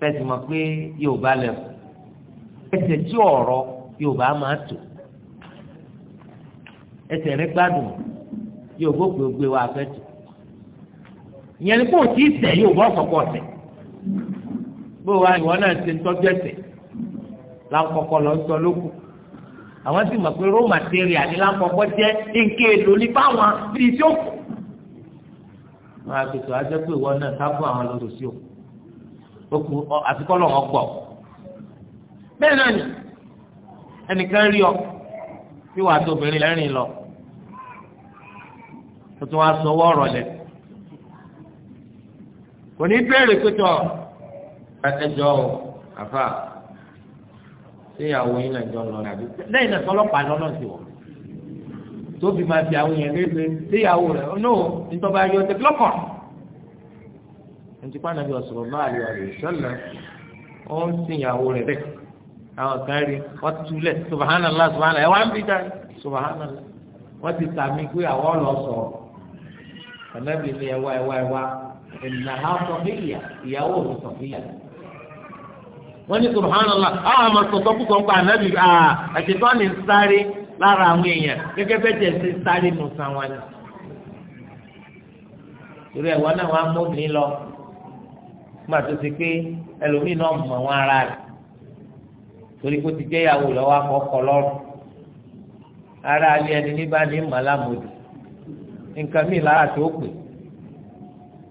fẹsí mọ̀ pé yorùbá lẹ ẹsẹ̀ tí ọ̀rọ̀ yorùbá máa tò ẹsẹ̀ rẹ̀ gbádùn yorùbá gbogbo wa fẹ́ tò ìyẹn ni kò tí ì ṣẹ̀ yorùbá ọ̀sọ̀kọ̀ ọ̀sẹ̀ bó wa ìwọ náà ṣe ń tọ́jú ẹsẹ̀ lankọkọ lọ ń sọ lóko àwọn sì mọ̀ pé raw material ni lankọkọ jẹ́ nké èlò ní báwọn bíi tí ó kù wọn àgbẹ̀tọ̀ ajẹ́ pé ìwọ náà ká fún àwọn lọ́sọ̀ọ́sì òkú okù àfikọ́ lọ́wọ́ gbọ́ bẹ́ẹ̀ náà ni ẹnìkan rí ọ tí wàá tó obìnrin lẹ́rìn lọ o tún wàá sọ wọ́ọ̀rọ̀ lẹ̀ kò ní bẹ́ẹ̀rẹ̀ pẹ́tọ́ ẹjọ́ o àfà síyàwó yín náà jọ lọ nàbí lẹ́yìn náà sọlọ́pàá lọ́nà sí wọ́n tóbi máa fi àwọn yẹn léṣe síyàwó rẹ̀ ọ̀nà ìtọ́ba yọ ọ́ tẹ̀kí lọ́kọ̀ọ́ ntí pa nàbí ọ̀sọ̀rọ̀ bá àlè àlè sọ́lá ó ń sìnyàwó rẹ̀ bẹ́ẹ̀ àwọn kan rí wọ́n ti túlẹ̀ subahánàlá subahánàlá ẹ̀ wá ń bí dáa subahánàlá wọ́n ti sàmì pé àwọn lọ sọ̀rọ̀ ànábì ni ẹ̀wá ẹ̀wá ẹ̀wá ẹ̀nà ha sọ̀fìyà ìyàwó mi sọ̀fìyà wọ́n ní subahánàlá àwọn àmọ̀ sọ̀tọ̀ kúkọ̀ ń pa ànábì àtìtọ́ ni sáré lára àwọn èèyàn gẹ́gẹ́ bẹ́ẹ̀ tẹ̀ sí sáré nù sanwó-án nígbà tó ti pé ẹlòmíì náà mọ̀ wọn ara rẹ̀ torí kó ti jẹ́ ìyàwó lọ́wọ́ akọ́kọ́ lọ́rùn ara alẹ́ ẹni ní bá ní màlámọ́dù nǹkan míì lára tó pè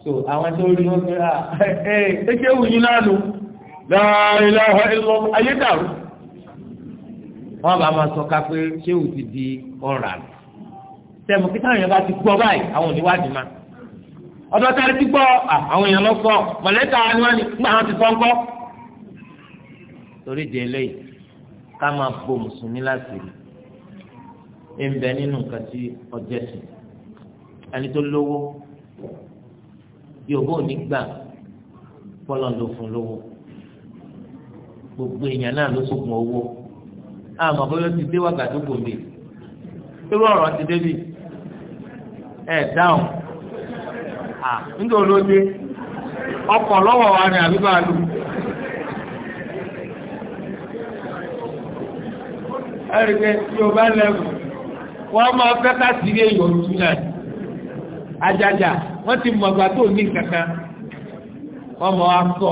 so àwọn tó rí wọn fẹ́ra ẹ ẹ ẹ ṣé wùyí náà lò láàrin láàrin ayé dàrú wọn bá máa sọ ká pé ṣé o ti di ọ̀ràn tẹ̀mù kí táwọn yẹn bá ti gbọ́ báyìí àwọn oníwádìí máa ọ̀dọ̀ tari ti gbọ́ àwọn èèyàn lọ sọ mọ̀lẹ́ta wa ni wọ́n ní gbà wọn ti sọ ńkọ́. torí di eléyìí ká máa bo mùsùlùmí láti rí ń bẹ nínú nǹkan tí ọjọ́ sùn ẹni tó lówó yòówó ní gbà fọlọ́n ló fún lówó gbogbo èèyàn náà ló sókun owó àmọ́ bóyá ti dé wàgbà tó gbòmìnir irú ọ̀rọ̀ ti débi ẹ̀ dáhùn. nítorí olóde ọkọ̀ lọ́wọ́ wa ni àbí bàálù. ẹ̀rìkẹ́ tí o bá lẹ́wù wọ́n máa fẹ́ ká sí ilé ìwọ̀n náà ajaja wọ́n ti mọ̀gbà tó ní kankan wọ́n mọ̀ wá sọ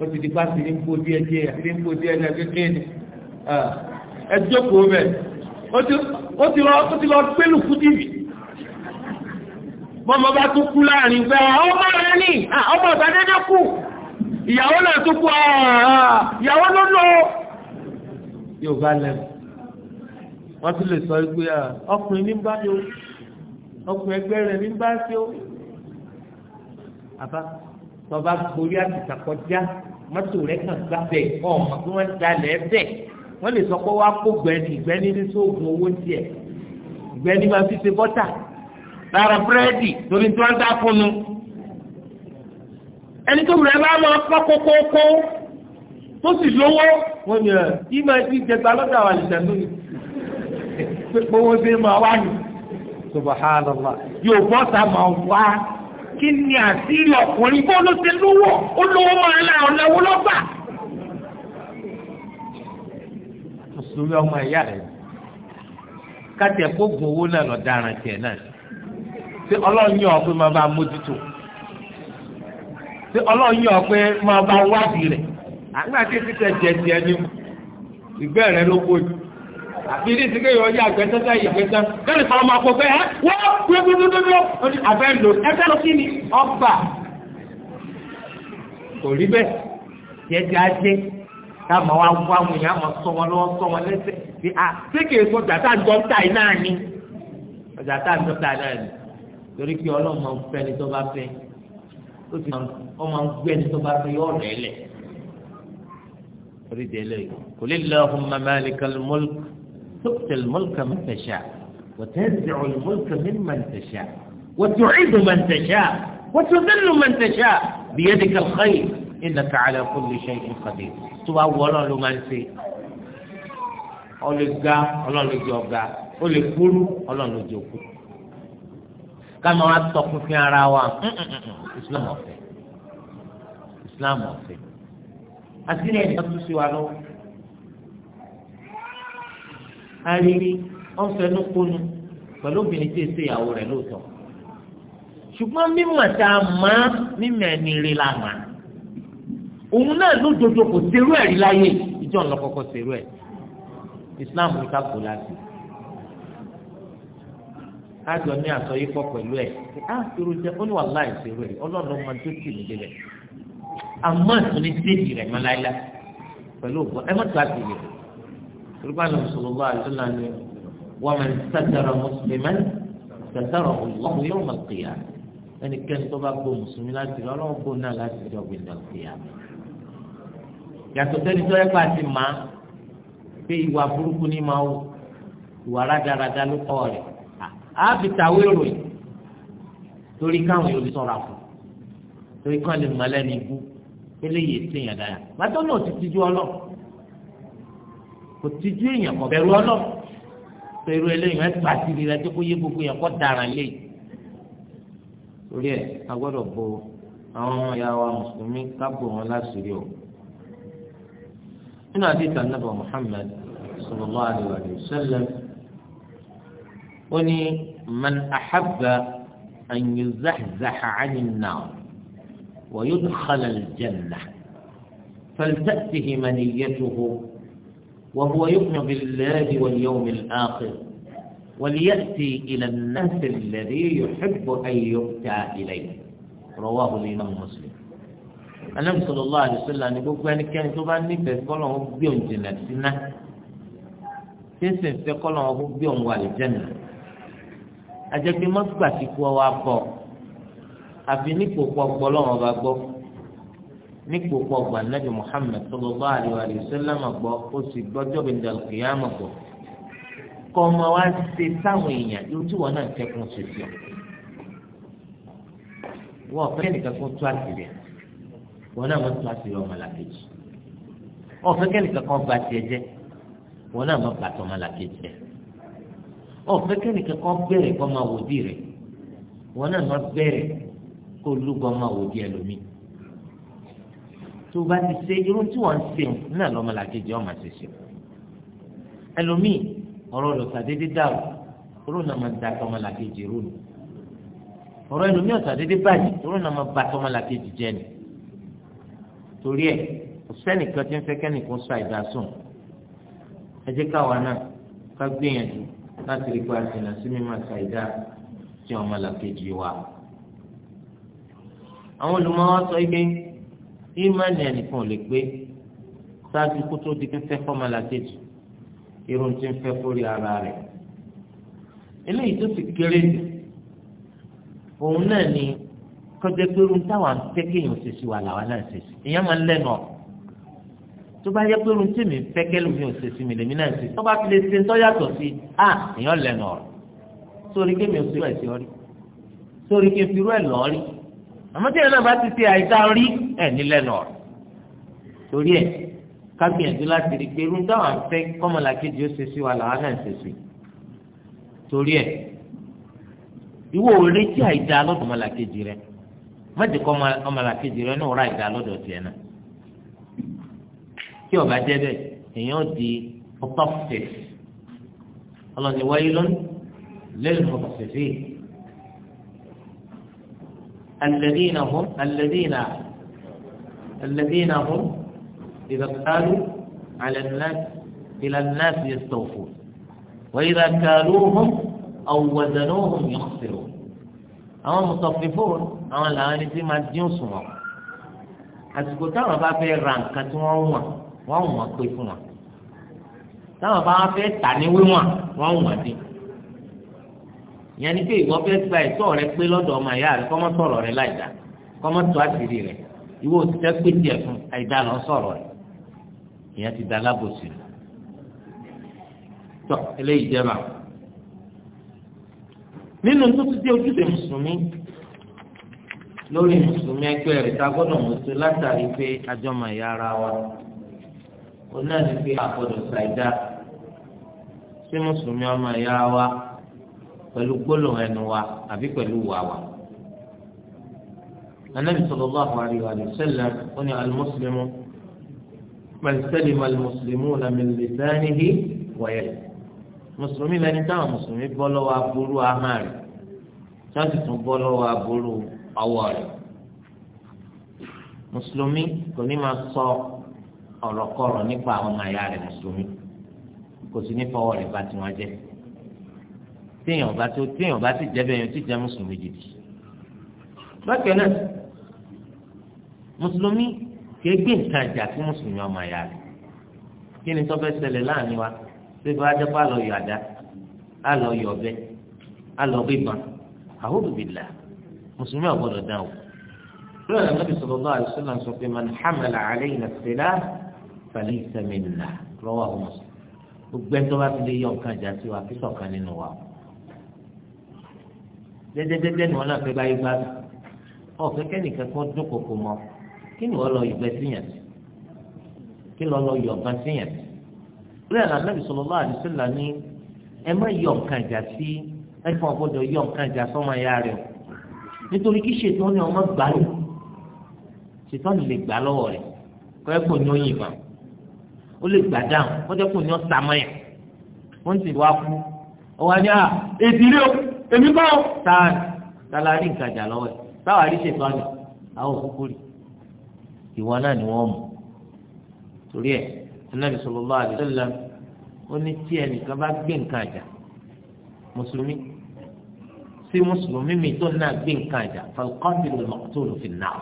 ó ti di pa sí ní nkpó díẹ̀ díẹ̀ sí ní nkpó díẹ̀ díẹ̀ kékeré ni ẹ jókòó ó ti lọ kú bọ́mọ bá tún kú láàrin gbẹ́ ah, ọmọ rẹ ní ah, ọmọ ìbádẹ́dẹ́ kù ìyàwó náà tún kú ah, ìyàwó ló lọ. yóò bá lẹ́nu wọ́n tún lè sọ pé ọkùnrin ní bá yóò ọkùnrin ẹgbẹ́ rẹ̀ ní bá yóò. àbá tọba gborí àtìsà kọjá mọ́tò rẹ̀ kàn gbàbẹ̀ ọmọ tí wọ́n dalẹ̀ ẹ̀bẹ̀ wọ́n lè sọ pé wọ́n á kó gbẹ́ni gbẹ́ni ní sóògùn owó tiẹ̀ gbẹ́ni máa fi ṣe bọ́tà lára búrẹ́dì torí tí wọ́n ń dá fúnnu. ẹni tó rẹ̀ bá máa pọ́ kókókó tó sì lówó wọ́n ní ẹ̀ eh, kí máa ti jẹta lọ́dọ̀ àwọn àlìjẹ̀nu pé owó ṣe máa wá ní. subhanallah yóò bọ́ sá máa wá kí ni àṣírí ọkùnrin bó ló ti lówó ó lówó máa la ọ̀nà wo lọ́gbà. mùsùlùmí ọmọ ẹ̀yà rẹ̀ kájẹ̀ kó gun náà lọ dára tiẹ̀ náà. tí ọlọ́run yàn ọ́ pé máa bá mójútó tí ọlọ́run yàn ọ́ pé máa bá wádìí rẹ̀ àgbà tí ti tẹ̀ jẹ̀ ìgbẹ́ ló àbí ní ìsìnkú yóò àgbẹ̀tẹ́tẹ́ ìgbẹ́tẹ́ kẹ́lẹ́ fọwọ́ máa kó pé ẹ́ wọ́n lò ẹgbẹ́ lọ kí ni ọgbà kò rí bẹ́ẹ̀ wá wọn yẹn àwọn sọ wọn lọ́wọ́ sọ wọn lẹ́sẹ̀ a ṣé kìí jàtà torí kí ọlọ́run máa ń fẹ́ ni tó bá fẹ́ ó ti máa ń gbé ni tó bá fẹ́ yóò rẹ̀ lẹ̀ orí délé yìí kò lè lọ fún mamali kalimol tókítẹ̀lì mọ́lùkà mi tẹ̀sà wọ́tẹ́sẹ̀ olùmọ́lùkà mi mà tẹ̀sà wọ́tẹ́ ọ̀ẹ́dù mà tẹ̀sà wọ́tẹ́ ọ̀dẹ́lù mà tẹ̀sà bìyẹ́ di kàlxẹ́yì ìnà kàcàlà fún mi ṣe ìkàdé tó bá wọ́ ọlọ́run ló máa ń ṣe ọlọ́run ga ọlọ́run ló jẹ ọ̀gá ó lè kúrú ọlọ́run ló jẹ òkúrú. káma wa tọkùnfin ara wa islam ọ̀fẹ́ islam ọ̀fẹ́ àtìlẹ ẹ̀dá tó sì wà lọ́wọ́ àrírí ọ̀fẹ́ ló kónú pẹ̀lú obìnrin tí èsè ìyàwó rẹ̀ lóòótọ́ ṣùgbọ́n mímọ̀ tá a mọ̀ mímọ̀ ẹni rí la mọ̀ òun náà ló dodo kò serú ẹ̀rí láyé ìjọ ńlọ kọ́kọ́ serú ẹ̀ islam ló ká kó láti àjọ ní àsọyípọ̀ pẹ̀lú ẹ̀ á irú jẹ́ ó ní wà láì ṣe rẹ̀ ọlọ́run máa tó tì mí débẹ̀ àmọ́ ìtúni déjì rẹ̀ mọ́ láyé pẹ̀lú ògbọ́ ẹ mọ́tò àti ìlẹ̀ olùkọ́ àná mùsùlùmọ́ àdúrà ni wọ́n máa ń sátẹ̀rọ mùsùlùmí sátẹ̀rọ ọlọ́run yóò máa kìyà ẹnikẹ́ni tó bá gbó mùsùlùmí láti rẹ̀ ọlọ́run gbó náà láti rẹ̀ ọ̀gbìnà kìyà yàtọ̀ sẹ́ni tó yẹ kó àti máa pé ìwà burúkú ni máa wò ìwà rádaràda ló kọ́ rẹ̀ á fi tàwé ròyìn torí káwọn yóò sọ̀rọ̀ àfọ̀ torí kán lè mọ̀ lẹ́nu ibú eléyìí ètò èèyàn dára gbàtọ́ náà ti tijú ọlọ́ kò tijú èèyàn kò bẹ̀rù ọlọ́ pẹ̀lú eléyìí ẹ̀ tó àtìrí rẹ̀ tó kó yé gbogbo èèyàn kó dára lé torí ẹ̀ a gbọ́dọ̀ bo àwọn ọmọ ìyá wa mùsùlùmí ká bò wọn láṣìírí o nínú àdìsá nàbà Muhammad sallallahu alaihi wa sallam. وني من أحب أن يزحزح عن النار ويدخل الجنة فلتأته منيته وهو يؤمن بالله واليوم الآخر وليأتي إلى الناس الذي يحب أن يؤتى إليه رواه الإمام مسلم النبي صلى الله عليه وسلم يقول كان كان تبان نفس قوله بيون جنة سنة تنسى قوله بيون والجنة àjẹpé mọ́gbà tí kú ọ wá bọ̀ àfi nípò pọ̀ gbọ́ lọ́wọ́ bá gbọ́ nípò pọ̀ gbà nàbì Muhammad sallallahu alaihi wasallam gbọ́ ó sì gbọ́jọ́ bí ndàlùkìyàmọ̀ gbọ́ kọ́ ọmọ wa ṣe sáwọn èèyàn yóò tí wọ́n náà kẹ́kọ̀ọ́ ṣe fi ọ́ wọ́n fẹ́ nìkan kó tó àṣírí wọ́n náà wọ́n tó àṣírí ọmọlàkejì wọ́n fẹ́ kẹ́nìkan kan tiẹ̀ jẹ́ wọ́n náà wọ́n bàtọ́ ọmọlàkejì rẹ̀ ọ̀fẹ́ kẹ́nìkan kan bẹ̀rẹ̀ kọ́ máa wò di rẹ̀ wọn náà má bẹ̀rẹ̀ kó lúgọ máa wò di ẹlòmíì tó o bá ti ṣe irun tí wọ́n ń ṣe náà lọ́mọlàkejì ọmọ àti ṣe ẹlòmíì ọ̀rọ̀ rẹ̀ ṣàdédé dàrú ọ̀rọ̀ náà máa da tọmọlàkejì rú ni ọ̀rọ̀ ẹlòmíì ọ̀ṣàdédé bàjẹ́ ọ̀rọ̀ náà máa ba tọmọlàkejì jẹ́ ni torí ẹ̀ ọ̀sẹ́nìkan ti ń fẹ́ kẹ́nìkan sọ àìdásùn ẹ jẹ́ káwa náà ká gbìyànjú láti rí pé àtìnà sí mímọ̀ ṣàìdá tí ọmọ làkejì wa. àwọn olùmọ̀wá sọ pé ìmánì ẹnìkan ò lè pé ṣáájú kó tó di fífẹ́ fọ́mọ làkejì irun tí ń fẹ́ fórí ara rẹ̀. eléyìí tó ti kéré jù òun náà ni kọjá pé irun táwọn akẹ́kẹ́ yìí ń ṣe sí wa làwọn náà ṣe sí ìyẹn máa ń lẹ́nu ọ̀pọ̀ tó bá yẹ pé ohun mi fẹ́ kẹ́lòmí ò ṣe sí mi lèmi náà ṣe tó bá fi lè ṣe tó yàtọ̀ sí à èèyàn lẹ́nu ọ̀rọ̀ sórí kémi ò ṣe irú ẹ̀ sí ọrí sórí kémi fi irú ẹ̀ lọ́ rí àmọ́ tí ẹ̀rọ bá ti ṣe àìdá rí ẹ̀ ní lẹ́nu ọ̀rọ̀ torí ẹ̀ kábíyànjú láti rí pé irú dáhùn àfẹ́ kọ́mọlàkejì ó ṣe sí wa làwọn náà ṣe sí torí ẹ̀ ìwọ ò retí àìdá lọ́dọ̀ ọmọlàkejì rẹ má jẹ́ kọ́ ọmọlàkejì náà rà àìdá lọ́dọ̀ tiẹ̀ náà tí ọba bá jẹ́ èèyàn di ọtọfẹ ọlọ́ni waylun lil mutaffifin alladhina hum alladhina alladhina hum hó qalu ala an-nas ila an-nas yastawfun wa idha kaluhum aw wazanuhum yakhsirun àwọn mutaffifun àwọn làwọn ẹni tí ma dín òṣùwọ̀n àsìkò táwọn bá fẹ́ rànkà tí wọ́n wọ̀n. wọ́n ò wọ́n pé fún wọn táwọn bá wọn fẹ́ tà ní wíwọ̀n wọ́n ò wọ́n dín ìyẹn ni pé ìwọ fẹ́ gba ẹ̀tọ́ rẹ pé lọ́dọ̀ ọmọ ìyá rẹ kọ́mọ́ sọ̀rọ̀ rẹ láìda kọ́mọ́ tó àṣírí rẹ ìwọ òtítẹ́ pé tiẹ̀ fún àìda lọ sọ̀rọ̀ rẹ ìyẹn ti da alábòsí rẹ tọ́ eléyìí jẹ́ bàá nínú tó ti dé ojúde mùsùlùmí lórí mùsùlùmí ẹgbẹ́ rẹ̀ tá gbọ́dọ̀ mú sí látàrí pé àjọmọ̀ ìyá ara wa òun náà ní pé àgbọ̀dọ̀ ṣàìdá sí mùsùlùmí ọmọ ìyá wa pẹ̀lú gbólóhùn ẹnu wa àbí pẹ̀lú ìwà wa. النبي صلى الله عليه وآله وسلم قال المسلم من سلم المسلمون من لسانه ويده mùsùlùmí lẹni táwọn mùsùlùmí bọ́ lọ́wọ́ aburú ahọ́n rẹ̀ sáàtì tún bọ́ lọ́wọ́ aburú ọwọ́ rẹ̀ mùsùlùmí kò ní máa sọ ọ̀rọ̀kọ̀rọ̀ nípa àwọn ọmọ ìyá rẹ̀ mùsùlùmí kò sí ní fọwọ́ rẹ̀ bá ti wọn jẹ́ téèyàn bá tó téèyàn bá ti jẹ́ bẹ́ẹ̀ yẹn ti jẹ́ mùsùlùmí gidi. bákan náà mùsùlùmí kìí gbé nǹkan ìjà sí mùsùlùmí ọmọ ìyá rẹ̀ kí ni tó fẹ́ ṣẹlẹ̀ láàrin wa bí bá jẹ́ pé àlọ́ yọ àdá àlọ́ yọ ọ̀bẹ àlọ́ bíbọn àhóbìbìlà mùsùlùmí ọ̀gbọ́dọ̀ dán o. lóòrè nàbì sallallahu alaihi wasallam sọ pé man hamala alayna fàlẹ́ ìsẹ̀mì nà lọ́wọ́ àwọn mùsùlùmí gbogbo ẹni tó bá fi lè yọ nǹkan ìjà sí wa kí sọ̀kan nínú wa dẹ́dẹ́dẹ́dẹ́ ni wọ́n náà fẹ́ báyé gbádùn ọ̀fẹ́ kẹ́nìkan kan dún kòkò mọ́ kí ni wọ́n lọ ìgbẹ́ síyàn kí lọ́ lọ yọ nǹkan síyàn lórí àlànà ìṣòlọ́lá àdìsílà ní ẹ má yọ nǹkan ìjà sí ẹ̀fọn ọ̀gbọ́dọ̀ yọ nǹkan ìjà sọ́mọ ya rẹ̀ nítorí kí ṣètò ni ọmọ gbà lọ ṣètò ni lè gbà lọ́wọ́ rẹ̀ kọ́ ẹ̀gbọ́n ní ó yìnbọn ó lè gbà dáhùn wọ́n jẹ́ kó ní ọ̀sà mọ́yà wọ́n sì wá kú ọ̀wá ni à èdìrí o èmi bá o tààrí tààrí nǹkan jà lọ́wọ́ ẹ̀ táwa rí ṣètò àná àwọn òkúkú rí ìwọ náà ni wọ́n mú torí ẹ̀ anábì sallallahu alaihi wasallam ó ní tí ẹnìkan bá gbé nǹkan àjà mùsùlùmí sí mùsùlùmí mi tó náà gbé nǹkan àjà falqatilul maqtul fin nar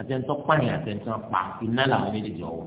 àtẹ̀ntọ́ pààyàn àtẹ̀ntọ́ pa iná làwọn méjèèjì ọ̀wọ́.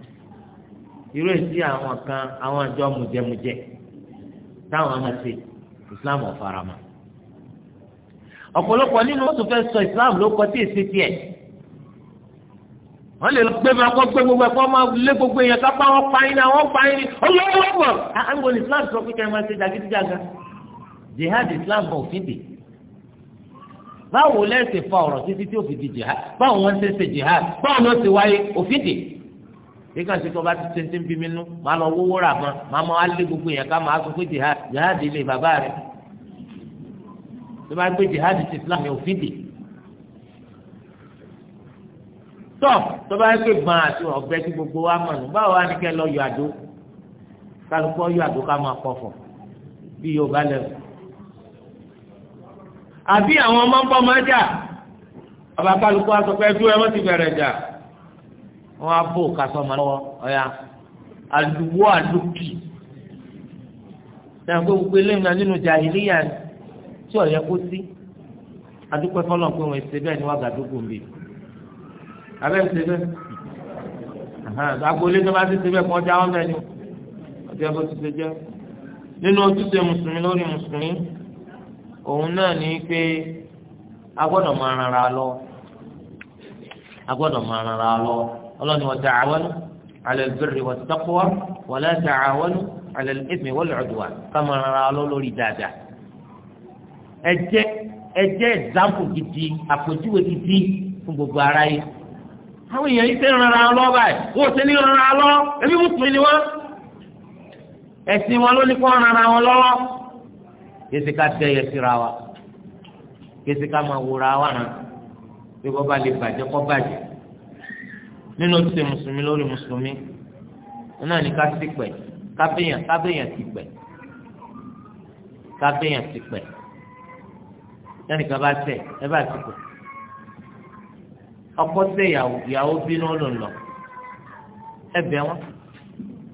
irú èsì àwọn kan àwọn àjọ mùjẹmùjẹ táwọn máa ṣe islam ọ̀farama ọ̀pọ̀lọpọ̀ nínú wọn tún fẹ́ sọ islam ló kọ tí èsì tiẹ̀ wọ́n lè gbé máa kọ́ gbé gbogbo ẹ̀kọ́ máa lé gbogbo èèyàn kápá wọn pa iná wọn pa iná ọlọ́wọ́ pọ̀ àwọn ah, islam sọ pé kẹ́ ẹ máa ṣe jàgídíjàga jihad islam òfin dè báwo lẹ́sẹ̀ fa ọ̀rọ̀ títí tí ó fi di jihad báwo wọ́n ṣe ṣe jihad báwo ló ṣe wáyé òfin dè kíkà ṣe tó bá ti ṣe ń tí ń bí mi nú máa lọ wówó rà mọ máa mọ alẹ́ gbogbo yẹn ká máa sọ pé jihad jihad ilé bàbá rẹ tó bá gbé jihad ti Islam yẹn òfin dè tọ tó bá gbé gbọn àti ọ̀bẹ tí gbogbo wa mọ̀ nù báwo wá ní kẹ́ lọ yọ àdó kálukọ́ yọ àdó ká máa kọ̀fọ̀ bí Yorùbá lẹ́nu àbí àwọn ọmọ ń bọ́ máa jà ọba kálukọ́ aṣọ pé ẹdú ti bẹ̀rẹ̀ jà wọn á bò ká sọmọ lọ́wọ́ ọyà àlùwọ àlùkì náà gbé gbogbo eléyìí náà nínú jàhìlíyà tí ọyẹ kó sí adúpẹ́ fọlọ pé wọn ṣe bẹ́ẹ̀ ni wọn gàdúgbò ń bè abẹ ń ṣe bẹ́ẹ̀ agboolé tó bá ti ṣe bẹ́ẹ̀ kọ já wọn bẹ́ẹ̀ ni ọjọ́ bó ti ṣe jẹ nínú ojúṣe mùsùlùmí lórí mùsùlùmí òun náà ní pé a máa ràn ra lọ a máa ràn ra lọ ọlọ́ni wa ta'awanu 'ala al-birri wat-taqwa wa la ta'awanu 'ala al-ithmi wal-'udwan kama rárá lórí dáadáa. ẹ jẹ́ ẹ jẹ́ ẹ̀dáàpù gidi àpèjúwe gidi fún gbogbo ara yìí. àwọn èèyàn yìí fẹ́ rárá lọ báyìí wọ́n ò sí ní rárá lọ ẹbí mùsùlùmí ni wọ́n. ẹ̀sìn wọn ló ní kó rárá wọn lọ́wọ́. yẹ́sì ká tẹ́ yẹ síra wa yẹ́sì ká máa wúra wa rán bí wọ́n bá lè bàjẹ́ kọ́ bàjẹ́ nínú ojúṣe mùsùlùmí lórí mùsùlùmí náà ní ká sí pẹ̀ kábéèyàn kábéèyàn ti pẹ̀ kábéèyàn ti pẹ̀ tẹnìkan bá tẹ̀ ẹ bá ti pẹ̀ ọkọ tẹ ìyàwó ìyàwó bínú ló ń lọ ẹbẹ wọn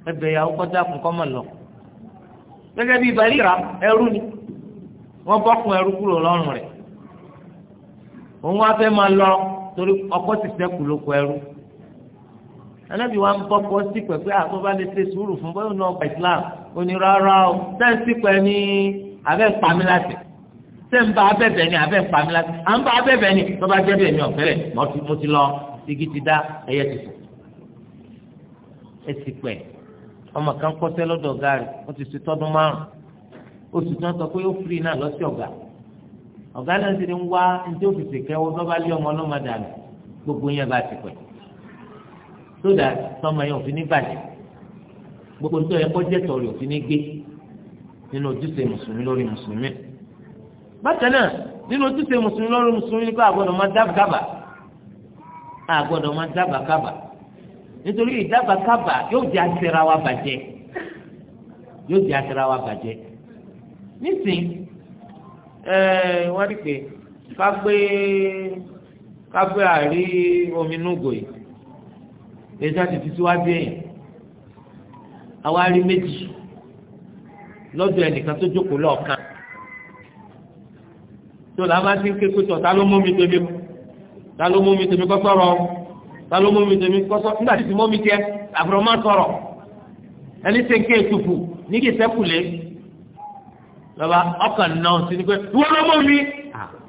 ẹbẹ ìyàwó kọjá kún kọ́ mọ̀ lọ gẹ́gẹ́ bíi bàríra ẹrú ni wọ́n bọ́kùn ẹrú kúrò lọ́rùn rẹ̀ òun wá fẹ́ máa lọ torí ọkọ ti sẹ́kù ló ẹrú anábì wa ń bọ́kọ sípẹ̀ pé àtọ́ bá lè ṣe sùúrù fún bóyá ọ̀nà ọgbà islam òní rárá o tẹ́ ń sípẹ̀ ní abẹ́ pàmí láti tẹ́ ń bá abẹ́bẹ̀ ní abẹ́ pàmí láti à ń bá abẹ́bẹ̀ ní tó bá jẹ́bẹ̀ ní ọ̀fẹ́rẹ̀ mo ti lọ igi ti dá ẹyẹ ti sùn. ẹ sípẹ̀ ọmọ kan kọ́sẹ́ lọ́dọ̀ ọ̀gá rẹ̀ ó ti ṣe tọ́dún márùn-ún oṣù tí sọ pé ó firi náà lọ sí ọ̀gá ọ̀gá náà ti ń wá ní tí ó fi sódà tọmọ yẹn òfin ní bàjẹ́ gbogbo nítorí ẹ̀kọ́ jẹ́ tọ̀rọ̀ òfin ní gbé nínú ojúṣe mùsùlùmí lórí mùsùlùmí bákan náà nínú ojúṣe mùsùlùmí lórí mùsùlùmí ni pé àgbọ̀dọ̀ máa dábàá àgbọ̀dọ̀ máa dábàá kábà nítorí ìdábàá kábà yóò di aṣèrà wa bàjẹ́ yóò di aṣèrà wa bàjẹ́ nísìnyí ẹ̀ẹ́d wọ́n rí pé ká gbé ká gbé àrí omi núgò yìí èyí tó ti fi síwájú èèyàn àwa rí méjì lọ́dọ̀ ẹnìkan tó jókòó lọ́ọ̀kan tó làbá ti ń ké pé tọ̀ ta ló mú mi tèmi ta ló mú mi tèmi kọ́ sọ̀rọ̀ ta ló mú mi tèmi kọ́ sọ̀rọ̀ nígbà tí ti mú mi tiẹ̀ àbúrò má sọ̀rọ̀ ẹni tẹ̀ ń ké ètùfù ní kì í sẹ́kù lé lọ́ba ọkàn náà sí ni pé wọ́n ló mú mi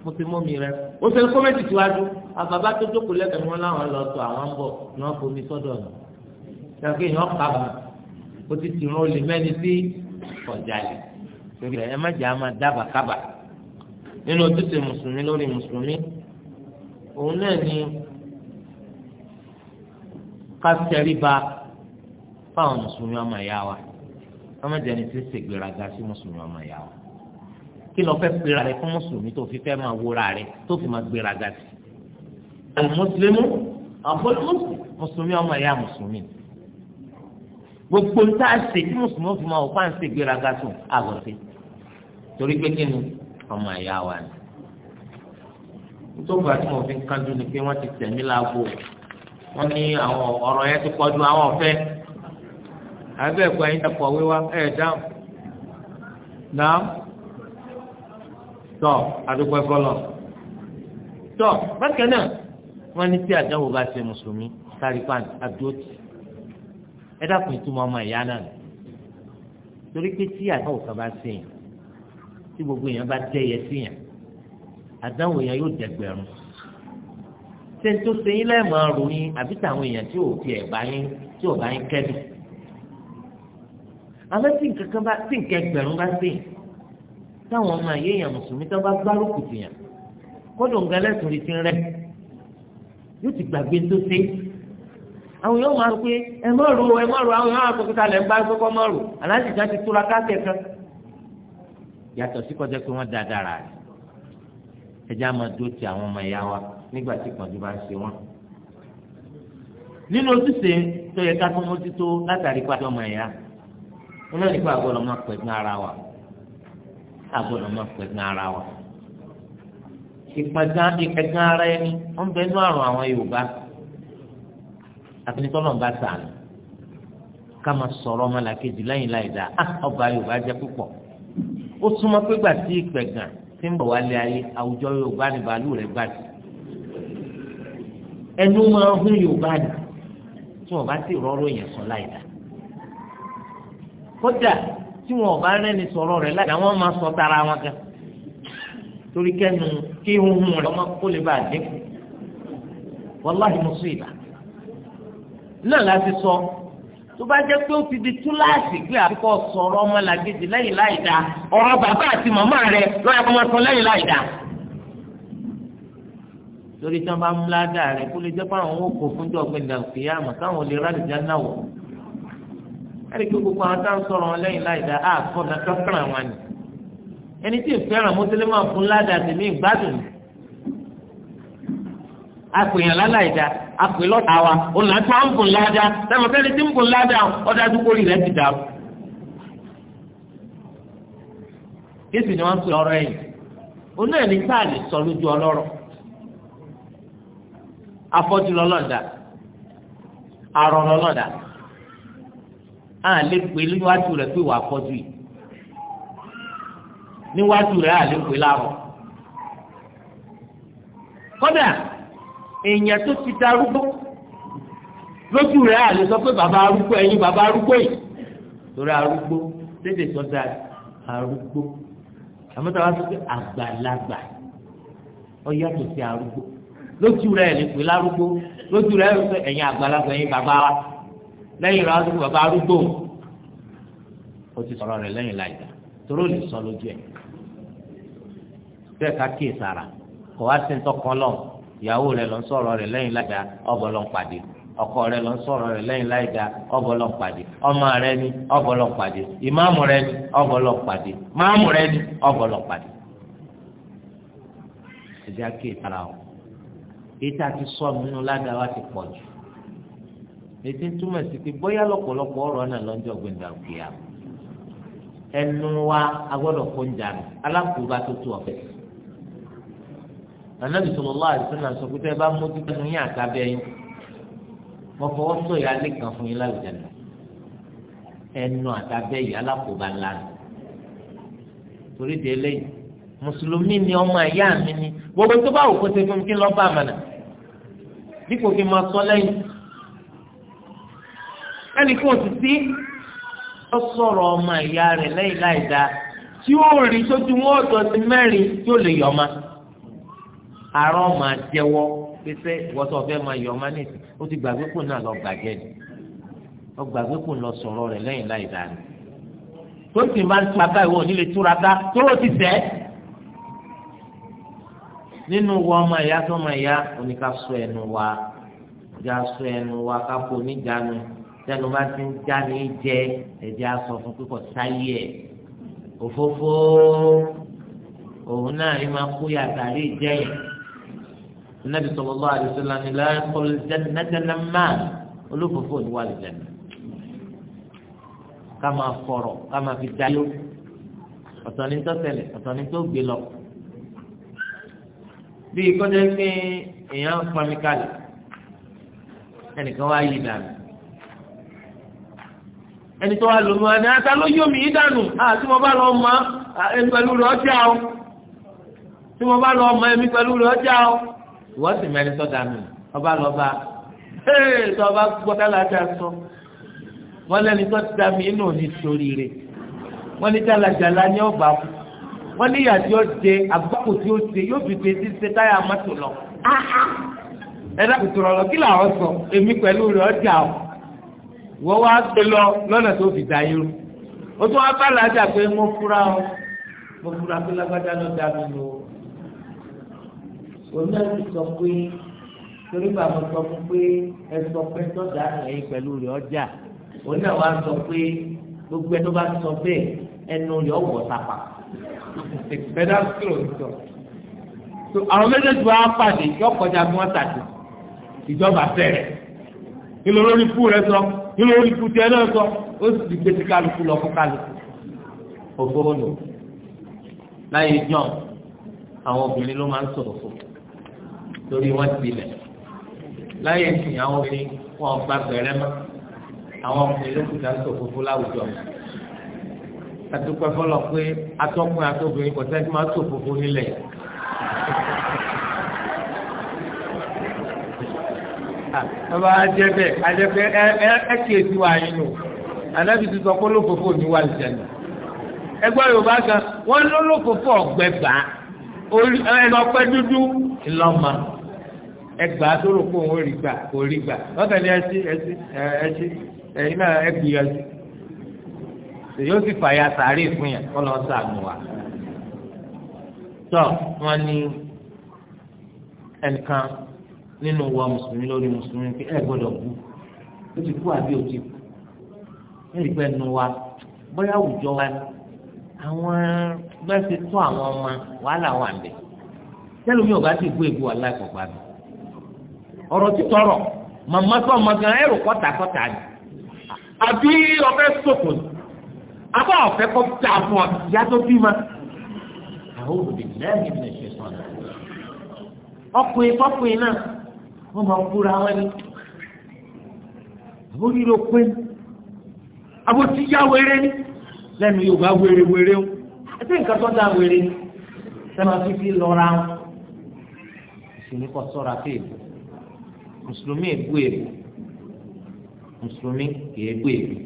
mo ti mú mi rẹ o ṣe kọ́mẹ́tì síwájú àbàbà tó jókòó lẹ́kẹ̀ẹ́ wọn láwọn lọ sọ àwọn ń bọ̀ ni wọ́n fomi sọ́dọ̀ nù ṣàkóso èèyàn kàbà ó ti tì rún olè mẹ́ni sí ọ̀jà yìí torí ẹ má jẹ́ àmà dábàá kábà nínú ojúṣe mùsùlùmí lórí mùsùlùmí òun náà ni ká tẹríba fáwọn mùsùlùmí ọmọ ìyá wa ọmọ ìjẹni ti ṣègbéraga sí mùsùlùmí ọmọ ìyá wa kí lọ fẹ́ pera rẹ fún mùsùlùmí tó fi fẹ́ máa wúra rẹ tó fi máa gbéraga sí i alimuslimu àfọlùmùsùlùmí mùsùlùmí ọmọ ẹ̀yà mùsùlùmí gbogbo ń tá a ṣe kí mùsùlùmí fi máa wò fáwọn ṣe ìgbéraga sùn àgọ̀tẹ́ torí pé kí ni ọmọ ẹ̀yà wa ni nítorí àti wọn fi ń kájú ni pé wọ́n ti tẹ̀mí láago wọ́n ní àwọn ọ̀rọ̀ yẹn ti pọ̀jù àwọn ọ̀fẹ́ àbẹ́ ẹ̀kọ́ ẹ̀yin dàpọ̀ wíwá ẹ̀ dáhùn náà tọ́ àdúgbò ẹ̀kọ́ lọ tọ́ bákan wọ́n ní tí àdánwò bá ṣe mùsùlùmí sáré àdóòtì ẹ dákun ìtumọ̀ ọmọ ìyá náà ni torí pé tí àdánwò kan bá ṣe yàn tí gbogbo èèyàn bá dẹ́yẹ sí yàn àdánwò yẹn yóò dẹgbẹ̀rún ṣé tó ṣe yín lẹ́ẹ̀ máa ròyìn àbí táwọn èèyàn tí ò tiẹ̀ bá yín tí ò bá yín kẹ́dùn àmọ́ tí nǹkan kan bá tí nǹkan ẹgbẹ̀rún bá ṣe yàn táwọn ọmọ ìyá èèyàn mùsùlùmí tó bá gbárùkù tì yàn kódò ń gẹlẹ́sùn rí ti rẹ́ẹ̀ yóò ti gbàgbé tó ṣe àwọn yóò máa rò pé ẹ má rò ẹ má rò àwọn yóò máa sọ pé ta lẹ́ ń bá ẹ kọ́kọ́ má rò aláǹtí kan ti túra káṣẹ̀ kan yàtọ̀ sí kọjá pé wọ́n da dára rẹ̀ ẹjẹ́ á máa dó ti àwọn ọmọ ìyá wa nígbà tí ìpọ́njú bá ń ṣe wọ́n nínú ojúṣe tó yẹ ká tó mójútó látàrí pàdé ọmọ ìyá wọn náà nípa àgbọ̀dọ̀ máa ara wa àgbọ̀dọ̀ máa ara wa ìpẹ̀gàn ìpẹ̀gàn ara ẹni ó ń bẹ nú àrùn àwọn Yorùbá àfinitọ́lọ́ ń bá sàánù ká máa sọ̀rọ̀ ọmọlàkejì lẹ́yìn láì dáa ah, ọba Yorùbá jẹ́ púpọ̀ ó súnmọ́ pé gbà tí ìpẹ̀gàn ti ń bọ̀ wálé ayé àwùjọ Yorùbá ni bàálù rẹ̀ gbà sí ẹnu máa hún Yorùbá ni tí wọn bá sì rọrùn èèyàn sọ láì dáa kódà tí wọn ò bá rẹ́ni sọ̀rọ̀ rẹ̀ láì dáa máa sọ tara wọn gan torí kẹ́nu kí huhun rẹ̀ ọmọ kó lè bá a dínkù wàláhì mo sún ìlà náà la ti sọ tó bá jẹ́ pé ó ti di túláàsì pé àfikọ́ sọ̀rọ̀ ọmọ làgèjì lẹ́yìn láì dá ọ̀rọ̀ bàbá àti màmá rẹ̀ lọ́yà kọ́ máa sọ lẹ́yìn láì dá torí tí wọn bá ń múlá dà rẹ kó lè jẹ pé àwọn ò kó fúnjọ gbẹndà òkèèyà àmọ́ káwọn lè rálẹ já náà wọ. ẹni pé gbogbo àwọn tá à ń sọ̀rọ̀ wọn lẹ́yìn láì dá àkọ náà wọn ni ẹni tí ìfẹ́ràn mùsùlùmí fún ládàá tèmi ìgbádùn àpèyàn lálàyé dá àpè lọ́tà wa ònàtọ́ à ń bùn ládàá sẹ́mọ̀tẹ́ni tí ń bùn ládàá ọ̀dà àdúgbòrì rẹ̀ ti dà ó. Jésù ni wọ́n ń pè ọ̀rọ̀ ẹ̀yìn oná ẹni tá a lè sọ lójú ọlọ́rọ̀ afọ́jú lọ́lọ́dà àrọ̀ lọ́lọ́dà à lè pè níwájú rẹ̀ pé wà á fọ́jú yìí níwájú rẹ̀ àlékún ìlàrọ̀ kódà èèyàn tó ti darúgbó lójú rẹ̀ àlè sọ pé bàbá arúgbó ẹ̀yin bàbá arúgbó yìí torí arúgbó lédè sọ́dà arúgbó àmọ́tà wá sọ pé àgbàlagbà ó yàtọ̀ sí arúgbó lójú rẹ̀ lè pè lárúgbó lójú rẹ̀ lè pè ẹ̀yin àgbàlagbà ẹ̀yin bàbá wa lẹ́yìn rẹ̀ wá sọ pé bàbá arúgbó ó ti sọ̀rọ̀ rẹ̀ lẹ́yìn láìda tóró lè sọ lójú ẹ̀ bẹ́ẹ̀ ká kíyè sára kò wá sí lọ ìyàwó rẹ̀ lọ ń sọ̀rọ̀ ọkọ rẹ̀ lọ ń sọ̀rọ̀ rẹ̀ lẹ́yìn láìda ọbọ̀ ń pàdé ọmọ rẹ̀ ni ọbọ̀ ń pàdé ìmáàmù ni ń pàdé máàmù wa ti pọ̀ jù ètò sí pé bóyá lọ́pọ̀lọpọ̀ ọ̀rọ̀ ẹnu wa agbọ́dọ̀ kó ń jàre alákòóbá tó tu ọ̀fẹ́ anabi sallallahu alaihi wasallam sọ pé tẹ bá mójú tó yín àtàbẹ yín mo fọwọ́ sọ ìyá lé kan fún yín láwùjọ náà ẹnu àtàbẹ yìí alákòóbá ńlá ni torí de eléyìí mùsùlùmí ni ọmọ ẹ̀yà mi ni gbogbo tó bá wò kó ṣe fún mi kí lọ bá àmàlà dípò kí n máa sọ lẹ́yìn ẹnì kan ò sì sí ó sọ̀rọ̀ ọmọ ìyá rẹ̀ lẹ́yìn láì dáa tí ó rí sójú wọn ọ̀dọ̀ sí mẹ́rin tí ó lè yọ̀ ma àárọ̀ máa jẹ́wọ́ pèsè ìwọ́sọ̀ fẹ́ máa yọ̀ ma ní ìsìn ó ti gbàgbé kù náà lọ gbàjẹ́ ni lọ gbàgbé kù lọ sọ̀rọ̀ rẹ̀ lẹ́yìn láì dáa ni tó sì máa ń tún aká ìwọ onílé túra ká tóró ti tẹ́ nínú wọ ọmọ ìyá sọmọ ìyá oníkà ẹnu wa ìjà sọ ẹnu wa ká tẹnu bá ti ń já ní jẹ ẹdí aṣọ fún kíkọ sáyé ẹ òfófó òun náà yìí máa kú yàtàrí ìjẹyìn Nabi sallallahu alaihi wasallam la yadkhulu al-jannata namman olófófó ni wà lìjẹnà ká máa fọ̀rọ̀ ká máa fi dáyó ọ̀tọ̀ ni tó tẹ̀lé ọ̀tọ̀ ni tó gbé lọ bí kọ́jọ́ pé èèyàn ń ẹnìkan wá yí dànù ẹni tó wà lómi wọn ni ata ah, ló yọ mí dànù àti ah, mo bá lọ mọ ẹni ah, pẹ̀lú rẹ̀ ọjà o tí mo bá lọ mọ ẹni pẹ̀lú rẹ̀ ọjà o ìwọ sì mẹ́rin tó dànù ọba lọ bá ee tó ọba gbọ́dọ̀ láti sọ wọn lẹni tó ti dàmí inú òní sórí rẹ̀ wọn ní jàlàjàlà ni ọba kú wọn ní ìyá ó de àgbákò tí ó de yóò fi de sí ṣe táyà mọ́tò lọ ẹ dákòtò rọrọ kí làwọn sọ èmi pẹ̀lú rẹ̀ ọjà o wọ́n wá gbé lọ lọ́nà tó fi dá irú ó tún wá bá làájà pé mo fura o mo fura pé lágbájá ló dá mi lò ó náà ti sọ pé torí bàbá sọ fún pé ẹ sọ pé tọ́jà ẹ̀yìn pẹ̀lú rẹ̀ ọjà ó náà wá sọ pé gbogbo ẹ tó bá sọ bẹ́ẹ̀ ẹnu rẹ̀ ọ̀wọ̀ sápà ẹ̀dá kúrò sọ so àwọn méjèèjì wa pàdé yọkọjá bí wọ́n tàdé ìjọba fẹ́rẹ̀ kí lórí ikú rẹ sọ nínú orí kùtì ẹ náà sọ ó sì ti gbé sí kálukú lọ fún kálukú òfòrò nù láyé jọ àwọn obìnrin ló máa ń sọ̀rọ̀ fún torí wọ́n ti lẹ̀ láyé ìsìn àwọn obìnrin wọn gba bẹ̀rẹ̀ mọ́ àwọn obìnrin ló kùtà ń sọ̀rọ̀ fún láwùjọ àtúpẹ́ fọlọ́ pé atọ́kùnrin àtọ́bìnrin kò sẹ́ni máa ń sọ̀rọ̀ fún nílẹ̀ yìí. Ah, ọba ajẹbẹ ajẹbẹ ẹ ẹ ẹ kéésì wà yín nù anabi ti sọ pé olófòfò ní wà lìjẹnà ẹgbẹ́ yorùbá kan wọ́n ní olófòfò ọ̀gbẹ́gbà ẹnọpẹ́ dúdú ńlọ́mà ẹgbàá tó rò pé òun ò rí gbà kò rí gbà wọ́n tẹ̀lé ẹtí ẹtí ẹtí ẹ̀yin náà ẹgbìyànjú yóò sì fàyà sàárè fún yẹn kọ́ lọ́ọ́ sàánù wa tọ́ wọn ní ẹnìkan. So, nínú wa mùsùlùmí lórí mùsùlùmí pé ẹ gbọ́dọ̀ bú ó ti kú àbí ó ti kú ẹnì pẹ́ nu wa bóyá àwùjọ wa àwọn bẹ́ẹ̀ ti tún àwọn ọmọ wàhálà wà ń bẹ̀ tẹ́lómi ò bá ti gbó ègbó aláìkọ̀gbà mi ọ̀rọ̀ ti tọrọ màmá tó ọmọ gan ẹrù kọ́tàkọ́tà ni àbí ọ̀fẹ́ sòkò ni abọ́ ọ̀fẹ́ kọ́ tà fún ọ ìyá tó bí ma. àwọn olùdílẹ́yìn ní ṣe sọ̀rọ̀ ọkùnrin fọkùnrin náà wọ́n máa ń búra wọn ni àbórí ló pé ní àbótí yá wéré ní lẹ́nu yorùbá wéré wéré o ẹsẹ̀ nǹkan tó dá wéré ní sẹ́nu afífi lọ́ra wọn ìṣèlú kọ́ sọ́ra fún èbò mùsùlùmí èbú èbò mùsùlùmí kì í èbú èbò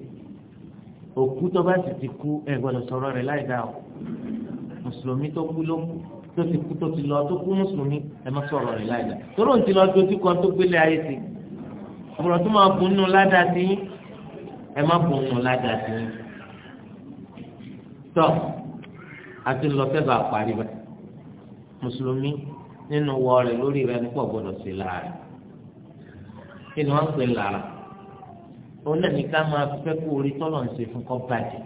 òkú tó bá sì ti kú ẹ gbọ́dọ̀ sọ̀rọ̀ rẹ̀ láì dá o mùsùlùmí tó kú ló kú tó ti kú tó ti lọ tó kú mùsùlùmí ẹ má sọ̀rọ̀ rẹ̀ láìda tóró ti lọ dojú kan tó gbélé ayé ti ọ̀rọ̀ tó máa bùn nù ládàá sí yín ẹ má bùn nù ládàá sí yín tọ́ àti lọ sẹ́bà parí bá mùsùlùmí nínú wọ rẹ̀ lórí rẹ̀ nípò gbọdọ̀ sí lára kí ni wọ́n ń pè lára òun náà ká máa fẹ́ kó orí tọ́lọ̀ ń ṣe fún kọ́ bàjẹ́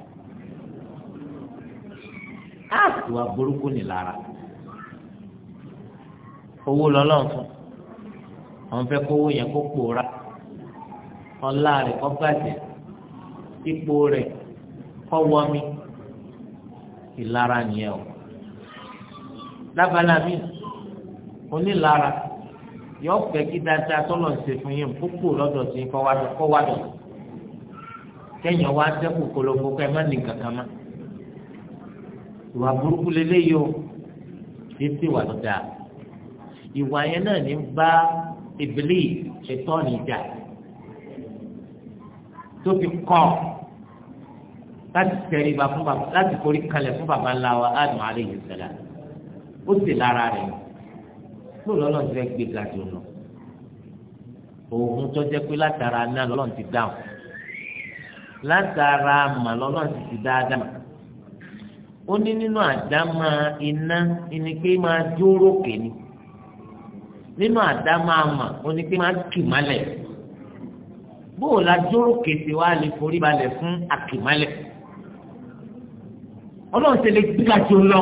á ìwà burúkú ni lára owó lọ́lọ́run fún àwọn fẹ́ kówó yẹn kó pòórá ọlá rẹ̀ kó bàjẹ́ ipò rẹ̀ kó wọmi ìlara nìyẹn o lábala mi onílara yọ fẹ́ kí dáadáa tọ́lọ̀ ṣe fún yín púpọ̀ lọ́dọ̀ sí kọ́ wá dọ̀ kẹ́yìn wá dẹ́kù kolongo kẹ́ má ní kankan má ìwà burúkú lélẹ́yìí o títí wà lọ́dọ̀ àá ìwà yẹn náà ní bá ìbílí ṣètò nìjà tó fi kọ́ láti tẹríba fún bàbá láti forí kalẹ̀ fún bàbá ńlá wa Adam alayhi salam ó sì lára rẹ̀ ló lọ́lọ́ ti fẹ́ gbé gàdùn lọ òun tó jẹ́ pé látara náà lọ́lọ́ ti dáhùn látara mà lọ́lọ́ ti ti dáadáa mà ó ní nínú àdámà iná ẹni pé máa dúró kè ni nínú àdámọ́ àmà oní pé máa kìmálẹ̀ bóò la dúró kété wá lè forí balẹ̀ fún àkìmálẹ̀ ọlọ́run ti lè gbígbà tó lọ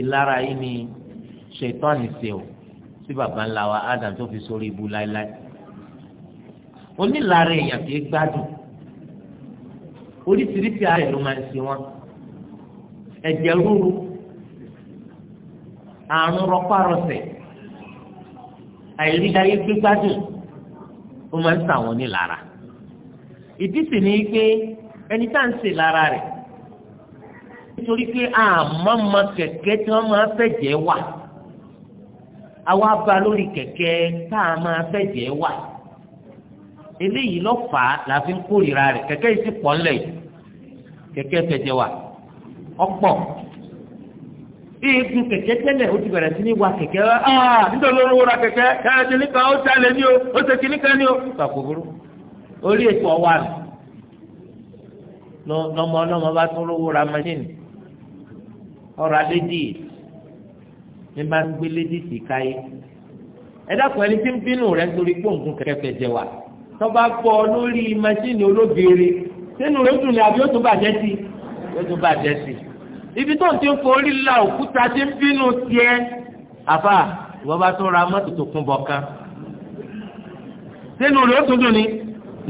ìlara yìí ni ṣètọ́ni ṣe o sí baba ńlá wa Adam tó fi sórí ibu láéláé onílara èèyàn kì í gbádùn oríṣiríṣi ààrẹ ló máa ń ṣe wọn ẹ̀jẹ̀ rúru àrùn rọpárọsẹ̀ àìrídáyé gbégbádùn ó máa ń ṣàwọn nílara ìdí sì ni pé ẹni tá à ń ṣe lára rẹ̀ nítorí pé àmọ́ ma kẹ̀kẹ́ tí wọ́n máa fẹ́ jẹ́ wà àwa bá lórí kẹ̀kẹ́ tá a máa fẹ́ jẹ́ wà eléyìí lọ fà á la fi ń kórìíra rẹ̀ kẹ̀kẹ́ yìí sì pọ̀ ńlẹ̀ yìí kẹ̀kẹ́ fẹ́ jẹ́ wà ọ̀pọ̀ eegun kẹ̀kẹ́ tẹ́lẹ̀ o ti bẹ̀rẹ̀ sí ní wa kẹ̀kẹ́ aa ah, nítorí olówó ra kẹ̀kẹ́ ẹ kìíní kan ó sálẹ̀ ní o ó ṣe kìíní kan ní o kàkóbóró orí ètò ọwọ́ àná lọmọ ọlọmọ bá tún olówó ra machine ọrọ̀ adédì ní bá ń gbé lédì sí káyé ẹ dákun ẹni tí ń bínú rẹ nítorí pòǹkùn kẹ̀kẹ́ fẹ́ jẹ wa tọ́ba bọ́ lórí machine olóbìnrin sínú rẹ dùn ní àbí ó tún bàjẹ́ sí ó tún bàjẹ́ sí ibi tó ń ti forí la òkúta ti ń bínú tiẹ̀ àfà ìwọ bá tún ra mọ́tò tó kún bọ̀ kan sínú rẹ̀ ó tún dùn ní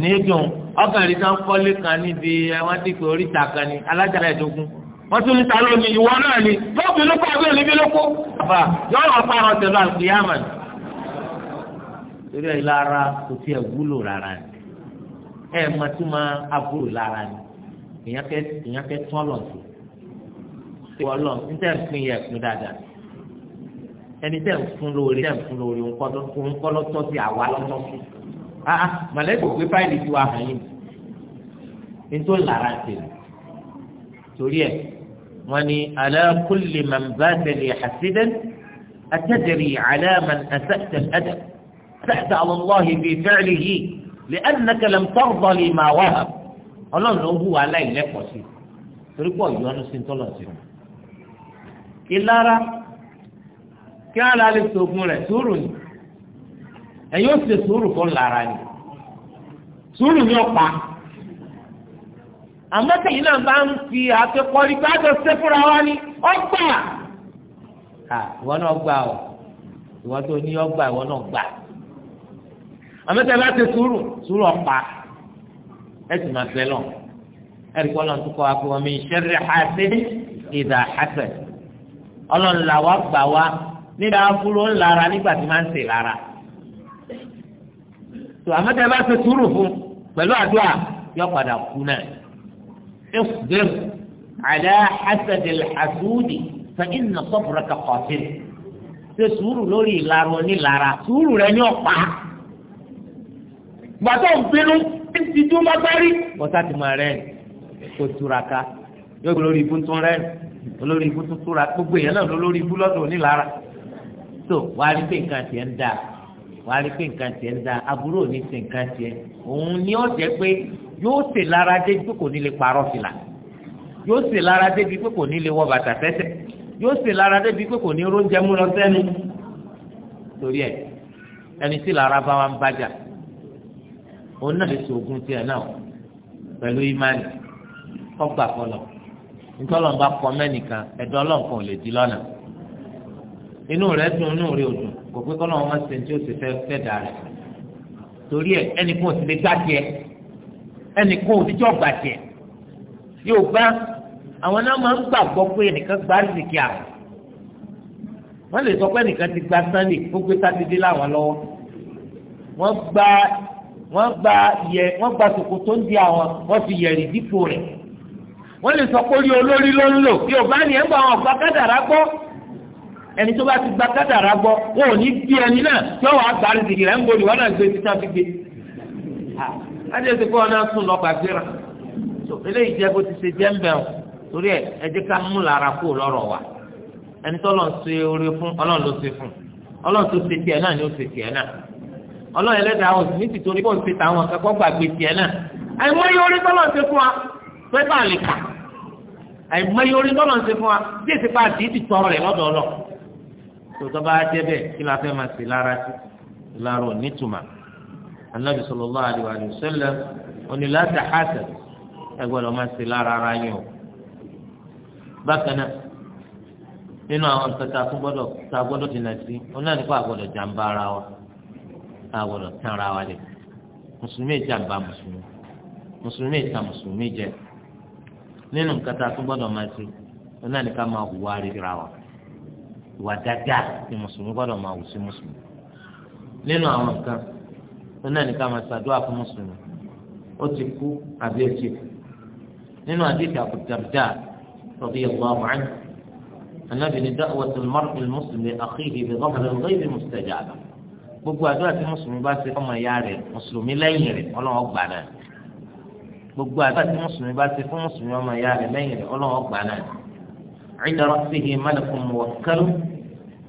ní dùn ọkàn rí sáà ń kọ́lé kan níbi ẹ̀wọ̀n dìgbò oríta kan ní alájà mẹ́ẹ̀ẹ́dógún wọ́n tún ní ta ló ní ìwọ náà ní lọ́ọ̀bì ló kọ́ àbí òníbi ló kó àfà yọ ọ̀rọ̀ pààrọ̀ tẹ̀lé àgbéyàmà ní. torí ẹ̀ lára kò tiẹ̀ wúlò rárá ni ẹ̀ mọ̀túmọ̀ àbúrò lára ni ìyẹn fẹ́ tún ọ̀lọ́ọ̀sì pé ọlọ́run ní tẹ́ ń pín yẹ pín dáadáa ẹni tẹ́ ń fún lóore tẹ́ ń fún lóore òun kọ́ lọ́tọ́ sí àwa lọ́tọ́ sí ah, ah mọ̀lẹ́bí òpé fáìlì tí wàá hàn yín ní tó lára tèmi torí ẹ̀ wọ́n ní ala kulli man bata li hasidan atadri ala man asa'ta al-adab sa'ta ala Allah bi fi'lihi li'annaka lam ọlọ́run ló ń hùwà aláìlẹ́kọ̀ọ́ sí torí pọ̀ yọnu sí ń tọ́lọ̀ sí wọn ìlara kí ara lè sògùn rẹ̀ sùúrù ni ẹ̀yin ó ṣe sùúrù fún lára ni sùúrù ni ọ̀pá àmọ́ tẹ̀yìn náà bá ń fi àtẹkọ́rí bá jọ ṣe fúnra wa ni ọgbà ìwọ náà gbà ọ ìwọ tó ní ọgbà ìwọ náà gbà àmọ́ bá ṣe sùúrù sùúrù ọ̀pá ẹ sì máa fẹ́ lọ ẹ̀rí kọ́ lọ́n tó kọ́ wa pé wọ́n mi ń ṣẹ́rí àṣẹ ọlọ́run là wá gbà wá nígbà afúró ńlára nígbà tí máa ń sè lára tó àmọ́tẹ́ bá ṣe túrù fún pẹ̀lú àdúrà yọ padà kú náà ifdir ala hasadil hasudi fa inna sabraka qatil ṣe sùúrù lórí ìlara onílara sùúrù rẹ ní ọ̀pá gbàtọ́ òbínú ti dúró má bọ́sá ti máa rẹ́ kó túraká yóò gbé lórí ibùntún rẹ́ olórí ibú tó túra gbogbo èèyàn náà lólórí ibú lọ́dọ̀ onílára tó wà á rí pé nǹkan tiẹ̀ ń da wà á rí pé nǹkan tiẹ̀ ń da aburú ò ní nǹkan tiẹ̀ òun ni ó jẹ́ pé yóò ṣe lára dé pé kò ní lè parọ́ fìlà yóò ṣe lára dé bí pé kò ní lè wọ bàtà tẹ́tẹ́ yóò ṣe lára dé bí pé kò ní róúnjẹ mú lọ sẹ́nu torí ẹ ẹni tí lára bá wa ń bàjá òun náà lè ṣe tiẹ̀ náà pẹ̀lú ìmánì ọgbà fọlọ́ ntọ́lọ́n bá kọ́ mẹ́nìkan ẹ̀dọ́ ọlọ́nkan ò lè di lọ́nà inú rẹ̀ dùn inú rẹ̀ ò dùn kò pé kọ́lọ́ wọn máa ṣe tí ó ṣe fẹ́ fẹ́ dà rẹ̀ torí ẹ̀ ẹnì kan ò sì lè gbà tiẹ̀ ẹnì kan ò díjọ́ gbà tiẹ̀ yóò gbá àwọn náà máa ń gbàgbọ́ pé ẹnìkan gbá rìsìkì àwọn wọ́n lè sọ pé ẹnìkan ti gba sunday ó gbé sátidé láwọn lọ́wọ́ wọ́n gba wọ́n gba yẹ wọ́n gba ṣòkòtò ń di àwọn wọ́n fi yẹ̀rì dípò rẹ̀ wọ́n lè sọ pé olórí ló ń lò bí ọba ni ẹ̀ ń bọ̀ àwọn kádàrá gbọ́ ẹni tó bá ti gba kádàrá gbọ́ wọn ò ní bí ẹni náà tí wọ́n gbàrí dìgì rẹ̀ ń gbòdì náà gbé títà fi gbé. láti wọn náà sùn lọ gbàgbéra eléyìí jẹ́ bó ti ṣe jẹ́ ń wa ẹni tó lọ́n ṣe oore fún ọlọ́run ló ṣe fún ọlọ́run tó ṣe tiẹ̀ náà ni pé bá a lè kà àìmọye orin tọ́lọ̀ ń ṣe fún wa bí èsì pa àti ìtì tọrọ rẹ̀ lọ́dọ̀ ọlọ. tòótọ́ bá jẹ́ bẹ́ẹ̀ kí la fẹ́ máa ṣe lára sí lára ò nítumà anabi sallallahu alaihi wa sallam oní láti hàṣẹ ẹgbẹ́rún máa ṣe lára ara yín o. bákan náà nínú àwọn nǹkan tá a gbọ́dọ̀ dènà sí wọn náà nípa àgbọ̀dọ̀ jàǹbá ara wa àgbọ̀dọ̀ tán ara wa lẹ̀ mùsùlùmí ìjàǹbá mùsùlùmí mùsùlùmí ìta mùsùlùmí jẹ́ nínú nǹkan tá a tún gbọ́dọ̀ máa ṣe wọn náà ní ká máa hùwà rírà wa ìwà dáadáa ni mùsùlùmí gbọ́dọ̀ máa hù sí mùsùlùmí nínú àwọn nǹkan wọn náà ní ká máa ṣàdúrà fún mùsùlùmí ó ti kú àbí ó nínú àdìsí Abu Darda radiyallahu anhu Ànábì ní da'watul mùsùlùmí bá ṣe fọmọ ìyá rẹ̀ mùsùlùmí lẹ́yìn rẹ̀ Ọlọ́run gbogbo àdúrà tí mùsùlùmí bá ti fún mùsùlùmí ọmọ ìyá rẹ̀ lẹ́yìn rẹ̀ ọlọ́wọ́ gbà náà ìdá rọ́sìhì mẹ́lẹ̀kùn mọ̀kẹ́lú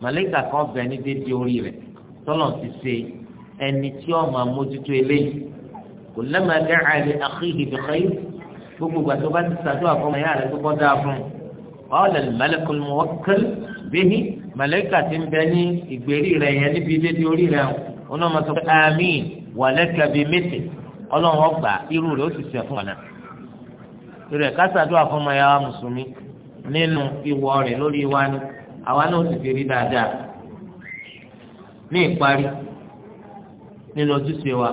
màlẹ́kà kan bẹ̀ ní dédé orí rẹ̀ tọ́lọ̀ ti ṣe ẹni tí ó máa mójútó eléyìí kò lẹ́mọ̀ ẹ̀dẹ́ àìlè àkíyè bìkẹ́yì gbogbo ìgbà tó bá ti ṣàdúrà fún ìyá rẹ̀ tó dáa fún ọ̀lẹ̀ mẹ́lẹ̀kùn mọ̀kẹ́lú bẹ́ẹ̀ màlẹ́kà ti ń bẹ ní ìgbèrí rẹ̀ yẹn níbi dédé orí rẹ̀ ọ̀nà ọlọ́run ọgbà irú rẹ̀ ó sì sẹ́ fún ọ̀nà irú ẹ̀ kásádùá fún ọmọ yàrá mùsùlùmí nínú ìwọ rẹ̀ lórí wa ni àwa náà sì fi rí dáadáa ní ìparí nínú ojúṣe wa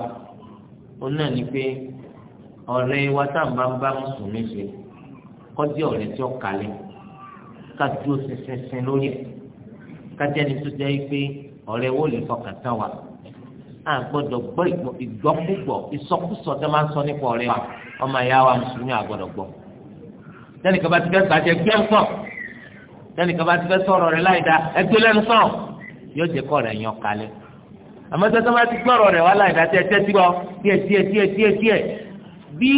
òun náà ni pé ọ̀rẹ́ wa tá à ń ń bá mùsùlùmí ṣe kọ́jú ọ̀rẹ́ tí ó kalẹ̀ ká dúró ṣinṣin lórí ẹ̀ ká jẹ́ni tó jẹ́ pé ọ̀rẹ́ wo lè fọkàn tán wa a gbọ́dọ̀ gbọ́ ìgbọ́kúgbọ̀ ìsọkúsọ tó máa ń sọ nípa ọ̀rẹ́ wa ọmọ ìyá wa mùsùlùmí a gbọ́dọ̀ gbọ́ tẹnì kan bá ti fẹ́ gbàjẹ́ gbé ń sàn tẹnì kan bá ti fẹ́ sọ̀rọ̀ rẹ̀ láì dá ẹgbẹ́ lẹ́nu sàn yóò jẹ́ kọ́ rẹ̀ yan kalẹ̀ àmọ́ tẹ́tẹ́ bá ti gbọ́rọ̀ rẹ̀ wá láì dá tẹ́ tẹ́tí bọ́ díẹ̀ díẹ̀ díẹ̀ díẹ̀ díẹ̀ bí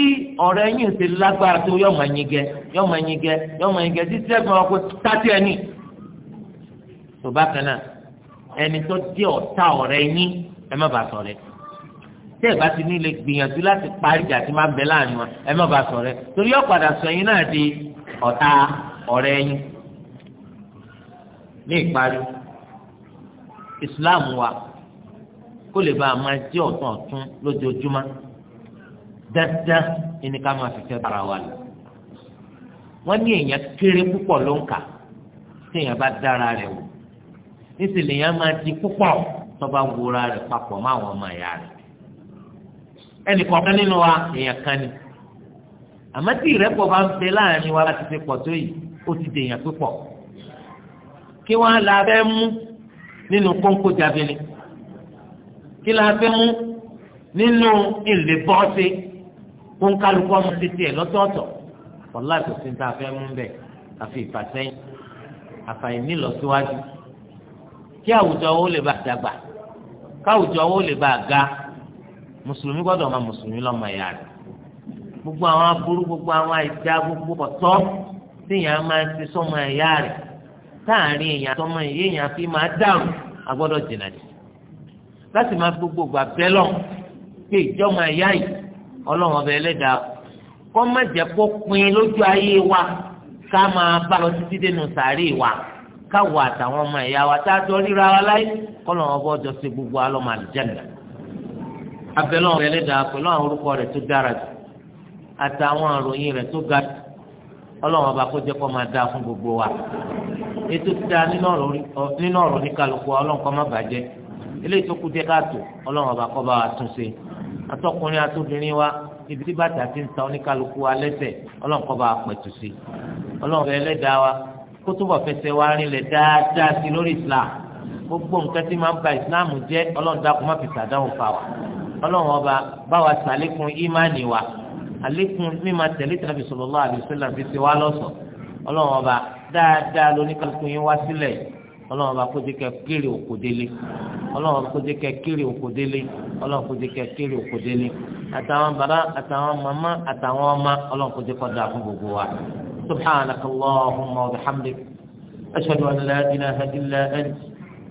ọ̀rẹ́ yìí ń ṣe lágbára tó yọ̀ mọ̀ ẹni tó dé ọ̀tá ọ̀rẹ́ yín ẹ má bàa sọ̀rẹ́ tí ẹ bá ti ní lè gbìyànjú láti parí ìjà tí máa ń bẹ láàrin wọn ẹ má bàa sọ̀rẹ́ torí ọ̀padà sọ ẹ̀yin náà di ọ̀tá ọ̀rẹ́ ẹ̀yin ní ìparí Islam wa kó lè bá a máa jẹ́ ọ̀tún ọ̀tún lójoojúmọ́ dáadáa ẹni ká máa fi fẹ́ bara wa lọ wọ́n ní èèyàn kéré púpọ̀ ló ń kà tí èèyàn bá dára rẹ̀ wò ní sì lèèyàn máa di púpọ̀ tọ́ba wúra rẹ̀ papọ̀ mọ́ àwọn ọmọ ìyá rẹ̀ ẹnì kọ̀ọ̀kan nínú wa èèyàn kan ni àmọ́ tí ìrẹ́pọ̀ bá ń bẹ láàrin wa láti fi pọ̀ tó yìí ó ti dèèyàn púpọ̀ kí wọ́n la fẹ́ mú nínú kóńkó jabini kí la fẹ́ mú nínú ìlè bọ́ọ̀sì kóńkálukọ́ ọmọ títí ẹ̀ lọ́tọ̀ọ̀tọ̀ ọ̀la ìkòsí tá a fẹ́ mú bẹ́ẹ̀ àfi ìfàsẹ́yìn àfàìní lọ síwájú kí àwùjọ ó lè bá dàgbà káwùjọ wo lè bá a ga mùsùlùmí gbọ́dọ̀ máa mùsùlùmí lọ́mọ ìyá rẹ̀ gbogbo àwọn aburú gbogbo àwọn àìdá gbogbo ọ̀tọ̀ téèyàn máa ti sọmọ ìyá rẹ̀ táàrin èèyàn sọmọ ìyá èèyàn fi máa dàrú agbọ́dọ̀ jìnnà jù láti máa gbogbo gbà bẹ́ẹ̀ lọ pé ìjọ́mọ ìyá yìí ọlọ́run ọbẹ̀ ẹlẹ́dàá kọ́ má jẹ́ kó pin lójú ayé wa ká máa bá lọ títí dénú sàárè wa káwọ àtàwọn ọmọ ìyá wa tá a jọ ríra wa láyé kọ́lọ̀ wọn bọ́ jọ sí gbogbo alọ́mọ àlùjáde abẹ́lẹ́ ọ̀rẹ́ ẹlẹ́dàá pẹ̀lú àwọn orúkọ rẹ̀ tó dára jù àtàwọn àròyìn rẹ̀ tó ga jù ọlọ́wọ́n bá kó jẹ́ kó máa dáa fún gbogbo wa ètò ti dáa nínú ọ̀rọ̀ ní kálukú ọlọ́run kó má bàjẹ́ eléyìí tó kú jẹ́ káàtó ọlọ́run bá kó bá wa tún ṣe atọ́kùnrin atóbìnrin wa ibi tí bàtà ti ń ta oníkálukú wa lẹ́sẹ̀ ọlọ́run kó bá wa pẹ̀tù sí ọlọ́run bẹ ẹlẹ́dàá wa kó túbọ̀ fẹsẹ̀ wa rinlẹ̀ dáadáa sí lórí Islam gbogbo nǹkan tí máa ń ba ìsìláàmù jẹ́ ọlọ́run dákun má fi sàdáhùn fa wa ọlọ́run ọba bá wa sàlékún ìmánì wa àlékún mímà tẹ̀lé tàbí sallallahu alaihi wasallam fi ti wá ọlọ́run ọba dáadáa lóníkàlùkù yín wá sílẹ̀ ọlọ́run ọba kó jẹ́ kẹ́ kéré òkò délé ọlọ́run ọba kó jẹ́ kẹ́ kéré òkò délé ọlọ́run kó jẹ́ kẹ́ kéré òkò délé àtàwọn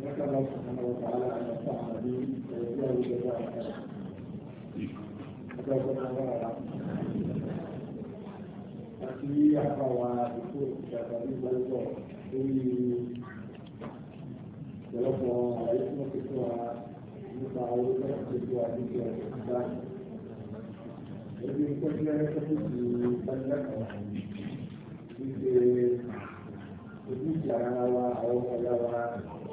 نسأل الله سبحانه وتعالى أن ينفعنا به ويجزاه جزاء خيرا. جزاكم الله خيرا. àti àbáwá àdúgbò ìṣàkàlù lọ́wọ́ lórí ìpọ̀lọpọ̀ àlàyé tí wọ́n ti fún wa nípa owó tí wọ́n ti fún wa nípa ìgbà. Ebi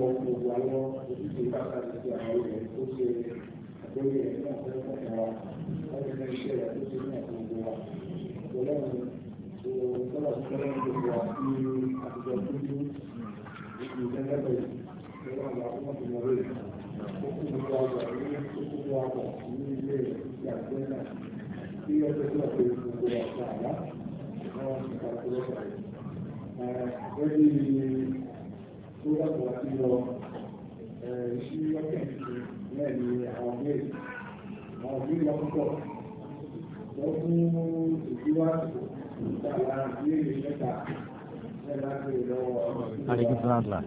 mọ gbogbo àwọn ojúṣe káàkiri àwọn olùyẹ tó ṣe àgbẹ̀wò ẹ̀ náà fẹ́ fún ẹ̀rọ iṣẹ́ rẹ̀ tó ṣe fún ẹ̀kọ́ wa. Ọlọ́run tó tọ́lá tó tọ́lá ń gbogbo sí àtijọ́ tó ní ìlú ìtẹ́lẹ́bẹ̀ yìí lọ́wọ́ àwọn akọ́kọ́ tó rẹ̀. Ó kú gbogbo àgbà ní ó kú gbogbo ní ilé ìgbé àgbẹ̀ náà. Bí ọjọ́ tó lọ pé gbogbo àgbà àlá, wọ́n ti ta tó yàtọ̀ sí lọ sí lọ́kẹ̀ náà ni àwọn bẹ́ẹ̀ àwọn bẹ́ẹ̀ lọ púpọ̀ wọ́n fún ìdíwá ìgbà lára bí mẹ́ta Àdìgbò Fúnàdìlà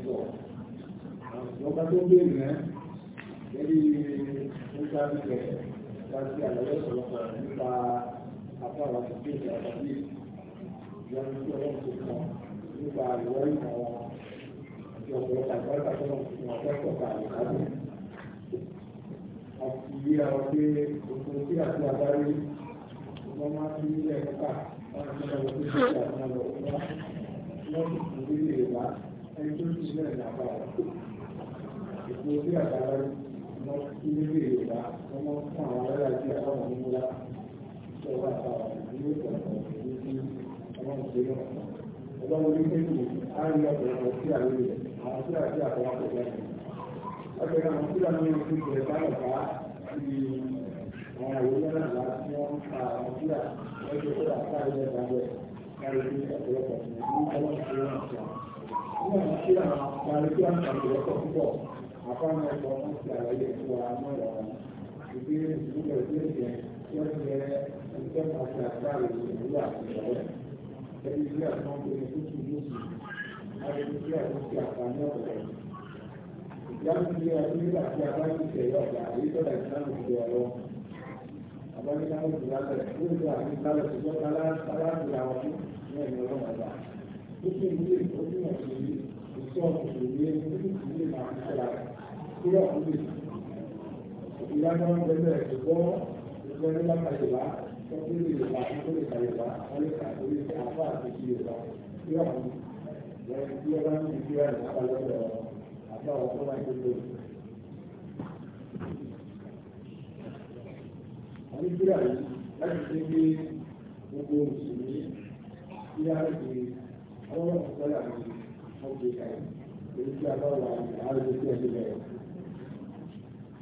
ẹ̀rọ lọ́pàá tó gbé rẹ̀ lórí nípa rẹ̀ láti àlàyé ọ̀pọ̀lọpọ̀ nípa àpáwà tó gbé rẹ̀ àti ìyọ́nù tí ọlọ́run ti kàn nípa ìwọ́ ìmọ̀ wọn àti ọ̀pọ̀lọpọ̀ àgbàlagbà tó wọn fún wọn fẹ́kọ̀ọ́ ká àlùkálù. àti ìwé àwọn pé òkú tí àti àgbáyé wọn máa fi nílẹ̀ kọ́kà wọn àti ọ̀pọ̀lọpọ̀ tó ṣe àtúnṣe àwọn ọ̀pọ̀lọpọ̀ wọn sì kú nílé ìwà ẹni tó ti sílẹ̀ ètò orí àgbàrá mọ́ ilé ìgbà ọmọ fún àwọn ará àti àwọn ọmọ ńlá ìjọba àpapọ̀ ìlú ìpàdé ìlú tí wọ́n ṣe náà. ọlọ́run ní kéèkì á rí ọ̀pọ̀lọpọ̀ sí àlejò àwọn sí àti àpapọ̀ lẹ́yìn. ọ̀pẹ̀ náà sí àwọn ọmọ tó bẹ̀rẹ̀ bá lọ́pàá ti àwọn ìwé náà lá tí wọ́n ń pa àwọn sí à lọ́jọ́ tó àpá ilẹ̀ ìgbàgbẹ́ láti fi ọ̀pọ̀lọpọ̀ sí àwọn ọmọ tó ń sọ àfáàmà ẹ̀kọ́ kúrò àkúrò ìlànà ọgbẹ́lẹ̀ ẹ̀kọ́ ìgbẹ́lẹ̀ lápàdébá tọ́kúrò ìlà ìkórè kàyébá ọlẹ́kà orí ti àfà àti ìyèbá kí ọ̀hún lẹ́yìn tí ọba ní ìdíyà ìlàpá lọ́dọ̀ àfà ọkọ̀ wáyé tó lò. àwọn ìdíyà yìí láti ṣe pé gbogbo òṣèlú ìyá rẹ̀ ọwọ́ ìsọ́lá ọ̀gbìn kàyé èyí tí a bá wà ní àárẹ̀ tó ẹ̀ṣẹ̀ bẹ̀rẹ̀.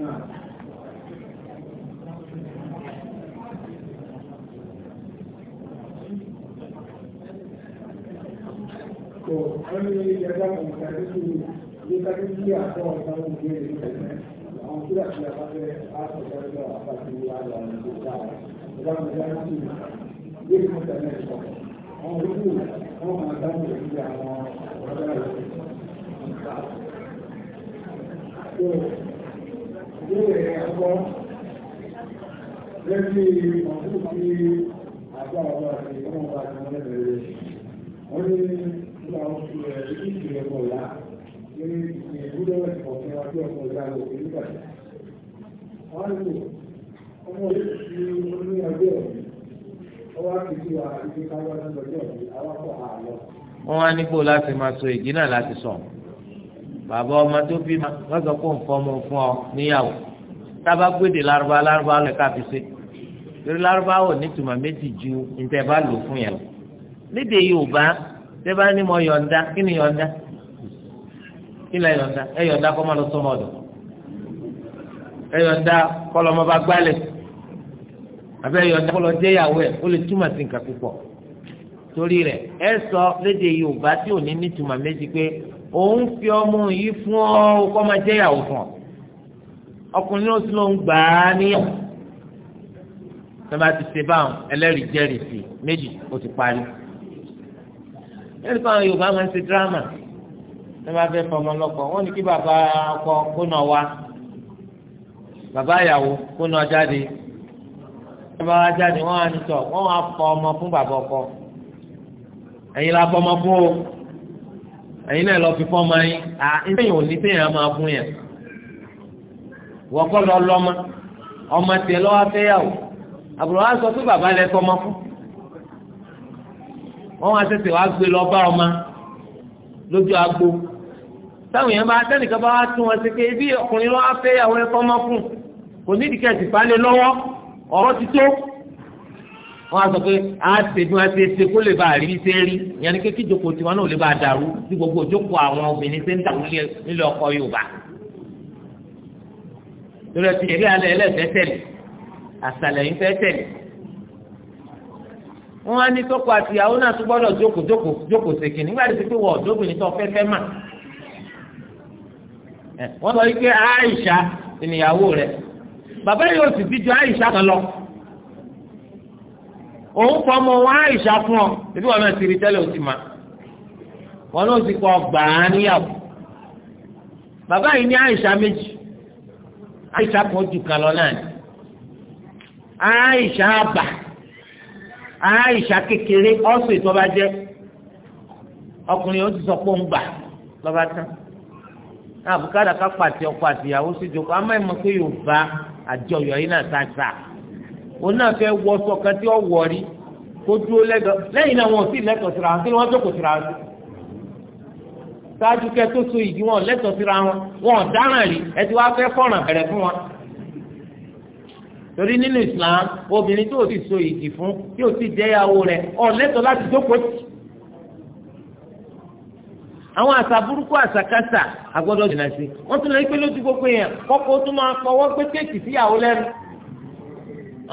to wani ya zama mutane su yi karin jiya ta wani samun jiya da a wasu da shi a kasar asa da da a kasar yi da wani kuka da za mu ga su yi mutane su an rubu an ma ta mu jiya ma wadda da su to ìbéèrè ẹ̀kọ́ lẹ́bí ọdún tí àjọ àwọn àti ìwọ̀n bá ti wọ́n lẹ́bẹ̀rẹ̀ wọ́n ní ìgbà oṣù rẹ̀ ní ìpìlẹ̀ ẹ̀kọ́ ìlà ní ìgbúdọ̀ ẹ̀kọ́ fún wa tí ọkọ̀ ìlà rẹ̀ òkè nígbà tí wọ́n ń lò ọmọ yìí ti ní ọjọ́ ọ̀gbìn ọwọ́ àti tí wà á ti ká lọ́dún ọjọ́ ọ̀gbìn awakọ̀ àlọ́. wọ́n wá nígbò láti máa so ìdí náà láti sọ̀rọ̀ bàbá ọmọ tó bímọ wọ́n sọ pé òun fọmọ fún ọ níyàwó tába gbéde lárúbá lárúbá lọ ká fi ṣe torí lárúbá wò ní tùmọ̀ méjì ju níta bá lò fún yẹn lọ lédè Yorùbá tẹ bá ní mo yọ̀ǹda kí ni yọ̀ǹda kí ni yọ̀ǹda ẹ yọ̀ǹda kọ́ máa lọ sọmọ ọ̀dọ̀ ẹ yọ̀ǹda kọ́ lọ́mọ bá gbálẹ̀ àbẹ yọ̀ǹda kọ́ lọ jẹ́ ìyàwó ẹ̀ ó lè túmọ̀ sí nǹkan púpọ̀ torí rẹ̀ ẹ sọ lédè Yorùbá tí ò ní ní méjì pé òun fi ọmọ yìí fún ọ kọ́ máa jẹ́ ìyàwó fún ọ ọkùnrin náà sì ló ń gbà á níyàwó tọ́ba ti ṣe báwọn ẹlẹ́rìí jẹ́rìí sí méjì ó ti parí ẹni báwọn Yorùbá máa ń ṣe dírámà tọ́ba fẹ́ fọmọ lọ́kọ wọ́n ní kí bàbá ọkọ kó nà wá bàbá ìyàwó kó nà jáde bàbá wa jáde wọ́n á nìtọ̀ wọ́n á fọ ọmọ fún bàbá ọkọ ẹ̀yin la fọ fún o ẹ̀yin náà lọ fi fọ́ ọmọ yín à ńsẹ́yìn òní sẹ́yìn á máa fún yẹn wọ́n kọ́ lọ lọ́mọ ọmọ tiẹ̀ lọ́wọ́ afẹ́yàwó àbúrò wa sọ pé bàbá lẹ sọmọ fún wọn wá tètè wá gbé lọ bá ọmọ lójú agbo táwọn yẹn bá tẹnìkan bá wá tún wọn ṣe pé ebi ọkùnrin lọ́wọ́ afẹ́yàwó ẹ fọ́mọ fún kò ní ìdíkẹ́ ìsìpá lé lọ́wọ́ ti tó wọ́n á sọ pé á ṣe bí wọ́n ṣe ṣe kó lè bá a rí bí ṣe rí ìyẹn ni pé kí ìjókòó tiwọn náà lè bá a dàrú bí gbogbo ìjókòó àwọn obìnrin ṣe ń dàrú nílé ọkọ Yorùbá. lórí ẹtì ìrírí alẹ́ ẹlẹ́fẹ́ tẹ̀lé àṣàlẹ̀ yìí fẹ́ tẹ̀lé. wọ́n á ní tọ́kọ àtìyàwó náà tún gbọ́dọ̀ jókòó jókòó ṣèkì nígbà tó pé wọ́n ọ̀dọ́bìnrin tó fẹ́ fẹ́ mà. wọ́n sọ Aisha ìnìyàwó rẹ̀ bàbá yóò sì bí Aisha kan òun kọ́ ọmọ wọn àìsà fún ọ ebi wọn náà ti rí tẹ́lẹ̀ òsì ma wọn náà ti kọ́ gbà á níyàwó bàbá yìí ní àìsà méjì àìsà kan jù kan lọ náà ni àìsà àbà àìsà kékeré ọ̀sùn ìtọ́ba jẹ́ ọkùnrin ó ti sọ pé ó ń gbà lọ́ba tán náà bùkátà ká pàtì ọkọ àtìyàwó síjò kó a máa mọ pé Yorùbá àjọyọ̀ yìí náà sáà sáà òun náà fẹ́ wọ sọ̀kan tí ó wọ̀ rí kó dúró lẹ́gàn lẹ́yìn náà wọn ò sì lẹ́tọ̀ọ́ síra wọn kí wọ́n jókòó síra wọn. sáájú kẹ tó so ìdí wọn lẹ́tọ̀ọ́ síra wọn wọn ò dáràn rí ẹ ti wá fẹ́ fọ̀ràn bẹ̀rẹ̀ fún wọn. torí nínú Islam obìnrin tó o ti so ìdí fún tí o ti jẹ́yàwó rẹ̀ ọ̀ lẹ́tọ̀ọ́ láti jókòó tì. àwọn àṣà burúkú àṣàkáṣà àgbọ́dọ̀ jìnnà sí wọ́n tún lọ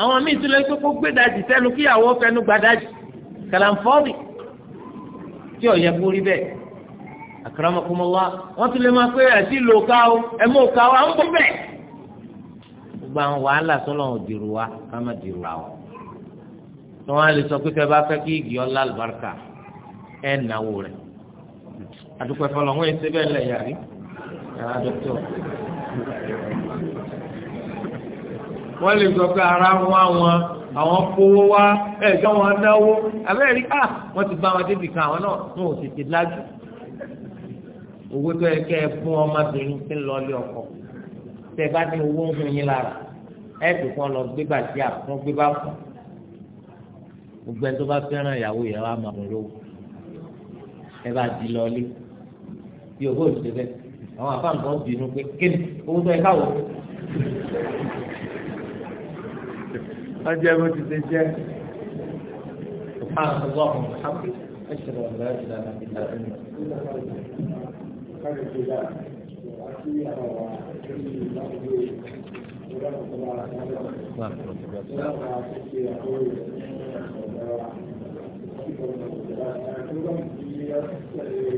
àwọn míì tún lè pé kó gbé dajì sẹ́nu kíyàwó fẹnu gba dajì kàlàǹfọ́ọ̀bì tí ò yẹ kó rí bẹ́ẹ̀ àkàràmọ́kọ́mọ́lá wọ́n tún lè máa pé ẹ̀ sí lòókà o ẹ̀ mọ́ òkà o à ń bọ̀ bẹ́ẹ̀. gbogbo àwọn wàhálà sọ́lọ̀ ò dìrò wa ká má dìrò wa o. tí wọ́n á lè sọ pé fẹ́ bá fẹ́ kí igi ọlá àlùbáríkà ẹ̀ náwó rẹ̀. àdùpẹ̀fọ́ lọ́wọ́ ẹ̀ wọ́n lè sọ pé ara ń wá wọn àwọn kówó wá ẹ̀jọ́ wọn náwó abẹ́rẹ́ ká ah, wọ́n ti bá wọn débi kan àwọn náà wọn ò tètè lájú owó tó yẹ kẹ́ ẹ fún ọmọbìnrin tí ń lọlé ọkọ tẹ bá ní owó ń hun yín lára ẹ tó kàn lọ gbé bàjẹ́ àfún gbé bá fún gbogbo ẹni tó bá fẹ́ràn ìyàwó yẹn wá máa lò ẹ bá di lọlé yòówó ìṣẹ̀lẹ̀ àwọn àfáàǹkan bínú pé kéde owó tó yẹ káwọ́ ọjọ́ bó ti ṣe jẹ́ سبحان الله وبحمده أشهد أن لا إله إلا أنت Thank you.